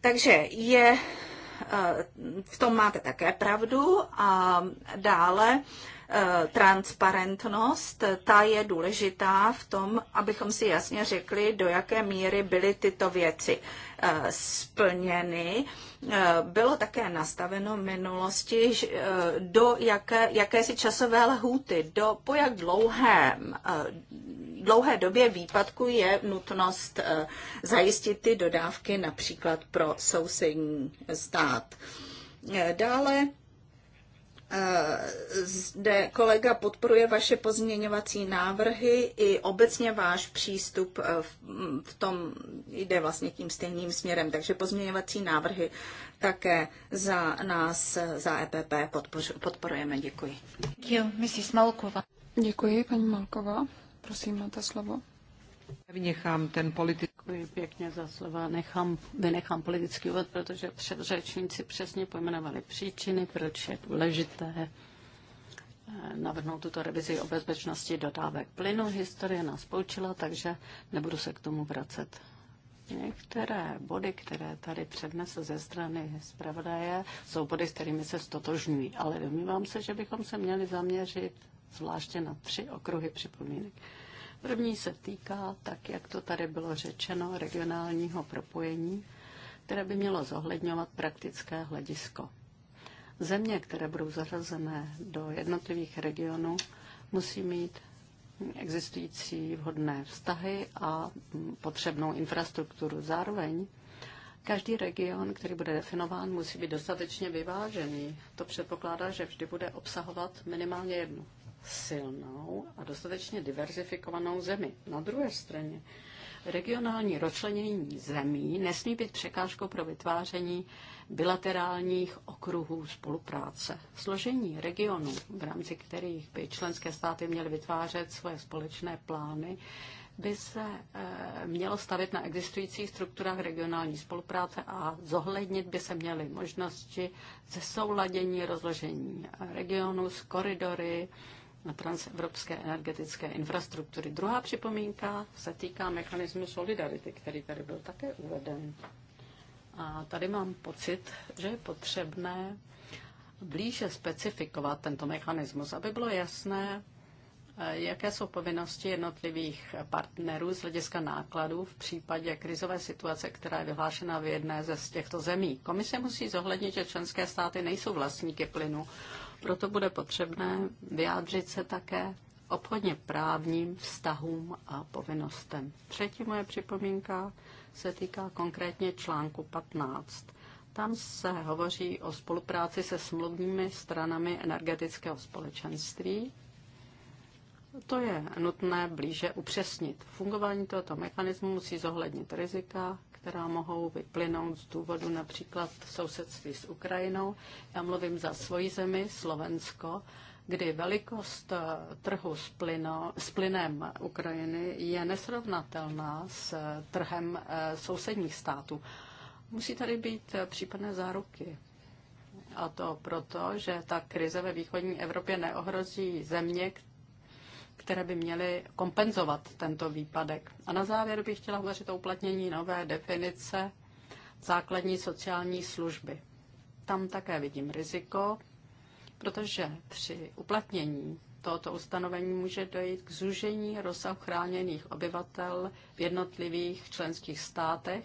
Speaker 3: Takže je Eh, v tom máte také pravdu. A dále eh, transparentnost, ta je důležitá v tom, abychom si jasně řekli, do jaké míry byly tyto věci eh, splněny. Bylo také nastaveno v minulosti, do jaké, jaké si časové lhůty, do, po jak dlouhém dlouhé době výpadku je nutnost eh, zajistit ty dodávky například pro sousední stát. Eh, dále eh, zde kolega podporuje vaše pozměňovací návrhy i obecně váš přístup v tom jde vlastně tím stejným směrem, takže pozměňovací návrhy také za nás, za EPP podporujeme. Děkuji.
Speaker 1: Děkuji, paní Malková. Prosím, máte slovo.
Speaker 2: Vynechám ten politický... Děkuji pěkně za slova. Nechám, vynechám politický úvod, protože předřečníci přesně pojmenovali příčiny, proč je důležité eh, navrhnout tuto revizi o bezpečnosti dodávek plynu. Historie nás poučila, takže nebudu se k tomu vracet. Některé body, které tady přednese ze strany zpravodaje, jsou body, s kterými se stotožňují, ale domnívám se, že bychom se měli zaměřit zvláště na tři okruhy připomínek. První se týká, tak jak to tady bylo řečeno, regionálního propojení, které by mělo zohledňovat praktické hledisko. Země, které budou zařazené do jednotlivých regionů, musí mít existující vhodné vztahy a potřebnou infrastrukturu. Zároveň každý region, který bude definován, musí být dostatečně vyvážený. To předpokládá, že vždy bude obsahovat minimálně jednu silnou a dostatečně diverzifikovanou zemi. Na druhé straně regionální rozčlenění zemí nesmí být překážkou pro vytváření bilaterálních okruhů spolupráce. Složení regionů, v rámci kterých by členské státy měly vytvářet svoje společné plány, by se eh, mělo stavit na existujících strukturách regionální spolupráce a zohlednit by se měly možnosti ze souladění rozložení regionů s koridory, na transevropské energetické infrastruktury. Druhá připomínka se týká mechanismu solidarity, který tady byl také uveden. A tady mám pocit, že je potřebné blíže specifikovat tento mechanismus, aby bylo jasné, eh, jaké jsou povinnosti jednotlivých partnerů z hlediska nákladů v případě krizové situace, která je vyhlášena v jedné ze z těchto zemí. Komise musí zohlednit, že členské státy nejsou vlastníky plynu proto bude potřebné vyjádřit se také obchodně právním vztahům a povinnostem. Třetí moje připomínka se týká konkrétně článku 15. Tam se hovoří o spolupráci se smluvními stranami energetického společenství. To je nutné blíže upřesnit. Fungování tohoto mechanismu musí zohlednit rizika, která mohou vyplynout z důvodu například sousedství s Ukrajinou. Já mluvím za svoji zemi, Slovensko, kdy velikost eh, trhu s, plyno, s plynem Ukrajiny je nesrovnatelná s eh, trhem eh, sousedních států. Musí tady být případné záruky. A to proto, že ta krize ve východní Evropě neohrozí země, které by měly kompenzovat tento výpadek. A na závěr bych chtěla hovořit o uplatnění nové definice základní sociální služby. Tam také vidím riziko, protože při uplatnění tohoto ustanovení může dojít k zúžení rozsahu chráněných obyvatel v jednotlivých členských státech,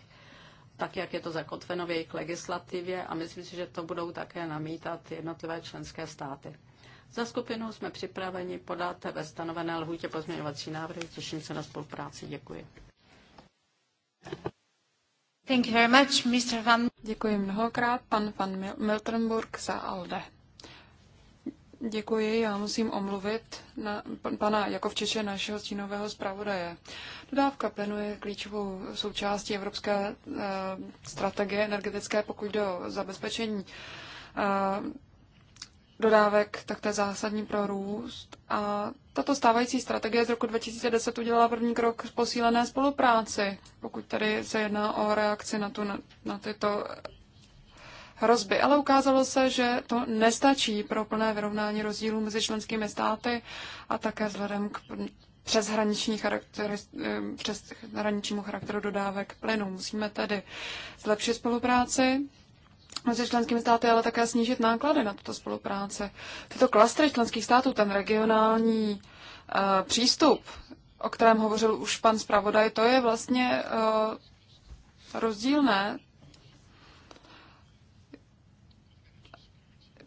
Speaker 2: tak jak je to zakotveno v jejich legislativě a myslím si, že to budou také namítat jednotlivé členské státy. Za skupinu jsme připraveni podat ve stanovené lhůtě pozměňovací návrhy. Těším se na spolupráci. Děkuji.
Speaker 1: Thank you very much, Mr. Van... Děkuji mnohokrát, pan Van Mil Miltenburg za ALDE. Děkuji, já musím omluvit na, pana Jakovčiče, našeho stínového zpravodaje. Dodávka plynu je klíčovou součástí evropské eh, strategie energetické, pokud jde o zabezpečení eh, dodávek, tak to je zásadní pro růst. A tato stávající strategie z roku 2010 udělala první krok k posílené spolupráci, pokud tady se jedná o reakci na, tu, na, na tyto hrozby. Ale ukázalo se, že to nestačí pro plné vyrovnání rozdílů mezi členskými státy a také vzhledem k přeshraniční charakter, eh, hraničnímu charakteru dodávek plynu. Musíme tedy zlepšit spolupráci mezi členskými státy, ale také snížit náklady na tuto spolupráce. Tyto klastry členských států, ten regionální uh, přístup, o kterém hovořil už pan zpravodaj, to je vlastně uh, rozdílné.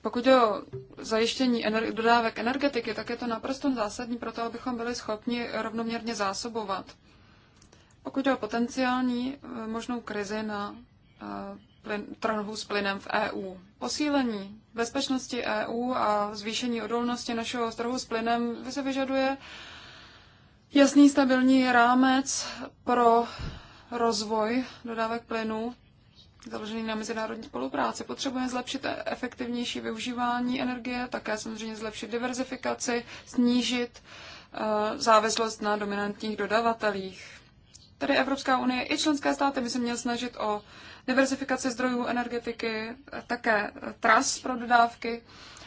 Speaker 1: Pokud je o zajištění ener- dodávek energetiky, tak je to naprosto zásadní pro to, abychom byli schopni rovnoměrně zásobovat. Pokud je o potenciální uh, možnou krizi na uh, plyn, trhu s plynem v EU. Posílení bezpečnosti EU a zvýšení odolnosti našeho trhu s plynem se vyžaduje jasný stabilní rámec pro rozvoj dodávek plynu založený na mezinárodní spolupráci. Potřebujeme zlepšit efektivnější využívání energie, také samozřejmě zlepšit diverzifikaci, snížit eh, závislost na dominantních dodavatelích. Tady Evropská unie i členské státy by se měly snažit o diverzifikaci zdrojů energetiky, také tras pro dodávky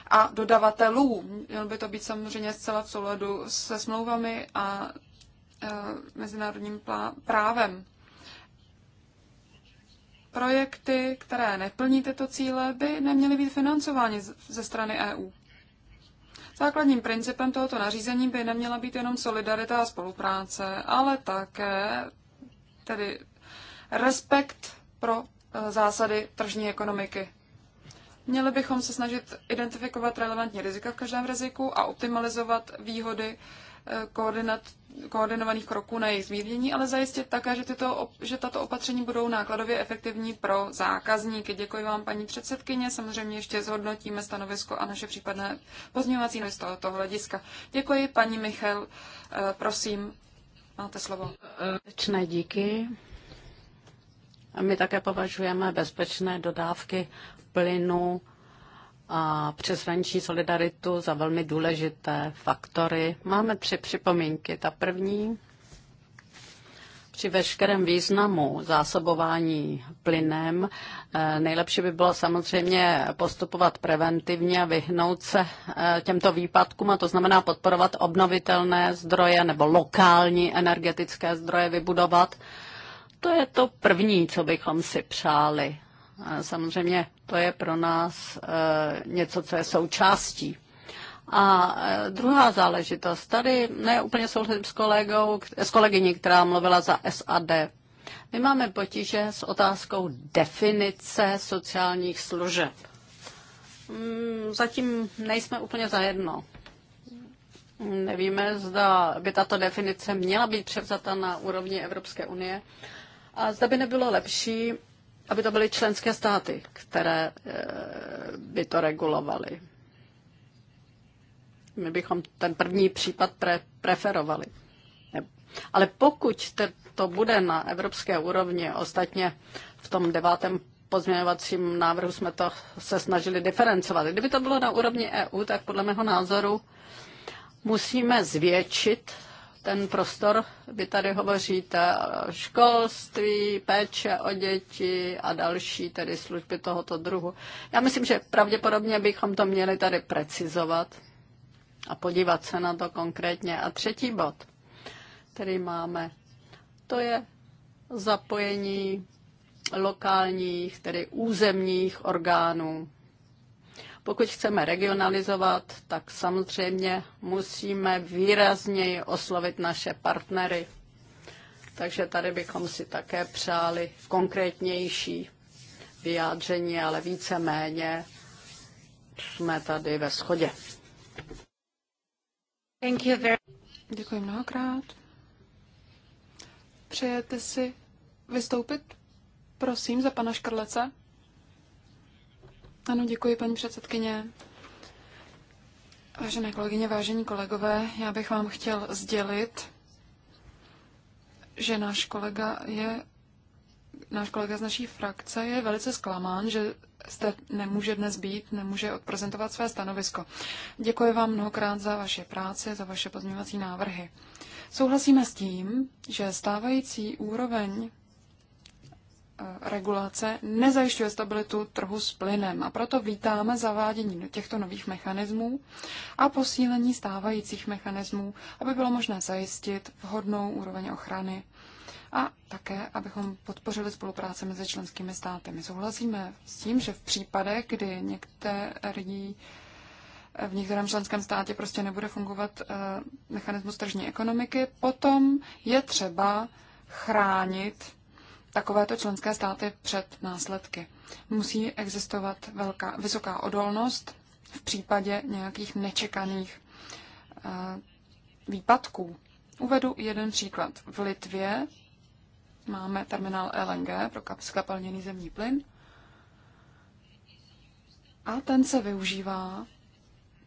Speaker 1: a dodavatelů. Měl by to být samozřejmě zcela v souladu se smlouvami a e, mezinárodním právem. Projekty, které neplní tyto cíle, by neměly být financovány ze strany EU. Základním principem tohoto nařízení by neměla být jenom solidarita a spolupráce, ale také tedy respekt pro eh, zásady tržní ekonomiky. Měli bychom se snažit identifikovat relevantní rizika v každém riziku a optimalizovat výhody eh, koordinat, koordinovaných kroků na jejich zmírnění, ale zajistit také, že, tyto, že tato opatření budou nákladově efektivní pro zákazníky. Děkuji vám, paní předsedkyně. Samozřejmě ještě zhodnotíme stanovisko a naše případné pozměňovací z tohoto hlediska. Děkuji, paní Michal. Eh, prosím, máte slovo.
Speaker 2: Děkuji. díky my také považujeme bezpečné dodávky plynu a přeshraniční solidaritu za velmi důležité faktory. Máme tři připomínky. Ta první, při veškerém významu zásobování plynem eh, nejlepší by bylo samozřejmě postupovat preventivně a vyhnout se eh, těmto výpadkům, a to znamená podporovat obnovitelné zdroje nebo lokální energetické zdroje vybudovat to je to první, co bychom si přáli. Samozřejmě to je pro nás e, něco, co je součástí. A e, druhá záležitost, tady ne úplně souhlasím s, kolegou, s kolegyní, která mluvila za SAD. My máme potíže s otázkou definice sociálních služeb. Hmm, zatím nejsme úplně zajedno. Nevíme, zda by tato definice měla být převzata na úrovni Evropské unie, a zda by nebylo lepší, aby to byly členské státy, které eh, by to regulovaly. My bychom ten první případ pre- preferovali. Ale pokud to bude na evropské úrovni, ostatně v tom devátém pozměňovacím návrhu jsme to se snažili diferencovat. Kdyby to bylo na úrovni EU, tak podle mého názoru musíme zvětšit ten prostor. Vy tady hovoříte o školství, péče o děti a další tedy služby tohoto druhu. Já myslím, že pravděpodobně bychom to měli tady precizovat a podívat se na to konkrétně. A třetí bod, který máme, to je zapojení lokálních, tedy územních orgánů pokud chceme regionalizovat, tak samozřejmě musíme výrazněji oslovit naše partnery. Takže tady bychom si také přáli konkrétnější vyjádření, ale víceméně jsme tady ve shodě.
Speaker 1: Thank you very... Děkuji mnohokrát. Přejete si vystoupit? Prosím, za pana Škrlece. Ano, děkuji, paní předsedkyně. Vážené kolegyně, vážení kolegové, já bych vám chtěl sdělit, že náš kolega je náš kolega z naší frakce je velice zklamán, že zde nemůže dnes být, nemůže odprezentovat své stanovisko. Děkuji vám mnohokrát za vaše práci, za vaše pozměňovací návrhy. Souhlasíme s tím, že stávající úroveň Eh, regulace nezajišťuje stabilitu trhu s plynem a proto vítáme zavádění do těchto nových mechanismů a posílení stávajících mechanismů, aby bylo možné zajistit vhodnou úroveň ochrany a také, abychom podpořili spolupráci mezi členskými státy. My souhlasíme s tím, že v případech, kdy některý eh, v některém členském státě prostě nebude fungovat eh, mechanismus tržní ekonomiky, potom je třeba chránit takovéto členské státy před následky. Musí existovat velká, vysoká odolnost v případě nějakých nečekaných eh, výpadků. Uvedu jeden příklad. V Litvě máme terminál LNG pro skapalněný zemní plyn a ten se využívá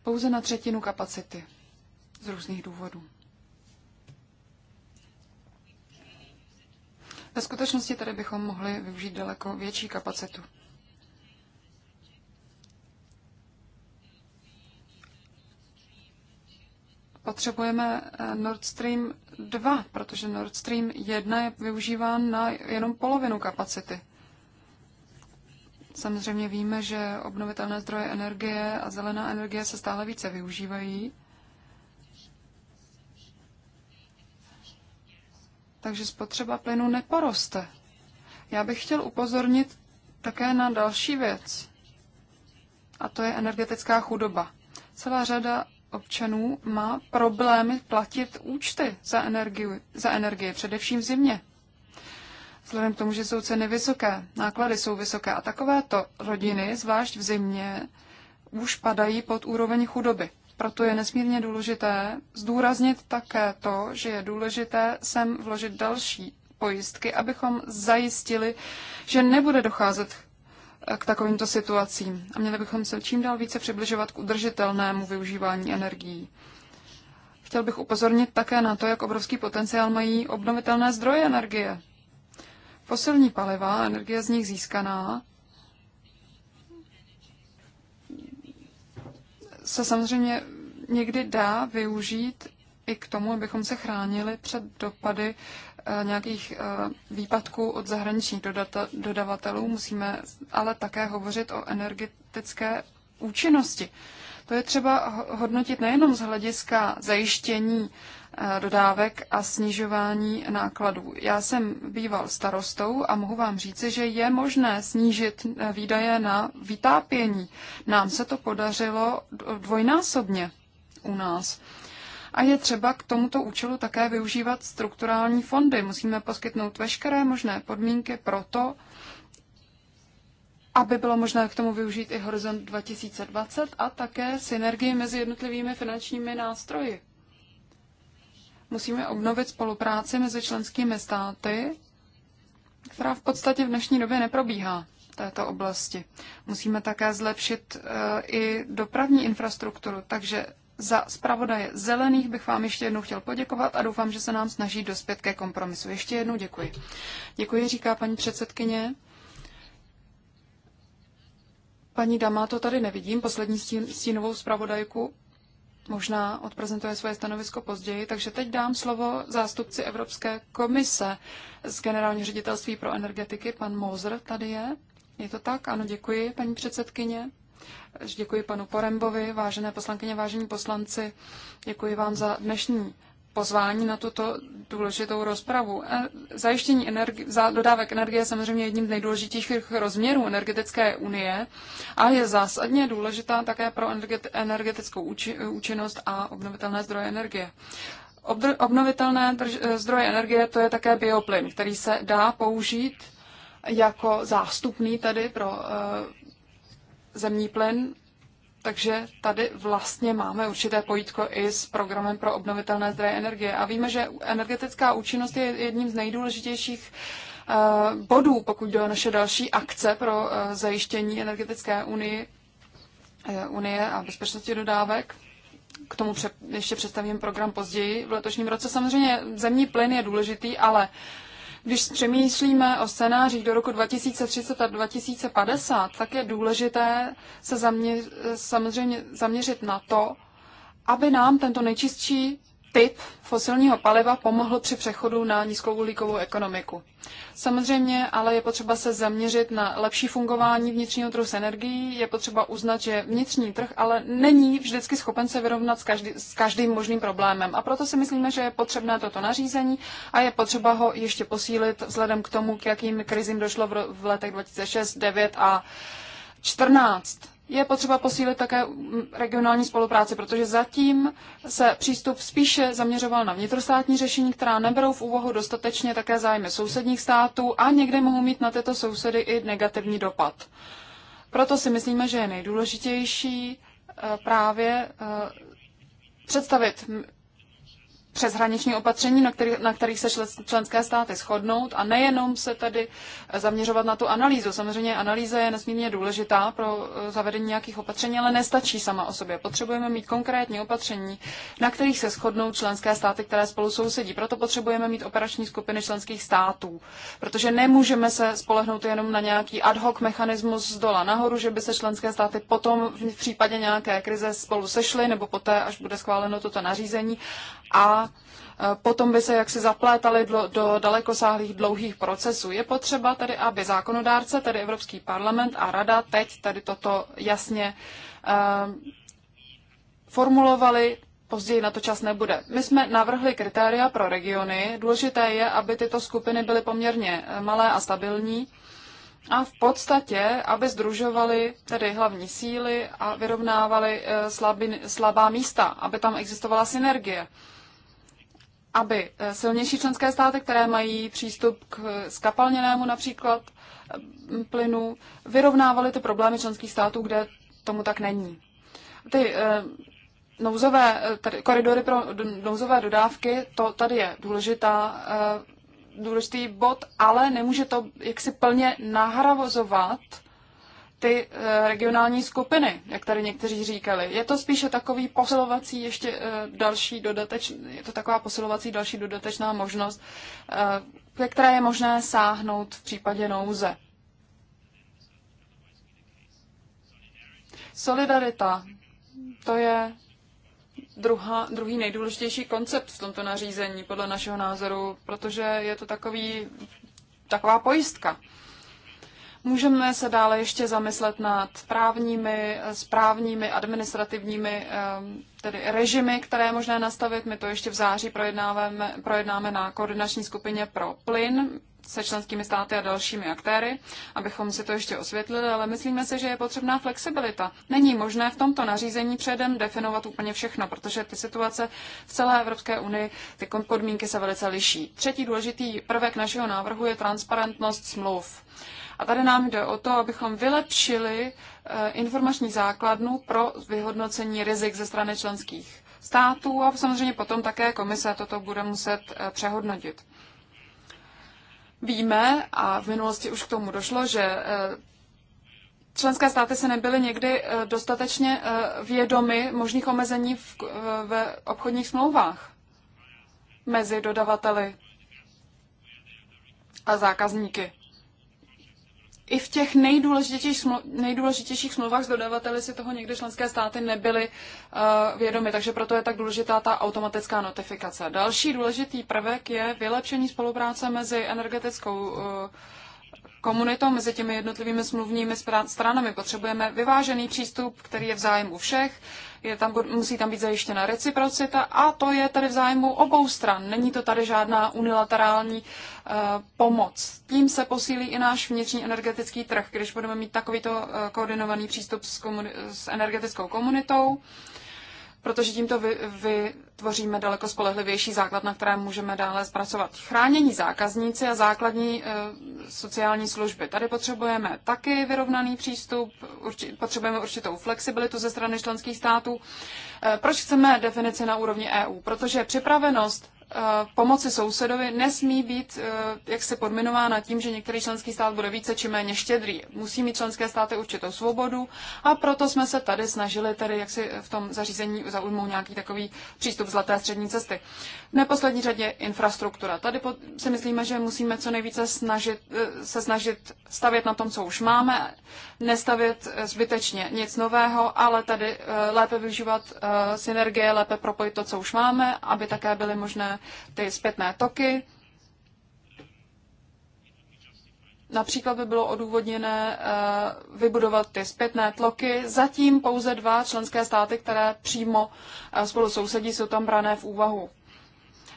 Speaker 1: pouze na třetinu kapacity z různých důvodů. Ve skutečnosti tady bychom mohli využít daleko větší kapacitu. Potřebujeme eh, Nord Stream 2, protože Nord Stream 1 je využíván na jenom polovinu kapacity. Samozřejmě víme, že obnovitelné zdroje energie a zelená energie se stále více využívají. takže spotřeba plynu neporoste. Já bych chtěl upozornit také na další věc, a to je energetická chudoba. Celá řada občanů má problémy platit účty za energii, za energie, především v zimě. Vzhledem k tomu, že jsou ceny vysoké, náklady jsou vysoké a takovéto rodiny, zvlášť v zimě, už padají pod úroveň chudoby. Proto je nesmírně důležité zdůraznit také to, že je důležité sem vložit další pojistky, abychom zajistili, že nebude docházet eh, k takovýmto situacím a měli bychom se čím dál více přibližovat k udržitelnému využívání energií. Chtěl bych upozornit také na to, jak obrovský potenciál mají obnovitelné zdroje energie. Fosilní paliva, energie z nich získaná, se samozřejmě někdy dá využít i k tomu, abychom se chránili před dopady eh, nějakých eh, výpadků od zahraničních dodavatelů. Musíme ale také hovořit o energetické účinnosti. To je třeba hodnotit nejenom z hlediska zajištění Eh, dodávek a snižování nákladů. Já jsem býval starostou a mohu vám říci, že je možné snížit eh, výdaje na vytápění. Nám se to podařilo dvojnásobně u nás. A je třeba k tomuto účelu také využívat strukturální fondy. Musíme poskytnout veškeré možné podmínky pro to, aby bylo možné k tomu využít i Horizont 2020 a také synergii mezi jednotlivými finančními nástroji. Musíme obnovit spolupráci mezi členskými státy, která v podstatě v dnešní době neprobíhá této oblasti. Musíme také zlepšit eh, i dopravní infrastrukturu, takže za zpravodaje zelených bych vám ještě jednou chtěl poděkovat a doufám, že se nám snaží dospět ke kompromisu. Ještě jednou děkuji. Děkuji, říká paní předsedkyně. Paní Dama to tady nevidím, poslední stínovou zpravodajku možná odprezentuje svoje stanovisko později, takže teď dám slovo zástupci Evropské komise z Generálního ředitelství pro energetiky. Pan Mozr tady je. Je to tak? Ano, děkuji, paní předsedkyně. Děkuji panu Porembovi, vážené poslankyně, vážení poslanci. Děkuji vám za dnešní pozvání na tuto důležitou rozpravu. E, zajištění energi- za dodávek energie je samozřejmě jedním z nejdůležitějších rozměrů energetické unie a je zásadně důležitá také pro energetickou úči- účinnost a obnovitelné zdroje energie. Obdr- obnovitelné e, zdroje energie to je také bioplyn, který se dá použít jako zástupný tedy pro uh, zemní plyn takže tady vlastně máme určité pojítko i s programem pro obnovitelné zdroje energie. A víme, že energetická účinnost je jedním z nejdůležitějších eh, bodů, pokud jde o naše další akce pro eh, zajištění energetické unie, eh, unie a bezpečnosti dodávek. K tomu ještě představím program později v letošním roce. Samozřejmě zemní plyn je důležitý, ale když přemýšlíme o scénářích do roku 2030 a 2050, tak je důležité se zaměř, samozřejmě zaměřit na to, aby nám tento nejčistší typ fosilního paliva pomohl při přechodu na nízkouhlíkovou ekonomiku. Samozřejmě ale je potřeba se zaměřit na lepší fungování vnitřního trhu s energií, je potřeba uznat, že vnitřní trh ale není vždycky schopen se vyrovnat s, každý, s každým možným problémem. A proto si myslíme, že je potřebné toto nařízení a je potřeba ho ještě posílit vzhledem k tomu, k jakým krizím došlo v letech 2006, 2009 a 2014 je potřeba posílit také regionální spolupráci, protože zatím se přístup spíše zaměřoval na vnitrostátní řešení, která neberou v úvahu dostatečně také zájmy sousedních států a někde mohou mít na tyto sousedy i negativní dopad. Proto si myslíme, že je nejdůležitější eh, právě eh, představit přeshraniční opatření, na, který, na kterých se členské státy shodnout a nejenom se tedy zaměřovat na tu analýzu. Samozřejmě analýza je nesmírně důležitá pro eh, zavedení nějakých opatření, ale nestačí sama o sobě. Potřebujeme mít konkrétní opatření, na kterých se shodnou členské státy, které spolu sousedí. Proto potřebujeme mít operační skupiny členských států, protože nemůžeme se spolehnout jenom na nějaký ad hoc mechanismus z dola nahoru, že by se členské státy potom v případě nějaké krize spolu sešly nebo poté, až bude schváleno toto nařízení a potom by se jaksi zaplétali do, do dalekosáhlých dlouhých procesů. Je potřeba tedy, aby zákonodárce, tedy Evropský parlament a rada teď tady toto jasně eh, formulovali, později na to čas nebude. My jsme navrhli kritéria pro regiony. Důležité je, aby tyto skupiny byly poměrně eh, malé a stabilní a v podstatě, aby združovali tedy hlavní síly a vyrovnávali eh, slabý, slabá místa, aby tam existovala synergie aby eh, silnější členské státy, které mají přístup k eh, skapalněnému například eh, plynu, vyrovnávaly ty problémy členských států, kde tomu tak není. Ty nouzové, tady, koridory pro nouzové dodávky, to tady je důležitá, důležitý bod, ale nemůže to jaksi plně nahravozovat ty eh, regionální skupiny, jak tady někteří říkali. Je to spíše takový posilovací ještě eh, další dodateč, je to taková posilovací další dodatečná možnost, ve eh, které je možné sáhnout v případě nouze. Solidarita, to je druhá, druhý nejdůležitější koncept v tomto nařízení, podle našeho názoru, protože je to takový, taková pojistka. Můžeme se dále ještě zamyslet nad právními, eh, správními, administrativními ehm, tedy režimy, které je možné nastavit. My to ještě v září projednáváme, projednáme na koordinační skupině pro plyn se členskými státy a dalšími aktéry, abychom si to ještě osvětlili, ale myslíme si, že je potřebná flexibilita. Není možné v tomto nařízení předem definovat úplně všechno, protože ty situace v celé Evropské unii, ty podmínky se velice liší. Třetí důležitý prvek našeho návrhu je transparentnost smluv. A tady nám jde o to, abychom vylepšili eh, informační základnu pro vyhodnocení rizik ze strany členských států a samozřejmě potom také komise toto bude muset eh, přehodnotit. Víme, a v minulosti už k tomu došlo, že eh, členské státy se nebyly někdy dostatečně vědomy možných omezení v, ve obchodních smlouvách mezi dodavateli a zákazníky i v těch nejdůležitějších, smlu- nejdůležitějších smlouvách s dodavateli si toho někdy členské státy nebyly uh, vědomy, takže proto je tak důležitá ta automatická notifikace. Další důležitý prvek je vylepšení spolupráce mezi energetickou uh, komunitou, mezi těmi jednotlivými smluvními stranami. Potřebujeme vyvážený přístup, který je v zájmu všech. Uh, je tam, musí tam být zajištěna reciprocita a to je tady v zájmu obou stran. Není to tady žádná unilaterální uh, pomoc. Tím se posílí i náš vnitřní energetický trh, když budeme mít takovýto uh, koordinovaný přístup s, s energetickou komunitou. Uh, protože tímto vy, vytvoříme daleko spolehlivější základ, na kterém můžeme dále zpracovat. Chránění zákazníci a základní e, sociální služby. Tady potřebujeme taky vyrovnaný přístup, urči, potřebujeme určitou flexibilitu ze strany členských států. E, proč chceme definici na úrovni EU? Protože připravenost Eh, pomoci sousedovi nesmí být eh, jak se podminována tím, že některý členský stát bude více či méně štědrý. Musí mít členské státy určitou svobodu a proto jsme se tady snažili tady jak si v tom zařízení zaujmout nějaký takový přístup zlaté střední cesty. V neposlední řadě infrastruktura. Tady si myslíme, že musíme co nejvíce snažit, eh, se snažit stavět na tom, co už máme, nestavět zbytečně nic nového, ale tady lépe využívat synergie, lépe propojit to, co už máme, aby také byly možné ty zpětné toky. Například by bylo odůvodněné eh, vybudovat ty zpětné tloky. Zatím pouze dva členské státy, které přímo eh, spolu sousedí, jsou tam brané v úvahu.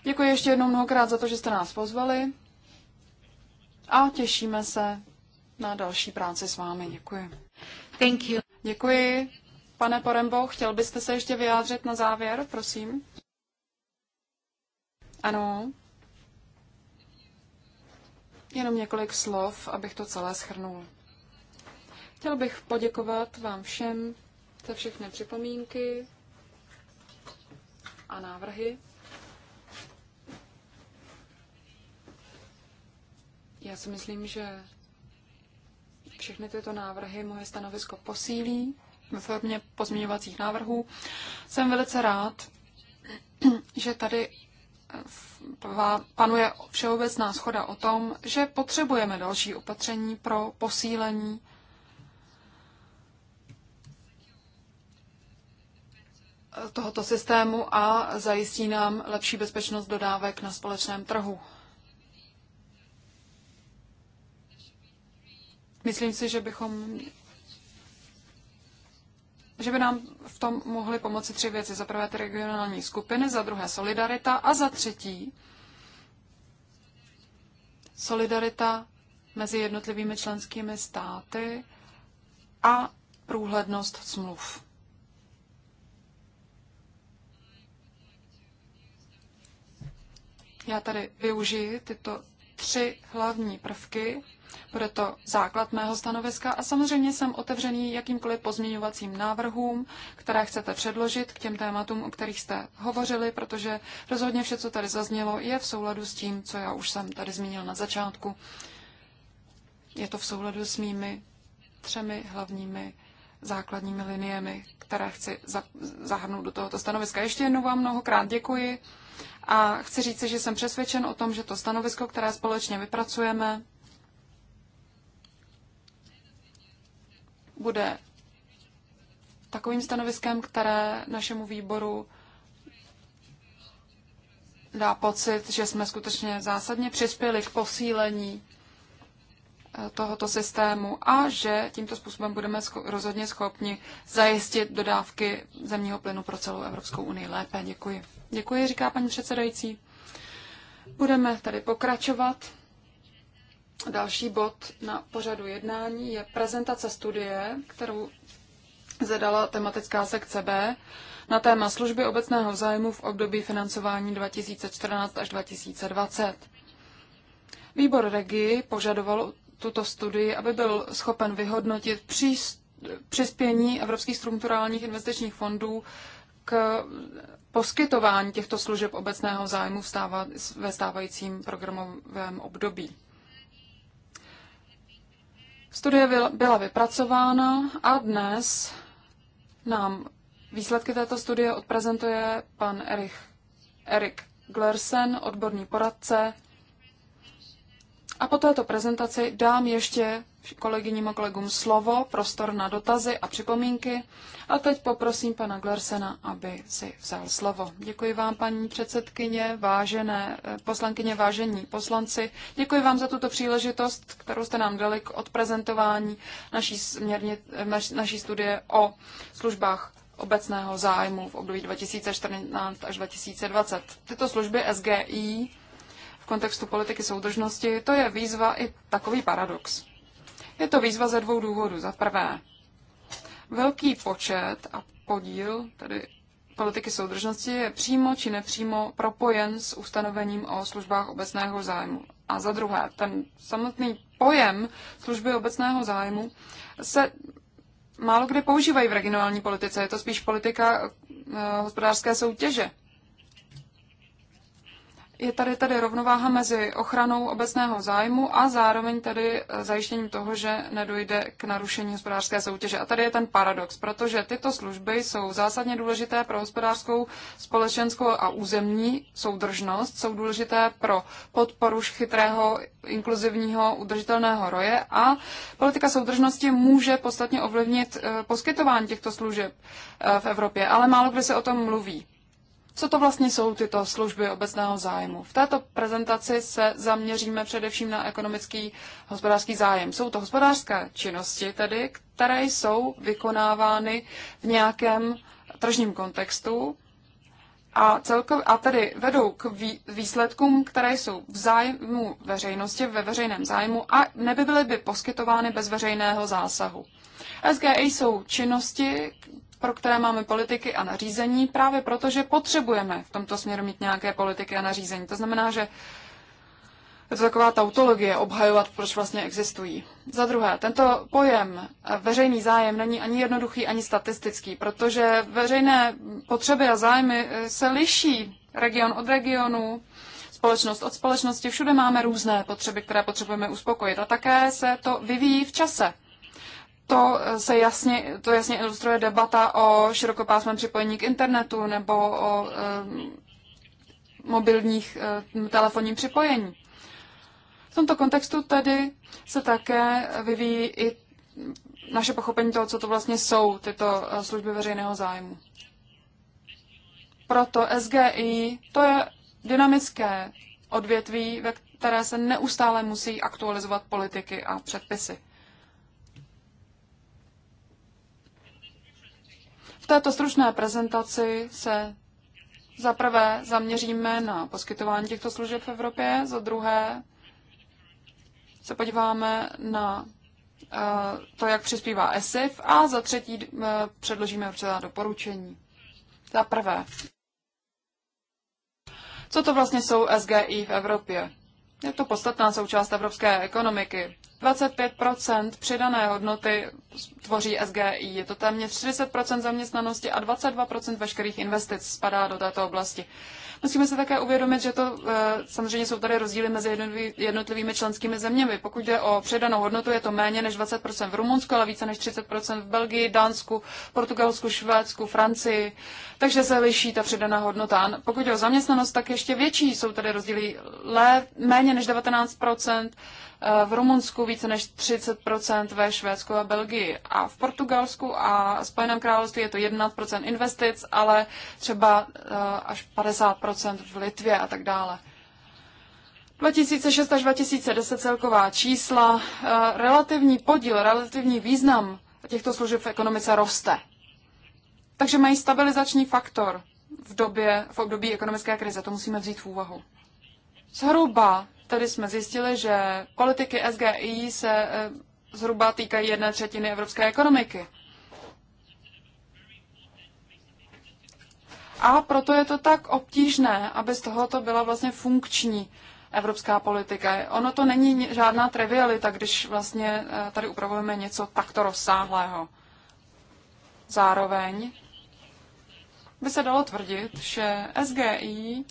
Speaker 1: Děkuji ještě jednou mnohokrát za to, že jste nás pozvali a těšíme se na další práci s vámi. Děkuji. Thank you. Děkuji. Pane Porembo, chtěl byste se ještě vyjádřit na závěr, prosím? Ano. Jenom několik slov, abych to celé schrnul. Chtěl bych poděkovat vám všem za všechny připomínky a návrhy. Já si myslím, že všechny tyto návrhy moje stanovisko posílí ve formě pozměňovacích návrhů. Jsem velice rád, že tady panuje všeobecná schoda o tom, že potřebujeme další opatření pro posílení tohoto systému a zajistí nám lepší bezpečnost dodávek na společném trhu. Myslím si, že bychom že by nám v tom mohly pomoci tři věci. Za prvé ty regionální skupiny, za druhé solidarita a za třetí solidarita mezi jednotlivými členskými státy a průhlednost smluv. Já tady využiji tyto tři hlavní prvky bude to základ mého stanoviska a samozřejmě jsem otevřený jakýmkoliv pozměňovacím návrhům, které chcete předložit k těm tématům, o kterých jste hovořili, protože rozhodně vše, co tady zaznělo, je v souladu s tím, co já už jsem tady zmínil na začátku. Je to v souladu s mými třemi hlavními základními liniemi, které chci zahrnout do tohoto stanoviska. Ještě jednou vám mnohokrát děkuji a chci říct, že jsem přesvědčen o tom, že to stanovisko, které společně vypracujeme, bude takovým stanoviskem, které našemu výboru dá pocit, že jsme skutečně zásadně přispěli k posílení eh, tohoto systému a že tímto způsobem budeme scho- rozhodně schopni zajistit dodávky zemního plynu pro celou Evropskou unii lépe. Děkuji. Děkuji, říká paní předsedající. Budeme tady pokračovat. Další bod na pořadu jednání je prezentace studie, kterou zadala tematická sekce B na téma služby obecného zájmu v období financování 2014 až 2020. Výbor Regi požadoval tuto studii, aby byl schopen vyhodnotit přispění evropských strukturálních investičních fondů k poskytování těchto služeb obecného zájmu ve stávajícím programovém období. Studie byla vypracována a dnes nám výsledky této studie odprezentuje pan Erich, Erik Glersen, odborný poradce. A po této prezentaci dám ještě kolegyním a kolegům slovo, prostor na dotazy a připomínky. A teď poprosím pana Glersena, aby si vzal slovo. Děkuji vám, paní předsedkyně, vážené eh, poslankyně, vážení poslanci. Děkuji vám za tuto příležitost, kterou jste nám dali k odprezentování naší, směrně, eh, naší studie o službách obecného zájmu v období 2014 až 2020. Tyto služby SGI v kontextu politiky soudržnosti, to je výzva i takový paradox. Je to výzva ze dvou důvodů. Za prvé, velký počet a podíl, tedy politiky soudržnosti, je přímo či nepřímo propojen s ustanovením o službách obecného zájmu. A za druhé, ten samotný pojem služby obecného zájmu se málo kde používají v regionální politice. Je to spíš politika eh, hospodářské soutěže je tady tady rovnováha mezi ochranou obecného zájmu a zároveň tedy e, zajištěním toho, že nedojde k narušení hospodářské soutěže. A tady je ten paradox, protože tyto služby jsou zásadně důležité pro hospodářskou, společenskou a územní soudržnost, jsou důležité pro podporu chytrého, inkluzivního, udržitelného roje a politika soudržnosti může podstatně ovlivnit e, poskytování těchto služeb e, v Evropě, ale málo kdy se o tom mluví. Co to vlastně jsou tyto služby obecného zájmu? V této prezentaci se zaměříme především na ekonomický hospodářský zájem. Jsou to hospodářské činnosti tedy, které jsou vykonávány v nějakém tržním kontextu a, celkově a tedy vedou k výsledkům, které jsou v zájmu veřejnosti, ve veřejném zájmu a nebyly by poskytovány bez veřejného zásahu. SGA jsou činnosti, pro které máme politiky a nařízení, právě proto, že potřebujeme v tomto směru mít nějaké politiky a nařízení. To znamená, že je to taková tautologie obhajovat, proč vlastně existují. Za druhé, tento pojem veřejný zájem není ani jednoduchý, ani statistický, protože veřejné potřeby a zájmy eh, se liší region od regionu, společnost od společnosti. Všude máme různé potřeby, které potřebujeme uspokojit. A také se to vyvíjí v čase to eh, se jasně, to jasně ilustruje debata o širokopásmém připojení k internetu nebo o e, mobilních e, telefonním připojení. V tomto kontextu tedy se také vyvíjí i naše pochopení toho, co to vlastně jsou tyto služby veřejného zájmu. Proto SGI to je dynamické odvětví, ve které se neustále musí aktualizovat politiky a předpisy. V této stručné prezentaci se za prvé zaměříme na poskytování těchto služeb v Evropě, za druhé se podíváme na eh, to, jak přispívá ESIF a za třetí eh, předložíme určitá doporučení. Za prvé, co to vlastně jsou SGI v Evropě? Je to podstatná součást evropské ekonomiky. 25 přidané hodnoty tvoří SGI. Je to téměř 30 zaměstnanosti a 22 veškerých investic spadá do této oblasti. Musíme se také uvědomit, že to eh, samozřejmě jsou tady rozdíly mezi jednotlivými členskými zeměmi. Pokud jde o přidanou hodnotu, je to méně než 20 v Rumunsku, ale více než 30 v Belgii, Dánsku, Portugalsku, Švédsku, Francii. Takže se liší ta přidaná hodnota. Pokud jde o zaměstnanost, tak ještě větší jsou tady rozdíly méně než 19 v Rumunsku více než 30%, ve Švédsku a Belgii a v Portugalsku a Spojeném království je to 11% investic, ale třeba eh, až 50% v Litvě a tak dále. 2006 až 2010 celková čísla, eh, relativní podíl, relativní význam těchto služeb v ekonomice roste. Takže mají stabilizační faktor v, době, v období ekonomické krize. To musíme vzít v úvahu. Zhruba tady jsme zjistili, že politiky SGI se eh, zhruba týkají jedné třetiny evropské ekonomiky. A proto je to tak obtížné, aby z tohoto byla vlastně funkční evropská politika. Ono to není žádná trivialita, když vlastně eh, tady upravujeme něco takto rozsáhlého. Zároveň by se dalo tvrdit, že SGI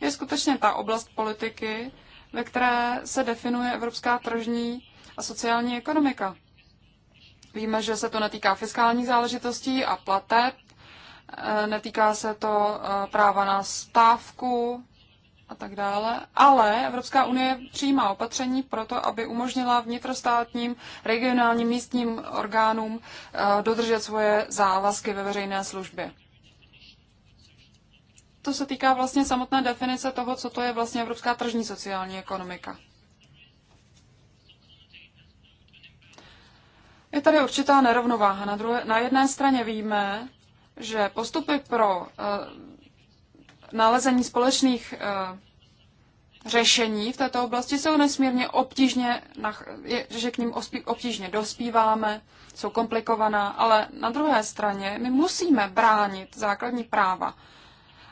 Speaker 1: je skutečně ta oblast politiky, ve které se definuje evropská tržní a sociální ekonomika. Víme, že se to netýká fiskálních záležitostí a plateb, eh, netýká se to eh, práva na stávku a tak dále, ale Evropská unie přijímá opatření pro to, aby umožnila vnitrostátním, regionálním, místním orgánům eh, dodržet svoje závazky ve veřejné službě to se týká vlastně samotné definice toho, co to je vlastně evropská tržní sociální ekonomika. Je tady určitá nerovnováha. Na, druhé, na jedné straně víme, že postupy pro uh, nalezení společných uh, řešení v této oblasti jsou nesmírně obtížně, že k ním obtížně dospíváme, jsou komplikovaná, ale na druhé straně my musíme bránit základní práva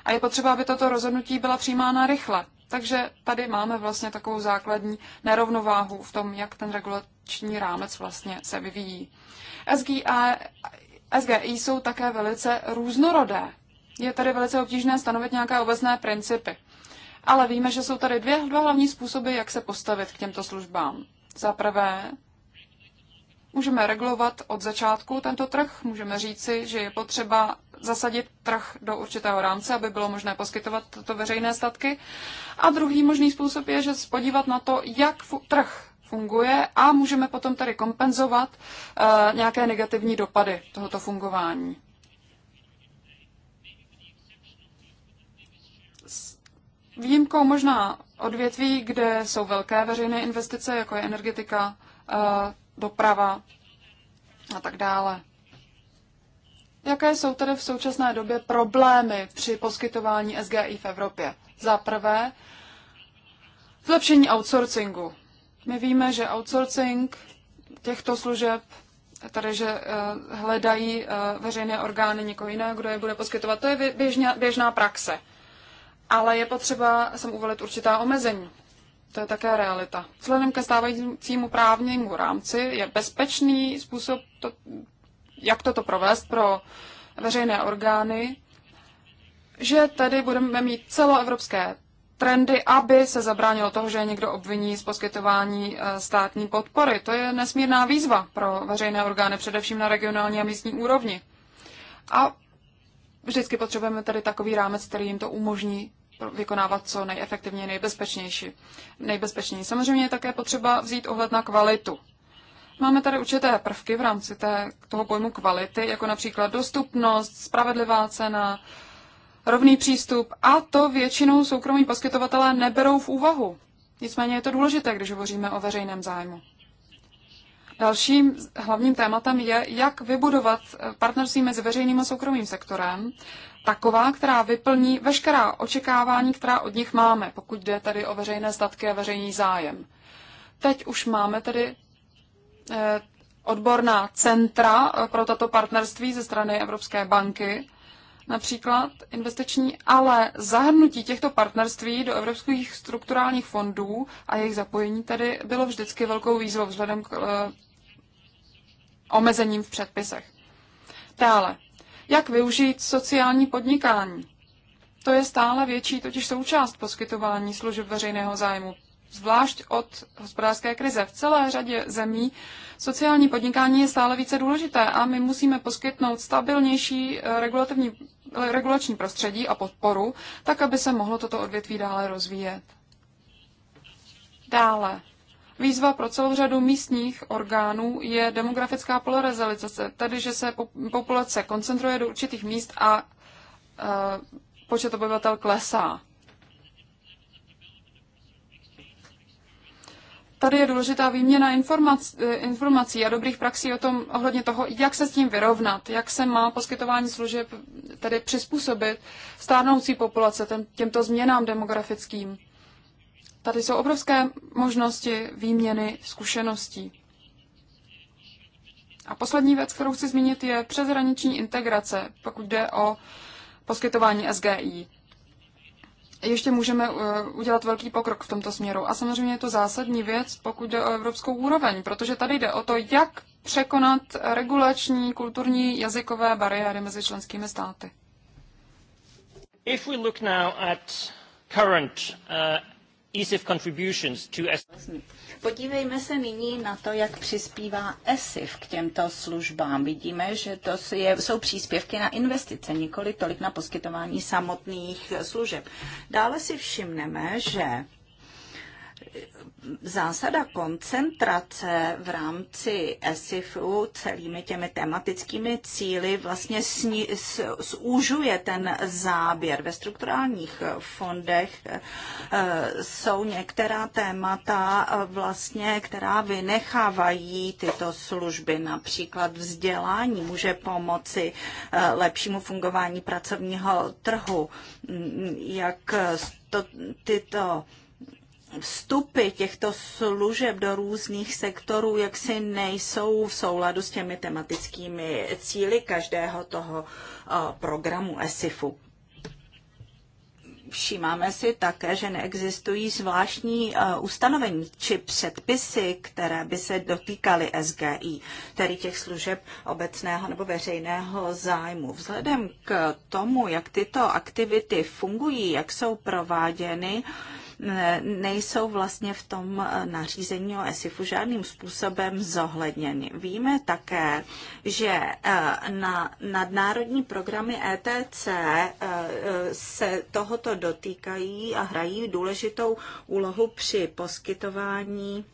Speaker 1: a je potřeba, aby toto rozhodnutí byla přijímána rychle. Takže tady máme vlastně takovou základní nerovnováhu v tom, jak ten regulační rámec vlastně se vyvíjí. SGI, SGI jsou také velice různorodé. Je tady velice obtížné stanovit nějaké obecné principy. Ale víme, že jsou tady dvě, dva hlavní způsoby, jak se postavit k těmto službám. Za prvé, můžeme regulovat od začátku tento trh, můžeme říci, že je potřeba zasadit trh do určitého rámce, aby bylo možné poskytovat tyto veřejné statky. A druhý možný způsob je, že podívat na to, jak trh funguje a můžeme potom tady kompenzovat uh, nějaké negativní dopady tohoto fungování. S výjimkou možná odvětví, kde jsou velké veřejné investice, jako je energetika, uh, doprava a tak dále. Jaké jsou tedy v současné době problémy při poskytování SGI v Evropě? Za prvé, zlepšení outsourcingu. My víme, že outsourcing těchto služeb, tedy že eh, hledají eh, veřejné orgány někoho jiného, kdo je bude poskytovat, to je běžná, běžná praxe. Ale je potřeba sem uvolit určitá omezení. To je také realita. Vzhledem ke stávajícímu právnímu rámci je bezpečný způsob to jak toto provést pro veřejné orgány, že tady budeme mít celoevropské trendy, aby se zabránilo toho, že někdo obviní z poskytování eh, státní podpory. To je nesmírná výzva pro veřejné orgány, především na regionální a místní úrovni. A vždycky potřebujeme tady takový rámec, který jim to umožní vykonávat co nejefektivněji, nejbezpečnější. nejbezpečnější. Samozřejmě je také potřeba vzít ohled na kvalitu Máme tady určité prvky v rámci té, toho pojmu kvality, jako například dostupnost, spravedlivá cena, rovný přístup a to většinou soukromí poskytovatelé neberou v úvahu. Nicméně je to důležité, když hovoříme o veřejném zájmu. Dalším hlavním tématem je, jak vybudovat partnerství mezi veřejným a soukromým sektorem, taková, která vyplní veškerá očekávání, která od nich máme, pokud jde tady o veřejné statky a veřejný zájem. Teď už máme tedy Eh, odborná centra eh, pro tato partnerství ze strany Evropské banky, například investiční, ale zahrnutí těchto partnerství do evropských strukturálních fondů a jejich zapojení tedy bylo vždycky velkou výzvou vzhledem k eh, omezením v předpisech. Dále, jak využít sociální podnikání? To je stále větší totiž součást poskytování služeb veřejného zájmu zvlášť od hospodářské krize. V celé řadě zemí sociální podnikání je stále více důležité a my musíme poskytnout stabilnější eh, regulativní, eh, regulační prostředí a podporu, tak aby se mohlo toto odvětví dále rozvíjet. Dále. Výzva pro celou řadu místních orgánů je demografická polarizace, tedy že se populace koncentruje do určitých míst a e, počet obyvatel klesá. tady je důležitá výměna informací, eh, informací a dobrých praxí o tom, ohledně toho, jak se s tím vyrovnat, jak se má poskytování služeb tedy přizpůsobit stárnoucí populace ten, těmto změnám demografickým. Tady jsou obrovské možnosti výměny zkušeností. A poslední věc, kterou chci zmínit, je přeshraniční integrace, pokud jde o poskytování SGI ještě můžeme eh, udělat velký pokrok v tomto směru. A samozřejmě je to zásadní věc, pokud jde o evropskou úroveň, protože tady jde o to, jak překonat regulační, kulturní, jazykové bariéry mezi členskými státy.
Speaker 2: If we look now at current, uh...
Speaker 3: Podívejme se nyní na to, jak přispívá ESIF k těmto službám. Vidíme, že to je, jsou příspěvky na investice, nikoli tolik na poskytování samotných služeb. Dále si všimneme, že zásada koncentrace v rámci ESIFu celými těmi tematickými cíly vlastně sni, zúžuje ten záběr. Ve strukturálních fondech eh, jsou některá témata eh, vlastně, která vynechávají tyto služby, například vzdělání může pomoci eh, lepšímu fungování pracovního trhu, mm, jak to, tyto vstupy těchto služeb do různých sektorů jaksi nejsou v souladu s těmi tematickými cíly každého toho eh, programu ESIFu. Všímáme si také, že neexistují zvláštní eh, ustanovení či předpisy, které by se dotýkaly SGI, tedy těch služeb obecného nebo veřejného zájmu. Vzhledem k tomu, jak tyto aktivity fungují, jak jsou prováděny, nejsou vlastně v tom eh, nařízení o ESIFu žádným způsobem zohledněny. Víme také, že eh, na nadnárodní programy ETC eh, se tohoto dotýkají a hrají důležitou úlohu při poskytování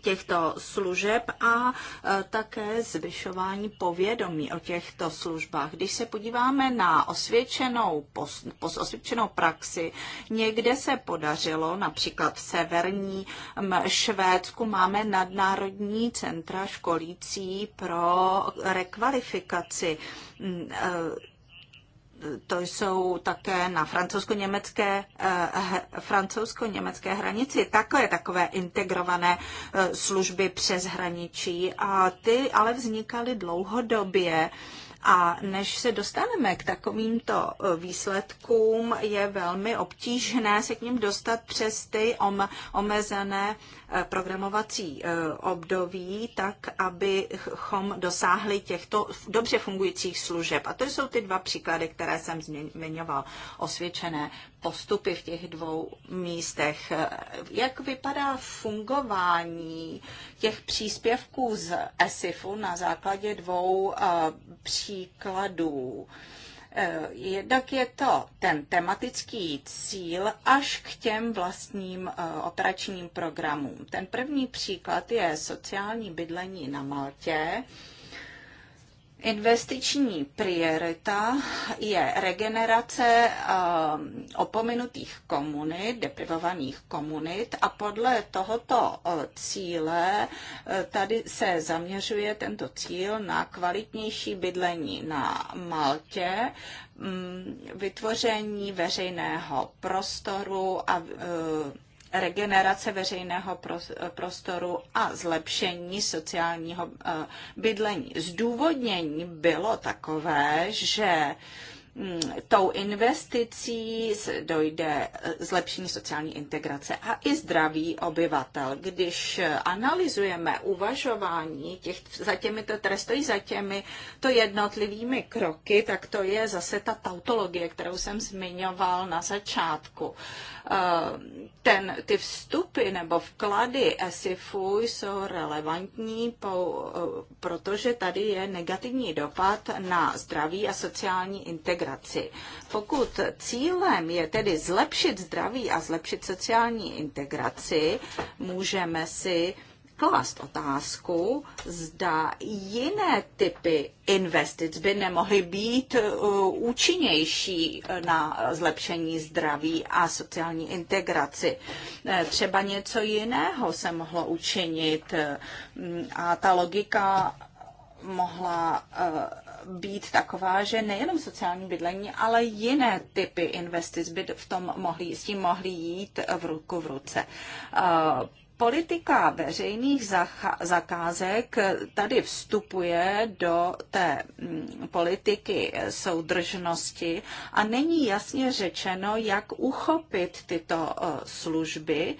Speaker 3: těchto služeb a e, také zvyšování povědomí o těchto službách. Když se podíváme na osvědčenou, pos, pos, osvědčenou praxi, někde se podařilo, například v severní Švédsku máme nadnárodní centra školící pro rekvalifikaci e, to jsou také na francouzsko-německé, eh, francouzsko-německé hranici. Takové takové integrované eh, služby přes hraničí a ty ale vznikaly dlouhodobě. A než se dostaneme k takovýmto eh, výsledkům, je velmi obtížné se k ním dostat přes ty omezené Eh, programovací eh, období, tak abychom dosáhli těchto dobře fungujících služeb. A to jsou ty dva příklady, které jsem zmiňoval, osvědčené postupy v těch dvou místech. Eh, jak vypadá fungování těch příspěvků z ESIFu na základě dvou příkladů? Eh, jednak je to ten tematický cíl až k těm vlastním eh, operačním programům. Ten první příklad je sociální bydlení na Maltě. Investiční priorita je regenerace ehm, opominutých komunit, deprivovaných komunit a podle tohoto eh, cíle eh, tady se zaměřuje tento cíl na kvalitnější bydlení na Maltě, mm, vytvoření veřejného prostoru a eh, regenerace veřejného prostoru a zlepšení sociálního eh, bydlení. Zdůvodnění bylo takové, že Mm, tou investicí dojde eh, zlepšení sociální integrace a i zdraví obyvatel. Když eh, analyzujeme uvažování těch, za těmi to trestojí za těmi to jednotlivými kroky, tak to je zase ta tautologie, kterou jsem zmiňoval na začátku. Eh, ten, ty vstupy nebo vklady SIFu jsou relevantní, po, protože tady je negativní dopad na zdraví a sociální integraci integraci. Pokud cílem je tedy zlepšit zdraví a zlepšit sociální integraci, můžeme si klást otázku, zda jiné typy investic by nemohly být uh, účinnější uh, na zlepšení zdraví a sociální integraci. Eh, třeba něco jiného se mohlo učinit eh, mm, a ta logika mohla eh, být taková, že nejenom sociální bydlení, ale jiné typy investic by v tom mohly, s tím mohly jít v ruku v ruce eh, politika veřejných zakázek tady vstupuje do té mm, politiky soudržnosti a není jasně řečeno, jak uchopit tyto eh, služby.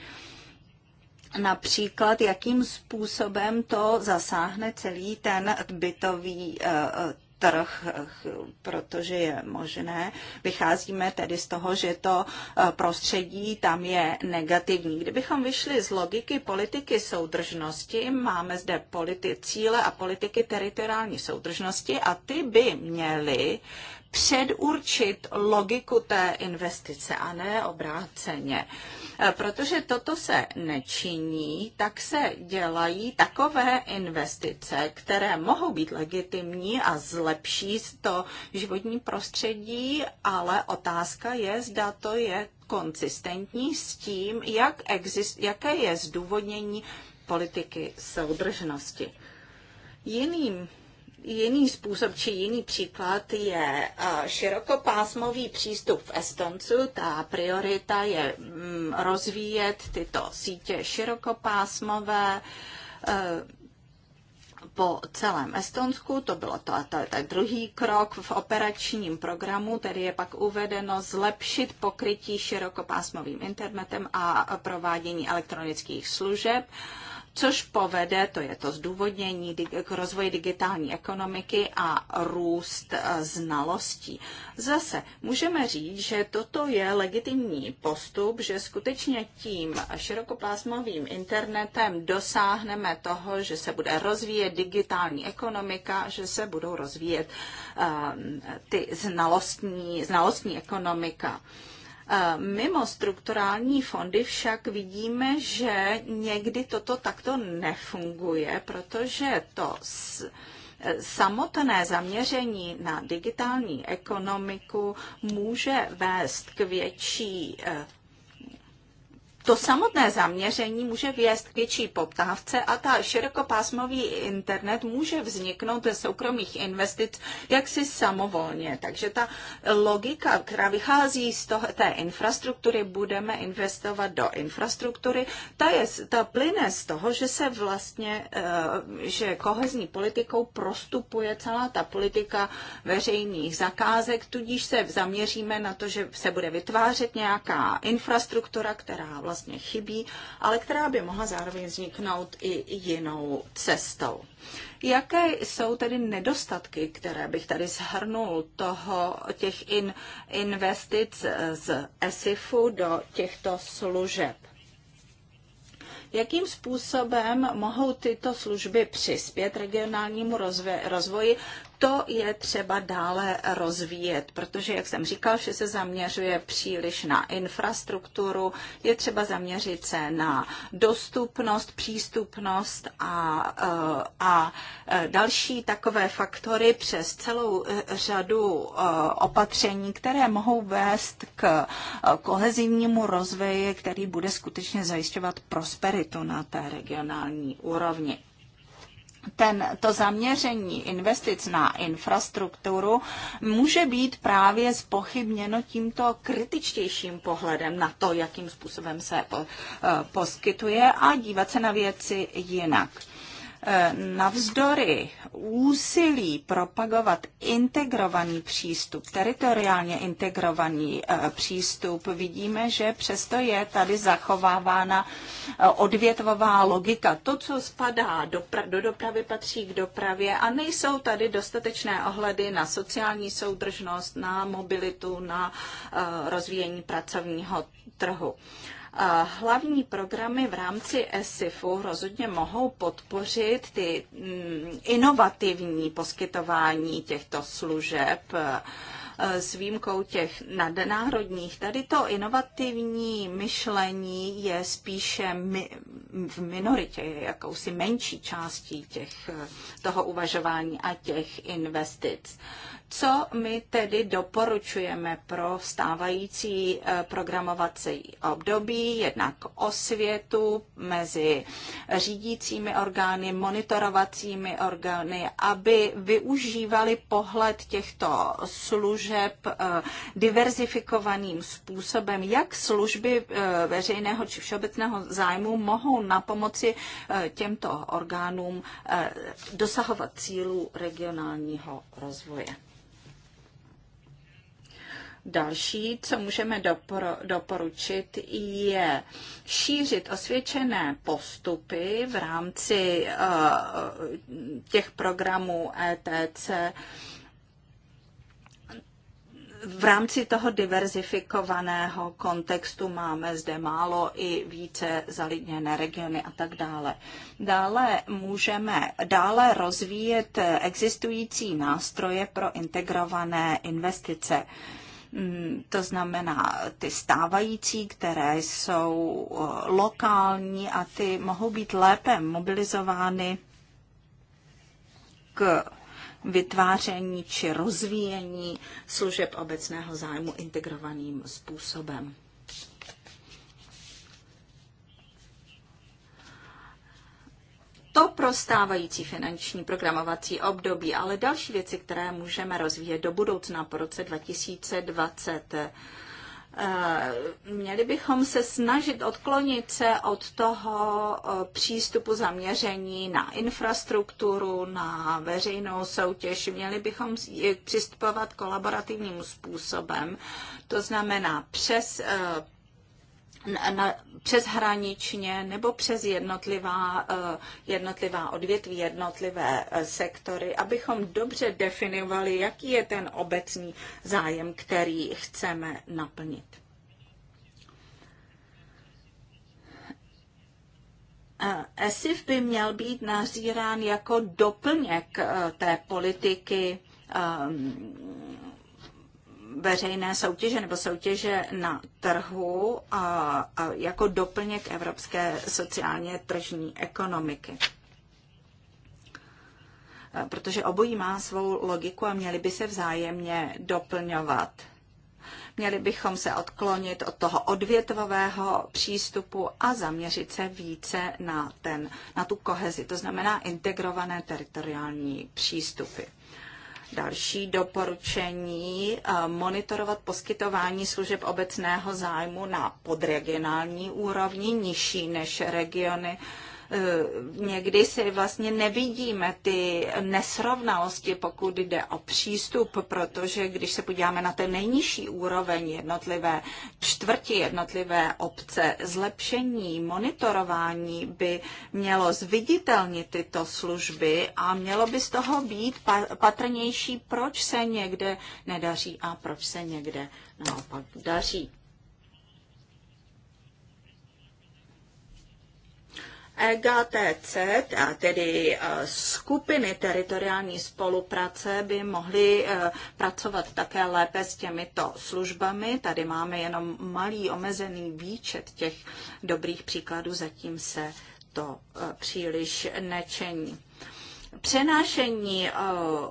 Speaker 3: Například, jakým způsobem to zasáhne celý ten bytový eh, trh, protože je možné. Vycházíme tedy z toho, že to eh, prostředí tam je negativní. Kdybychom vyšli z logiky politiky soudržnosti, máme zde politi- cíle a politiky teritoriální soudržnosti a ty by měly předurčit logiku té investice a ne obráceně. E, protože toto se nečiní, tak se dělají takové investice, které mohou být legitimní a zlepší to životní prostředí, ale otázka je, zda to je konsistentní s tím, jak exist, jaké je zdůvodnění politiky soudržnosti. Jiným Jiný způsob či jiný příklad je širokopásmový přístup v Estoncu. Ta priorita je mm, rozvíjet tyto sítě širokopásmové e, po celém Estonsku, to bylo to, to, to druhý krok v operačním programu, tedy je pak uvedeno zlepšit pokrytí širokopásmovým internetem a provádění elektronických služeb což povede, to je to zdůvodnění, k rozvoji digitální ekonomiky a růst e, znalostí. Zase můžeme říct, že toto je legitimní postup, že skutečně tím širokopásmovým internetem dosáhneme toho, že se bude rozvíjet digitální ekonomika, že se budou rozvíjet uh, ty znalostní, znalostní ekonomika. Mimo strukturální fondy však vidíme, že někdy toto takto nefunguje, protože to s, samotné zaměření na digitální ekonomiku může vést k větší eh, to samotné zaměření může vést k větší poptávce a ta širokopásmový internet může vzniknout ze soukromých investic jaksi samovolně. Takže ta logika, která vychází z toho, té infrastruktury, budeme investovat do infrastruktury, ta, je, ta plyne z toho, že se vlastně, eh, že kohezní politikou prostupuje celá ta politika veřejných zakázek, tudíž se zaměříme na to, že se bude vytvářet nějaká infrastruktura, která vlastně vlastně chybí, ale která by mohla zároveň vzniknout i jinou cestou. Jaké jsou tedy nedostatky, které bych tady zhrnul toho, těch in, investic z ESIFu do těchto služeb? jakým způsobem mohou tyto služby přispět regionálnímu rozvoji, to je třeba dále rozvíjet, protože, jak jsem říkal, že se zaměřuje příliš na infrastrukturu, je třeba zaměřit se na dostupnost, přístupnost a, eh, a eh, další takové faktory přes celou eh, řadu opatření, které mohou vést k kohezivnímu rozvoji, který bude skutečně zajišťovat prosperitu na té regionální úrovni ten, to zaměření investic na infrastrukturu může být právě zpochybněno tímto kritičtějším pohledem na to, jakým způsobem se po, eh, poskytuje a dívat se na věci jinak. Eh, navzdory úsilí propagovat integrovaný přístup, teritoriálně integrovaný eh, přístup, vidíme, že přesto je tady zachovávána eh, odvětvová logika. To, co spadá do, do dopravy, patří k dopravě a nejsou tady dostatečné ohledy na sociální soudržnost, na mobilitu, na rozvíjení pracovního trhu. Hlavní programy v rámci ESIFu rozhodně mohou podpořit ty mm, inovativní poskytování těchto služeb eh, s výjimkou těch nadnárodních. Tady to inovativní myšlení je spíše mi, v minoritě, jakousi menší částí těch, eh, toho uvažování a těch investic. Co my tedy doporučujeme pro stávající eh, programovací období, jednak osvětu mezi řídícími orgány, monitorovacími orgány, aby využívali pohled těchto služeb eh, diverzifikovaným způsobem, jak služby eh, veřejného či všeobecného zájmu mohou na pomoci těmto orgánům dosahovat cílů regionálního rozvoje. Další, co můžeme dopor- doporučit, je šířit osvědčené postupy v rámci uh, těch programů ETC v rámci toho diverzifikovaného kontextu máme zde málo i více zalidněné regiony a tak dále. Dále můžeme dále rozvíjet existující nástroje pro integrované investice. Mm, to znamená ty stávající, které jsou eh, lokální a ty mohou být lépe mobilizovány k vytváření či rozvíjení služeb obecného zájmu integrovaným způsobem. to pro stávající finanční programovací období, ale další věci, které můžeme rozvíjet do budoucna po roce 2020. Eh, měli bychom se snažit odklonit se od toho eh, přístupu zaměření na infrastrukturu, na veřejnou soutěž. Měli bychom přistupovat kolaborativním způsobem, to znamená přes eh, na, přeshraničně nebo přes jednotlivá, eh, jednotlivá odvětví, jednotlivé eh, sektory, abychom dobře definovali, jaký je ten obecný zájem, který chceme naplnit. Eh, ESIF by měl být nazírán jako doplněk té politiky ehm, veřejné soutěže nebo soutěže na trhu a, a jako doplněk evropské sociálně tržní ekonomiky eh, protože obojí má svou logiku a měli by se vzájemně doplňovat. Měli bychom se odklonit od toho odvětvového přístupu a zaměřit se více na, ten, na tu kohezi, to znamená integrované teritoriální přístupy. Další doporučení eh, monitorovat poskytování služeb obecného zájmu na podregionální úrovni, nižší než regiony Eh, někdy si vlastně nevidíme ty nesrovnalosti, pokud jde o přístup, protože když se podíváme na ten nejnižší úroveň jednotlivé čtvrti, jednotlivé obce, zlepšení, monitorování by mělo zviditelnit tyto služby a mělo by z toho být patrnější, proč se někde nedaří a proč se někde naopak daří. EGTC, a tedy e, skupiny teritoriální spolupráce, by mohly e, pracovat také lépe s těmito službami. Tady máme jenom malý omezený výčet těch dobrých příkladů, zatím se to e, příliš nečení. Přenášení eh,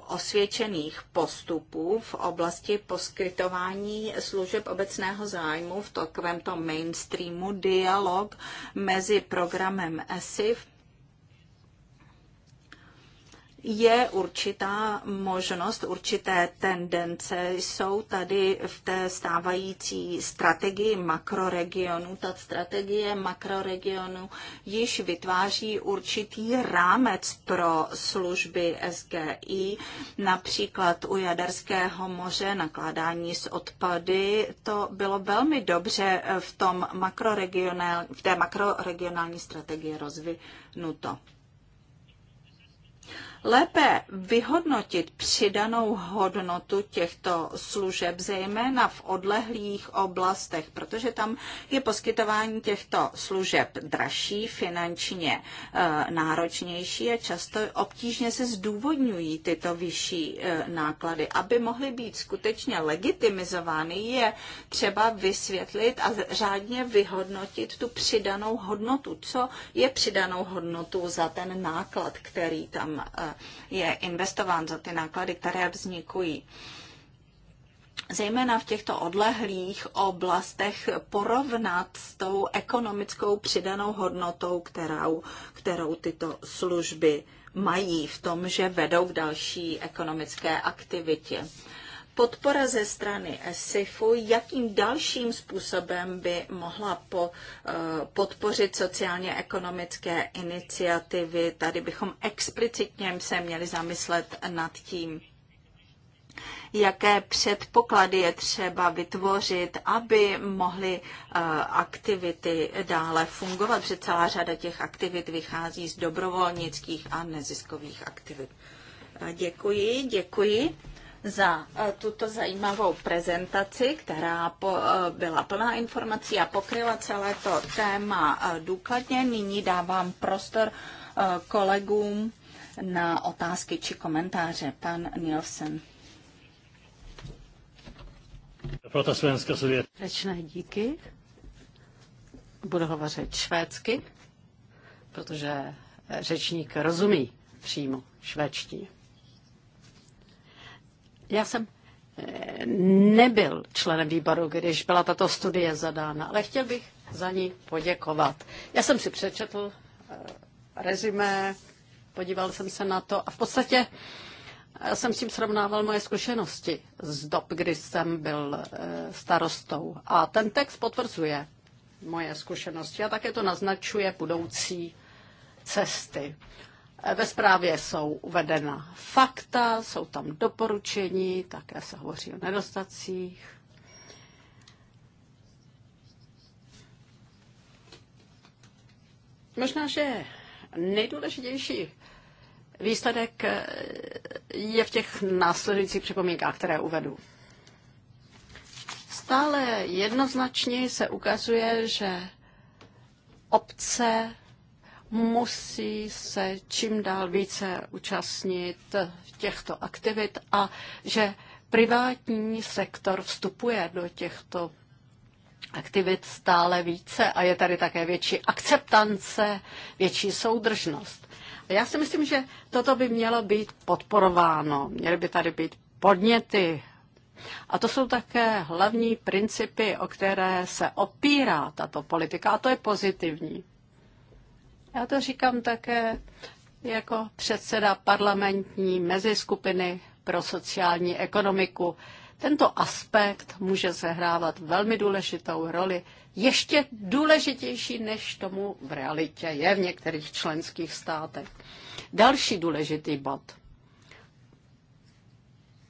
Speaker 3: osvědčených postupů v oblasti poskytování služeb obecného zájmu v takovémto mainstreamu dialog mezi programem ESIF je určitá možnost, určité tendence jsou tady v té stávající strategii makroregionu. Ta strategie makroregionu již vytváří určitý rámec pro služby SGI, například u Jaderského moře nakládání s odpady. To bylo velmi dobře v, tom makroregionál, v té makroregionální strategii rozvinuto lépe vyhodnotit přidanou hodnotu těchto služeb, zejména v odlehlých oblastech, protože tam je poskytování těchto služeb dražší, finančně eh, náročnější a často obtížně se zdůvodňují tyto vyšší eh, náklady. Aby mohly být skutečně legitimizovány, je třeba vysvětlit a řádně vyhodnotit tu přidanou hodnotu, co je přidanou hodnotu za ten náklad, který tam eh, je investován, za ty náklady, které vznikují zejména v těchto odlehlých oblastech porovnat s tou ekonomickou přidanou hodnotou, kterou, kterou tyto služby mají v tom, že vedou k další ekonomické aktivitě podpora ze strany SIFu, jakým dalším způsobem by mohla po, eh, podpořit sociálně-ekonomické iniciativy. Tady bychom explicitně se měli zamyslet nad tím, jaké předpoklady je třeba vytvořit, aby mohly eh, aktivity dále fungovat, protože celá řada těch aktivit vychází z dobrovolnických a neziskových aktivit. Eh, děkuji, děkuji za eh, tuto zajímavou prezentaci, která eh, byla plná informací a pokryla celé to téma eh, důkladně. Nyní dávám prostor kolegům na otázky či komentáře. Pan Nielsen. Proto Svenska
Speaker 2: sovět. díky. Budu hovořit švédsky, protože řečník rozumí přímo švédštině. Já jsem eh, nebyl členem výboru, když byla tato studie zadána, ale chtěl bych za ní poděkovat. Já jsem si přečetl eh, rezimé, podíval jsem se na to a v podstatě eh, jsem s tím srovnával moje zkušenosti z dob, kdy jsem byl starostou. A ten text potvrzuje moje zkušenosti a také to naznačuje budoucí cesty. Ve zprávě jsou uvedena fakta, jsou tam doporučení, také se hovoří o nedostacích. Možná, že nejdůležitější výsledek eh, je v těch následujících připomínkách, které uvedu. Stále jednoznačně se ukazuje, že obce musí se čím dál více účastnit těchto aktivit a že privátní sektor vstupuje do těchto aktivit stále více a je tady také větší akceptance, větší soudržnost. A já si myslím, že toto by mělo být podporováno. Měly by tady být podněty. A to jsou také hlavní principy, o které se opírá tato politika a to je pozitivní. Já to říkám také jako předseda parlamentní meziskupiny pro sociální ekonomiku. Tento aspekt může sehrávat velmi důležitou roli, ještě důležitější, než tomu v realitě je v některých členských státech. Další důležitý bod.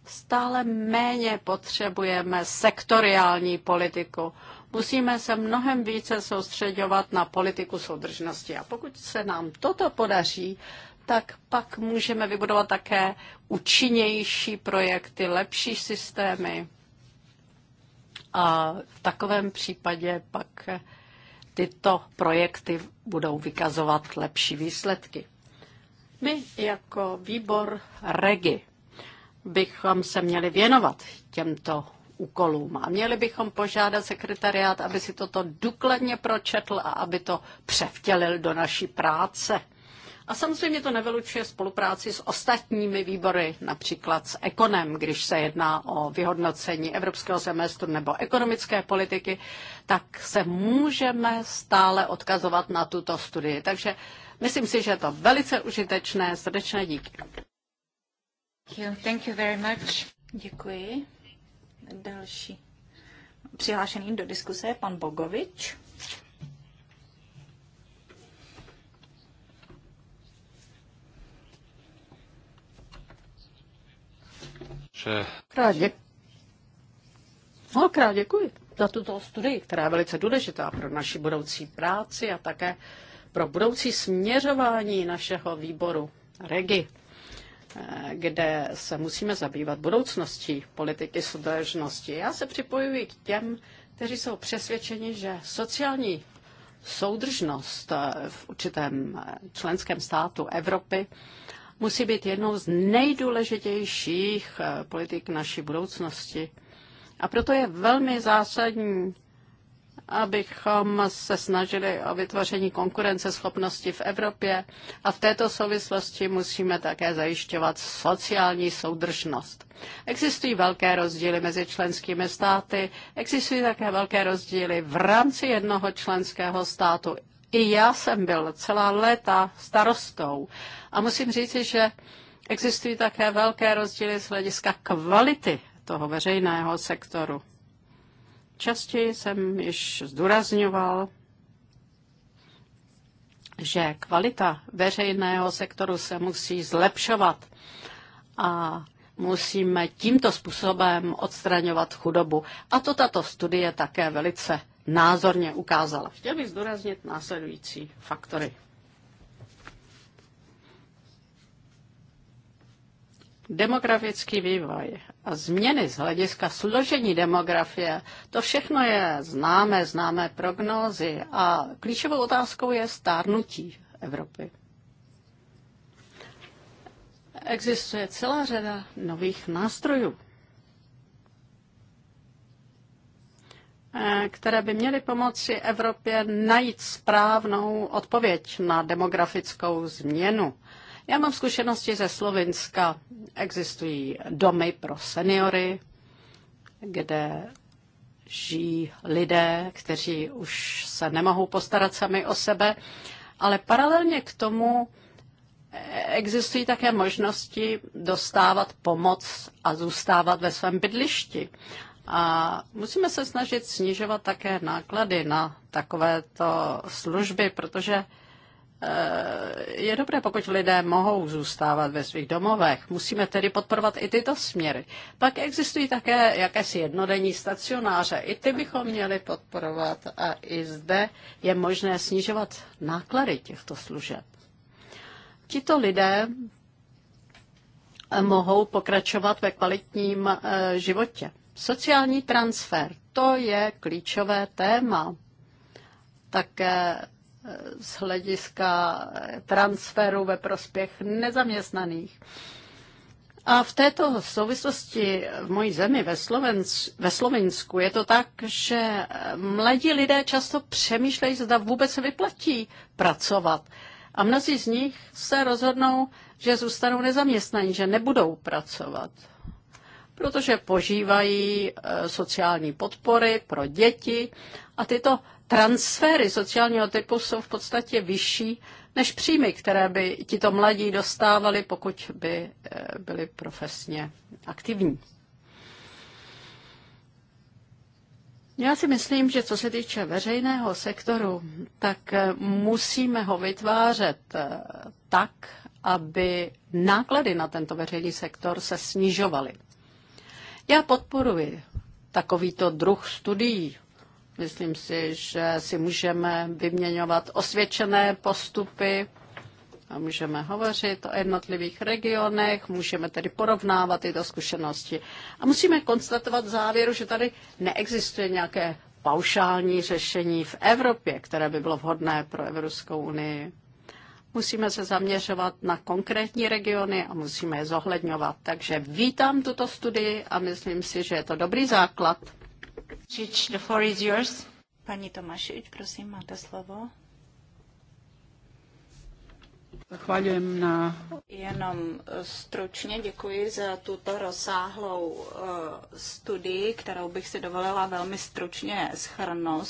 Speaker 2: Stále méně potřebujeme sektoriální politiku musíme se mnohem více soustředovat na politiku soudržnosti. A pokud se nám toto podaří, tak pak můžeme vybudovat také účinnější projekty, lepší systémy. A v takovém případě pak tyto projekty budou vykazovat lepší výsledky. My jako výbor REGI bychom se měli věnovat těmto úkolům. A měli bychom požádat sekretariát, aby si toto důkladně pročetl a aby to převtělil do naší práce. A samozřejmě to nevylučuje spolupráci s ostatními výbory, například s Ekonem, když se jedná o vyhodnocení evropského semestru nebo ekonomické politiky, tak se můžeme stále odkazovat na tuto studii. Takže myslím si, že je to velice užitečné. Srdečné díky. Thank
Speaker 3: you. Thank you very much. Děkuji. Další přihlášený do diskuse je pan Bogovič.
Speaker 1: Že...
Speaker 2: Krát no, krát děkuji za tuto studii, která je velice důležitá pro naši budoucí práci a také pro budoucí směřování našeho výboru REGI kde se musíme zabývat budoucností politiky soudržnosti. Já se připojuji k těm, kteří jsou přesvědčeni, že sociální soudržnost v určitém členském státu Evropy musí být jednou z nejdůležitějších politik naší budoucnosti. A proto je velmi zásadní abychom se snažili o vytvoření konkurenceschopnosti v Evropě a v této souvislosti musíme také zajišťovat sociální soudržnost. Existují velké rozdíly mezi členskými státy, existují také velké rozdíly v rámci jednoho členského státu. I já jsem byl celá léta starostou a musím říci, že existují také velké rozdíly z hlediska kvality toho veřejného sektoru. Častěji jsem již zdůrazňoval, že kvalita veřejného sektoru se musí zlepšovat a musíme tímto způsobem odstraňovat chudobu. A to tato studie také velice názorně ukázala. Chtěl bych zdůraznit následující faktory. Demografický vývoj a změny z hlediska složení demografie, to všechno je známé, známé prognózy a klíčovou otázkou je stárnutí Evropy. Existuje celá řada nových nástrojů, které by měly pomoci Evropě najít správnou odpověď na demografickou změnu já mám zkušenosti ze Slovenska. Existují domy pro seniory, kde žijí lidé, kteří už se nemohou postarat sami o sebe, ale paralelně k tomu existují také možnosti dostávat pomoc a zůstávat ve svém bydlišti. A musíme se snažit snižovat také náklady na takovéto služby, protože Eh, je dobré, pokud lidé mohou zůstávat ve svých domovech. Musíme tedy podporovat i tyto směry. Pak existují také jakési jednodenní stacionáře. I ty bychom měli podporovat a i zde je možné snižovat náklady těchto služeb. Tito lidé eh, mohou pokračovat ve kvalitním eh, životě. Sociální transfer, to je klíčové téma. Také z hlediska transferu ve prospěch nezaměstnaných. A v této souvislosti v mojí zemi, ve, Slovenc, ve Slovensku, je to tak, že mladí lidé často přemýšlejí, zda vůbec se vyplatí pracovat. A mnozí z nich se rozhodnou, že zůstanou nezaměstnaní, že nebudou pracovat, protože požívají eh, sociální podpory pro děti a tyto transfery sociálního typu jsou v podstatě vyšší než příjmy, které by tito mladí dostávali, pokud by eh, byli profesně aktivní. Já si myslím, že co se týče veřejného sektoru, tak eh, musíme ho vytvářet eh, tak, aby náklady na tento veřejný sektor se snižovaly. Já podporuji takovýto druh studií, Myslím si, že si můžeme vyměňovat osvědčené postupy a můžeme hovořit o jednotlivých regionech, můžeme tedy porovnávat tyto zkušenosti. A musíme konstatovat v závěru, že tady neexistuje nějaké paušální řešení v Evropě, které by bylo vhodné pro Evropskou unii. Musíme se zaměřovat na konkrétní regiony a musíme je zohledňovat. Takže vítám tuto studii a myslím si, že je to dobrý základ Čič, the floor is yours.
Speaker 3: Paní Tomášič, prosím, máte slovo.
Speaker 2: Zachválujem na...
Speaker 3: Jenom eh, stručně děkuji za tuto rozsáhlou eh, studii, kterou bych si dovolila velmi stručně schrnout.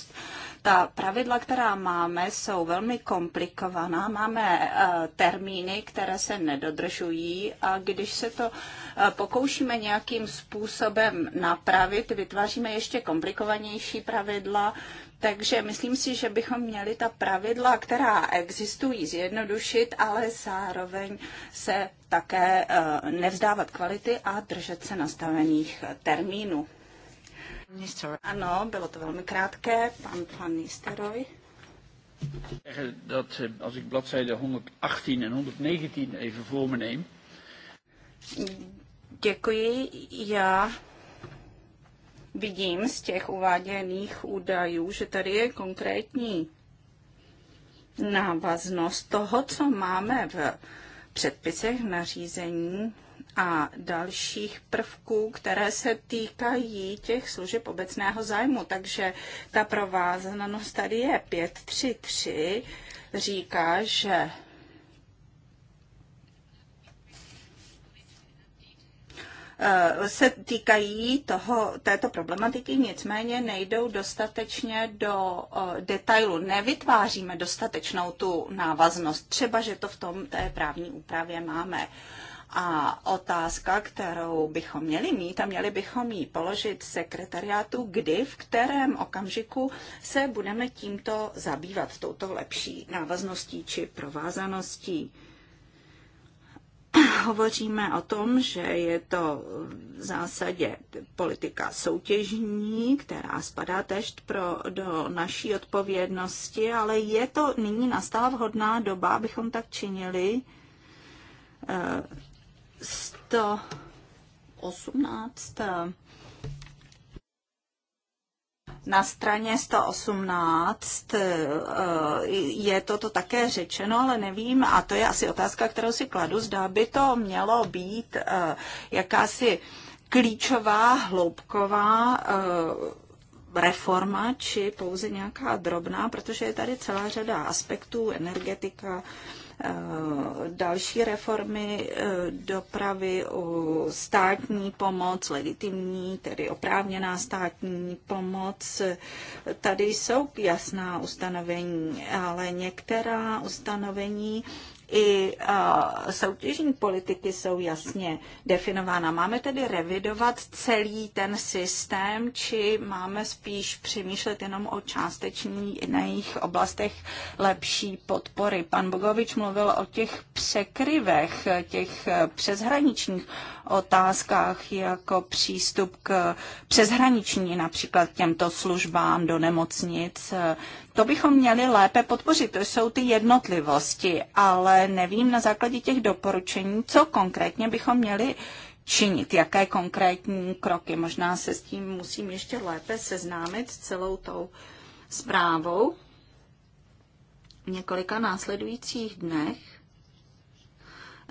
Speaker 3: Ta pravidla, která máme, jsou velmi komplikovaná. Máme eh, termíny, které se nedodržují a když se to eh, pokoušíme nějakým způsobem napravit, vytváříme ještě komplikovanější pravidla, takže myslím si, že bychom měli ta pravidla, která existují, zjednodušit, ale zároveň se také eh, nevzdávat kvality a držet se nastavených termínů. Ano, bylo to velmi krátké. Pan Van Nistelrooy. Dat eh, als ik bladzijde 118 en 119 even voor me neem. Děkuji. Já vidím z těch uváděných údajů, že tady je konkrétní návaznost toho, co máme v předpisech nařízení a dalších prvků, které se týkají těch služeb obecného zájmu. Takže ta provázanost tady je 533, říká, že eh, se týkají toho, této problematiky, nicméně nejdou dostatečně do eh, detailu. Nevytváříme dostatečnou tu návaznost, třeba že to v tom té právní úpravě máme. A otázka, kterou bychom měli mít a měli bychom ji položit sekretariátu, kdy, v kterém okamžiku se budeme tímto zabývat, touto lepší návazností či provázaností hovoříme o tom, že je to v zásadě politika soutěžní, která spadá tež pro, do naší odpovědnosti, ale je to nyní nastala vhodná doba, abychom tak činili. Eh, 118 na straně 118 eh, je toto také řečeno, ale nevím, a to je asi otázka, kterou si kladu, zda by to mělo být eh, jakási klíčová, hloubková eh, reforma, či pouze nějaká drobná, protože je tady celá řada aspektů, energetika, Eh, další reformy eh, dopravy, státní pomoc, legitimní, tedy oprávněná státní pomoc. Tady jsou jasná ustanovení, ale některá ustanovení i soutěžní politiky jsou jasně definována. Máme tedy revidovat celý ten systém, či máme spíš přemýšlet jenom o částečných oblastech lepší podpory. Pan Bogovič mluvil o těch překryvech, těch eh, přeshraničních otázkách jako přístup k přeshraniční například těmto službám do nemocnic. To bychom měli lépe podpořit, to jsou ty jednotlivosti, ale nevím na základě těch doporučení, co konkrétně bychom měli činit, jaké konkrétní kroky. Možná se s tím musím ještě lépe seznámit s celou tou zprávou. V několika následujících dnech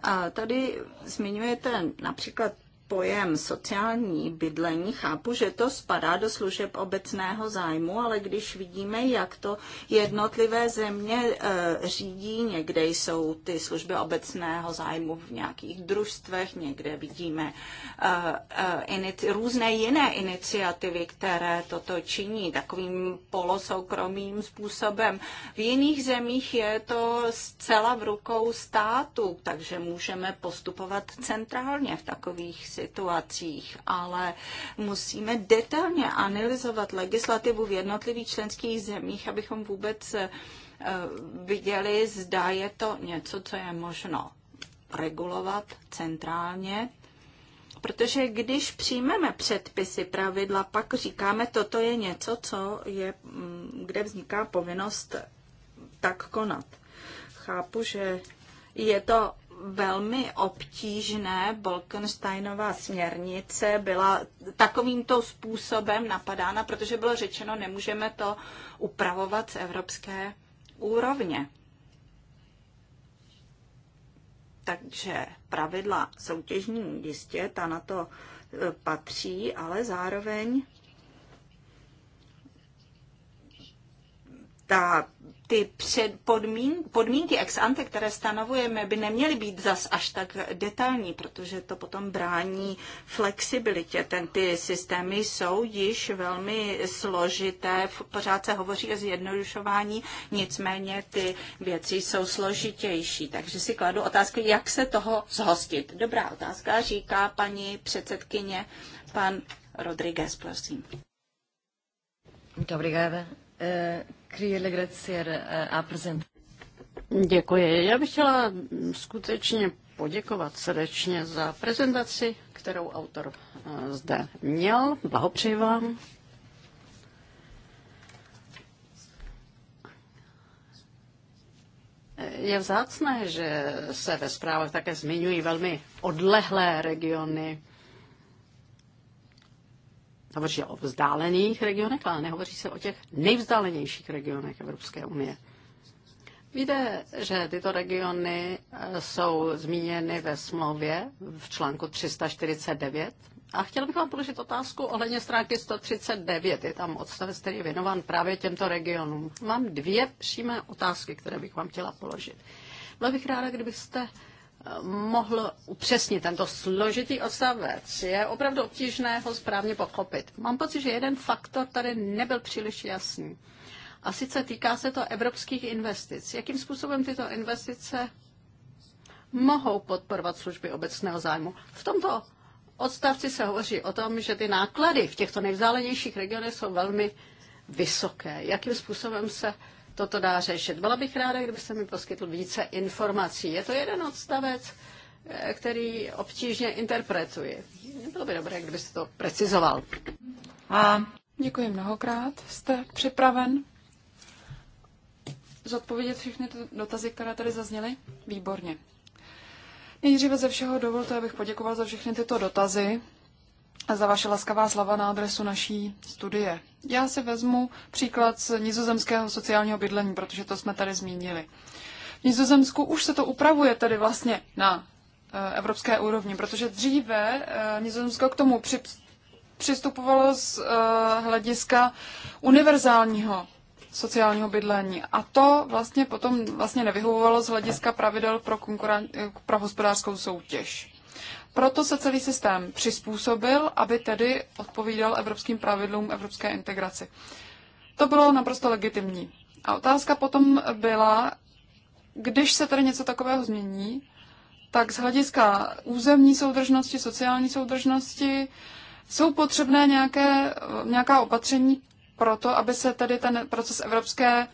Speaker 3: a tady zmiňujete například pojem sociální bydlení, chápu, že to spadá do služeb obecného zájmu, ale když vidíme, jak to jednotlivé země eh, řídí, někde jsou ty služby obecného zájmu v nějakých družstvech, někde vidíme eh, eh, různé jiné iniciativy, které toto činí takovým polosoukromým způsobem. V jiných zemích je to zcela v rukou státu, takže můžeme postupovat centrálně v takových situacích, ale musíme detailně analyzovat legislativu v jednotlivých členských zemích, abychom vůbec eh, viděli, zda je to něco, co je možno regulovat centrálně, protože když přijmeme předpisy, pravidla, pak říkáme, toto je něco, co je, mm, kde vzniká povinnost tak konat. Chápu, že je to velmi obtížné. Bolkensteinová směrnice byla takovýmto způsobem napadána, protože bylo řečeno, nemůžeme to upravovat z evropské úrovně. Takže pravidla soutěžní jistě, ta na to e, patří, ale zároveň ta ty před podmín, podmínky ex ante, které stanovujeme, by neměly být zas až tak detailní, protože to potom brání flexibilitě. Ten, ty systémy jsou již velmi složité, pořád se hovoří o zjednodušování, nicméně ty věci jsou složitější. Takže si kladu otázku, jak se toho zhostit. Dobrá otázka, říká paní předsedkyně, pan Rodriguez, prosím.
Speaker 2: Dobrý eh, Eh, Děkuji. Já bych chtěla skutečně poděkovat srdečně za prezentaci, kterou autor eh, zde měl. Blahopřeji vám. Je vzácné, že se ve zprávách také zmiňují velmi odlehlé regiony Hovoří o vzdálených regionech, ale nehovoří se o těch nejvzdálenějších regionech Evropské unie. Víte, že tyto regiony eh, jsou zmíněny ve smlouvě v článku 349 a chtěl bych vám položit otázku ohledně stránky 139. Je tam odstavec, který je věnován právě těmto regionům. Mám dvě přímé otázky, které bych vám chtěla položit. Byla bych ráda, kdybyste mohl upřesnit tento složitý odstavec. Je opravdu obtížné ho správně pochopit. Mám pocit, že jeden faktor tady nebyl příliš jasný. A sice týká se to evropských investic. Jakým způsobem tyto investice mohou podporovat služby obecného zájmu? V tomto odstavci se hovoří o tom, že ty náklady v těchto nejvzdálenějších regionech jsou velmi vysoké. Jakým způsobem se toto dá řešit. Byla bych ráda, kdybyste mi poskytl více informací. Je to jeden odstavec, eh, který obtížně interpretuji.
Speaker 1: Bylo by dobré, kdybyste to precizoval. A děkuji mnohokrát. Jste připraven zodpovědět všechny ty dotazy, které tady zazněly? Výborně. Nejdříve ze všeho dovolte, abych poděkoval za všechny tyto dotazy za vaše laskavá slova na adresu naší studie. Já si vezmu příklad z nizozemského sociálního bydlení, protože to jsme tady zmínili. V Nizozemsku už se to upravuje tedy vlastně na eh, evropské úrovni, protože dříve eh, Nizozemsko k tomu při, přistupovalo z eh, hlediska univerzálního sociálního bydlení. A to vlastně potom vlastně nevyhovovalo z hlediska pravidel pro, konkuren- pro hospodářskou soutěž. Proto se celý systém přizpůsobil, aby tedy odpovídal evropským pravidlům evropské integraci. To bylo naprosto legitimní. A otázka potom byla, když se tady něco takového změní, tak z hlediska územní soudržnosti, sociální soudržnosti jsou potřebné nějaké, nějaká opatření pro to, aby se tedy ten proces evropské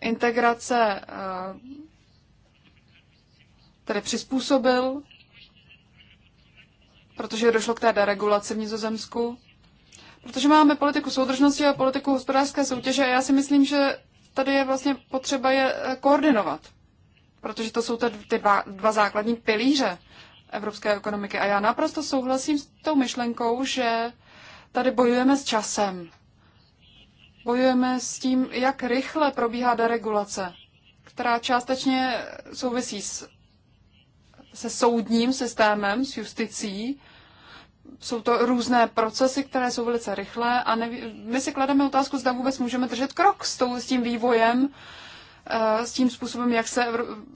Speaker 1: integrace eh, tedy přizpůsobil protože došlo k té deregulaci v Nizozemsku. Protože máme politiku soudržnosti a politiku hospodářské soutěže a já si myslím, že tady je vlastně potřeba je eh, koordinovat. Protože to jsou ty dva, dva základní pilíře evropské ekonomiky. A já naprosto souhlasím s tou myšlenkou, že tady bojujeme s časem. Bojujeme s tím, jak rychle probíhá deregulace, která částečně souvisí s, se soudním systémem, s justicí, jsou to různé procesy, které jsou velice rychlé a neví, my si klademe otázku, zda vůbec můžeme držet krok s, tou, s tím vývojem, eh, s tím způsobem, jak se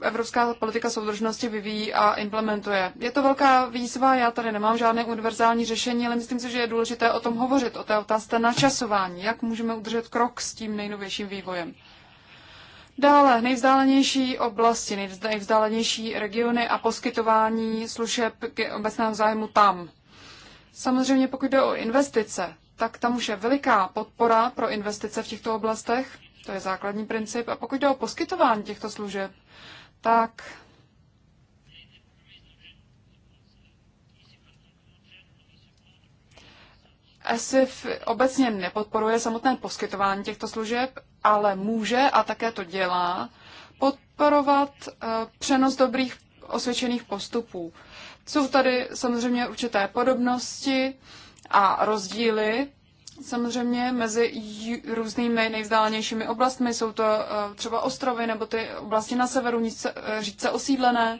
Speaker 1: evropská politika soudržnosti vyvíjí a implementuje. Je to velká výzva, já tady nemám žádné univerzální řešení, ale myslím si, že je důležité o tom hovořit, o té otázce načasování, jak můžeme udržet krok s tím nejnovějším vývojem. Dále nejvzdálenější oblasti, nejvzdálenější regiony a poskytování služeb obecného zájmu tam. Samozřejmě pokud jde o investice, tak tam už je veliká podpora pro investice v těchto oblastech, to je základní princip. A pokud jde o poskytování těchto služeb, tak ESIF obecně nepodporuje samotné poskytování těchto služeb, ale může a také to dělá podporovat eh, přenos dobrých osvědčených postupů jsou tady samozřejmě určité podobnosti a rozdíly, Samozřejmě mezi různými nejvzdálenějšími oblastmi jsou to eh, třeba ostrovy nebo ty oblasti na severu nízce, eh, osídlené.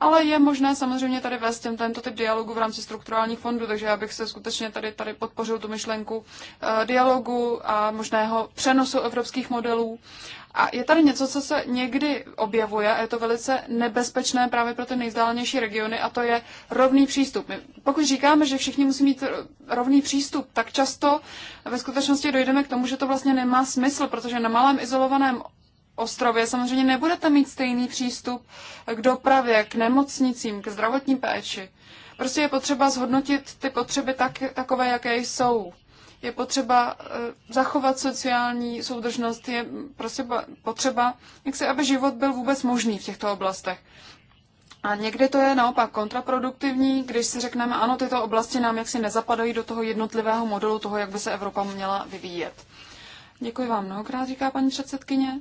Speaker 1: Ale je možné samozřejmě tady vést ten, tento typ dialogu v rámci strukturálních fondů, takže já bych se skutečně tady, tady podpořil tu myšlenku eh, dialogu a možného přenosu evropských modelů. A je tady něco, co se někdy objevuje a je to velice nebezpečné právě pro ty nejvzdálenější regiony a to je rovný přístup. My, pokud říkáme, že všichni musí mít rovný přístup, tak často ve skutečnosti dojdeme k tomu, že to vlastně nemá smysl, protože na malém izolovaném ostrově samozřejmě nebudete mít stejný přístup k dopravě, k nemocnicím, k zdravotní péči. Prostě je potřeba zhodnotit ty potřeby tak, takové, jaké jsou je potřeba eh, zachovat sociální soudržnost, je prostě potřeba, jak se, aby život byl vůbec možný v těchto oblastech. A někdy to je naopak kontraproduktivní, když si řekneme, ano, tyto oblasti nám jaksi nezapadají do toho jednotlivého modelu toho, jak by se Evropa měla vyvíjet. Děkuji vám mnohokrát, říká paní předsedkyně.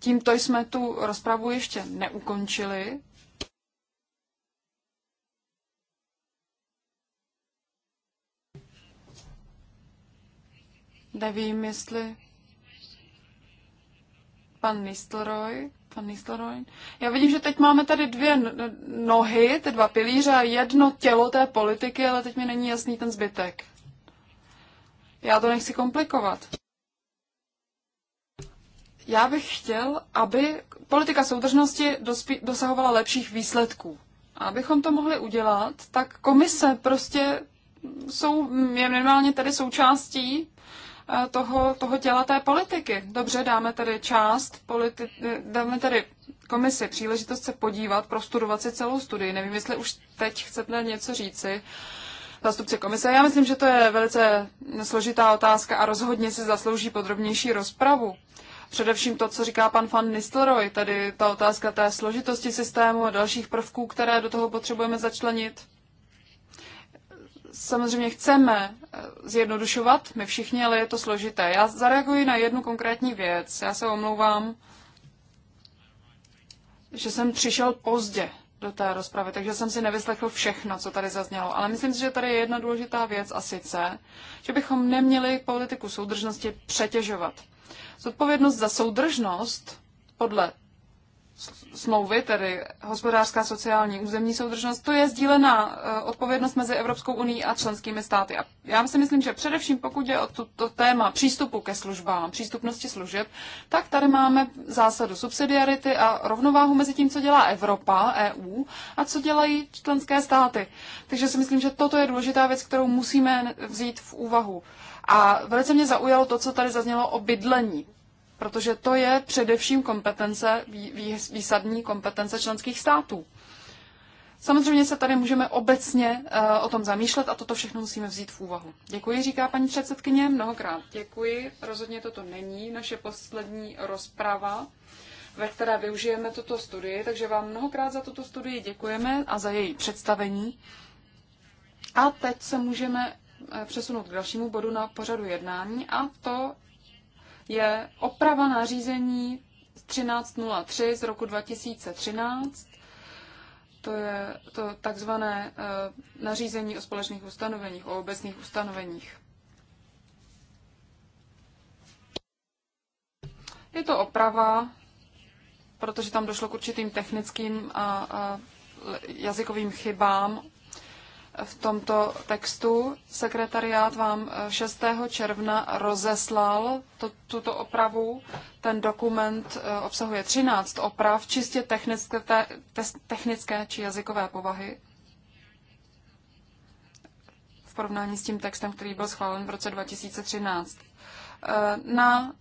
Speaker 1: Tímto jsme tu rozpravu ještě neukončili. Nevím, jestli pan Nistelrooy, pan Nistelrooy. Já vidím, že teď máme tady dvě nohy, ty dva pilíře a jedno tělo té politiky, ale teď mi není jasný ten zbytek. Já to nechci komplikovat. Já bych chtěl, aby politika soudržnosti dosahovala lepších výsledků. A abychom to mohli udělat, tak komise prostě jsou, je minimálně tady součástí Eh, toho, toho těla té politiky. Dobře, dáme tady část, politi- eh, dáme tady komisi příležitost se podívat, prostudovat si celou studii. Nevím, jestli už teď chcete něco říci zástupci komise. Já myslím, že to je velice složitá otázka a rozhodně si zaslouží podrobnější rozpravu. Především to, co říká pan Van Nistelrooy, tedy ta otázka té složitosti systému a dalších prvků, které do toho potřebujeme začlenit samozřejmě chceme eh, zjednodušovat, my všichni, ale je to složité. Já zareaguji na jednu konkrétní věc. Já se omlouvám, že jsem přišel pozdě do té rozpravy, takže jsem si nevyslechl všechno, co tady zaznělo. Ale myslím si, že tady je jedna důležitá věc a sice, že bychom neměli politiku soudržnosti přetěžovat. Zodpovědnost za soudržnost podle smlouvy, tedy hospodářská, sociální, územní soudržnost, to je sdílená eh, odpovědnost mezi Evropskou uní a členskými státy. A já si myslím, že především pokud je o to téma přístupu ke službám, přístupnosti služeb, tak tady máme zásadu subsidiarity a rovnováhu mezi tím, co dělá Evropa, EU, a co dělají členské státy. Takže si myslím, že toto je důležitá věc, kterou musíme vzít v úvahu. A velice mě zaujalo to, co tady zaznělo o bydlení protože to je především kompetence, výsadní kompetence členských států. Samozřejmě se tady můžeme obecně eh, o tom zamýšlet a toto všechno musíme vzít v úvahu. Děkuji, říká paní předsedkyně, mnohokrát děkuji. Rozhodně toto není naše poslední rozprava, ve které využijeme tuto studii, takže vám mnohokrát za tuto studii děkujeme a za její představení. A teď se můžeme eh, přesunout k dalšímu bodu na pořadu jednání a to je oprava nařízení 1303 z roku 2013. To je to takzvané eh, nařízení o společných ustanoveních, o obecných ustanoveních. Je to oprava, protože tam došlo k určitým technickým a, a jazykovým chybám v tomto textu. Sekretariát vám 6. Eh, června rozeslal to, tuto opravu. Ten dokument eh, obsahuje 13 oprav čistě technické, te, technické či jazykové povahy v porovnání s tím textem, který byl schválen v roce 2013. Eh, na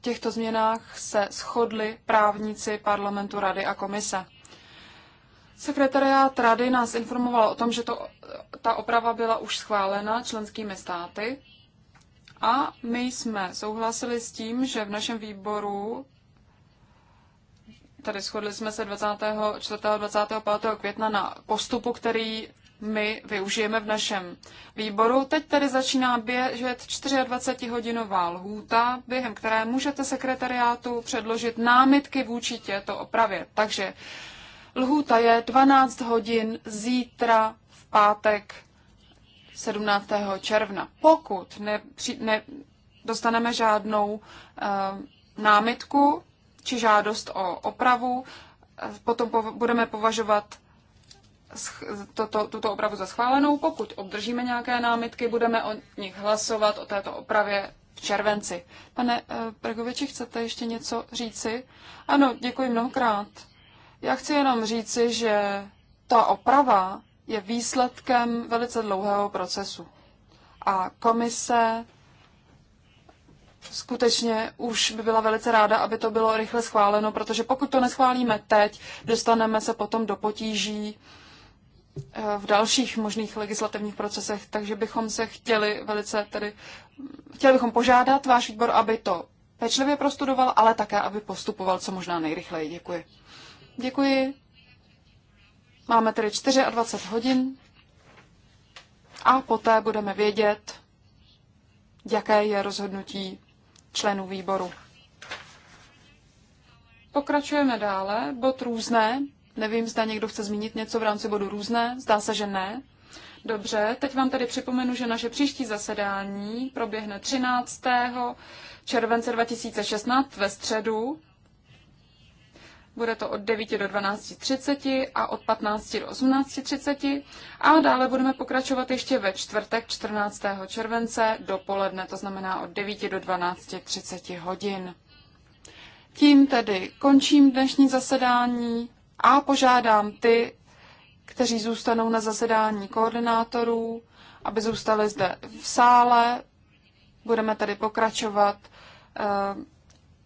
Speaker 1: těchto změnách se shodli právníci parlamentu, rady a komise. Sekretariát rady nás informoval o tom, že to, ta oprava byla už schválena členskými státy a my jsme souhlasili s tím, že v našem výboru tady shodli jsme se 24. 25. května na postupu, který my využijeme v našem výboru. Teď tedy začíná běžet 24-hodinová lhůta, během které můžete sekretariátu předložit námitky vůči této opravě. Takže Lhůta je 12 hodin zítra v pátek 17. června. Pokud nepři, ne, dostaneme žádnou uh, námitku či žádost o opravu, eh, potom po, budeme považovat toto, tuto opravu za schválenou. Pokud obdržíme nějaké námitky, budeme o nich hlasovat, o této opravě v červenci. Pane eh, Bregoviči, chcete ještě něco říci? Ano, děkuji mnohokrát. Já chci jenom říci, že ta oprava je výsledkem velice dlouhého procesu. A komise skutečně už by byla velice ráda, aby to bylo rychle schváleno, protože pokud to neschválíme teď, dostaneme se potom do potíží eh, v dalších možných legislativních procesech, takže bychom se chtěli velice tedy, chtěli bychom požádat váš výbor, aby to pečlivě prostudoval, ale také, aby postupoval co možná nejrychleji. Děkuji. Děkuji. Máme tedy 24 hodin a poté budeme vědět, jaké je rozhodnutí členů výboru. Pokračujeme dále. Bod různé. Nevím, zda někdo chce zmínit něco v rámci bodu různé. Zdá se, že ne. Dobře, teď vám tady připomenu, že naše příští zasedání proběhne 13. července 2016 ve středu bude to od 9 do 12.30 a od 15 do 18.30. A dále budeme pokračovat ještě ve čtvrtek 14. července dopoledne, to znamená od 9 do 12.30 hodin. Tím tedy končím dnešní zasedání a požádám ty, kteří zůstanou na zasedání koordinátorů, aby zůstali zde v sále. Budeme tady pokračovat eh,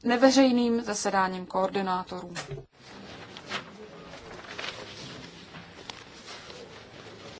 Speaker 1: neveřejným zasedáním koordinátorů.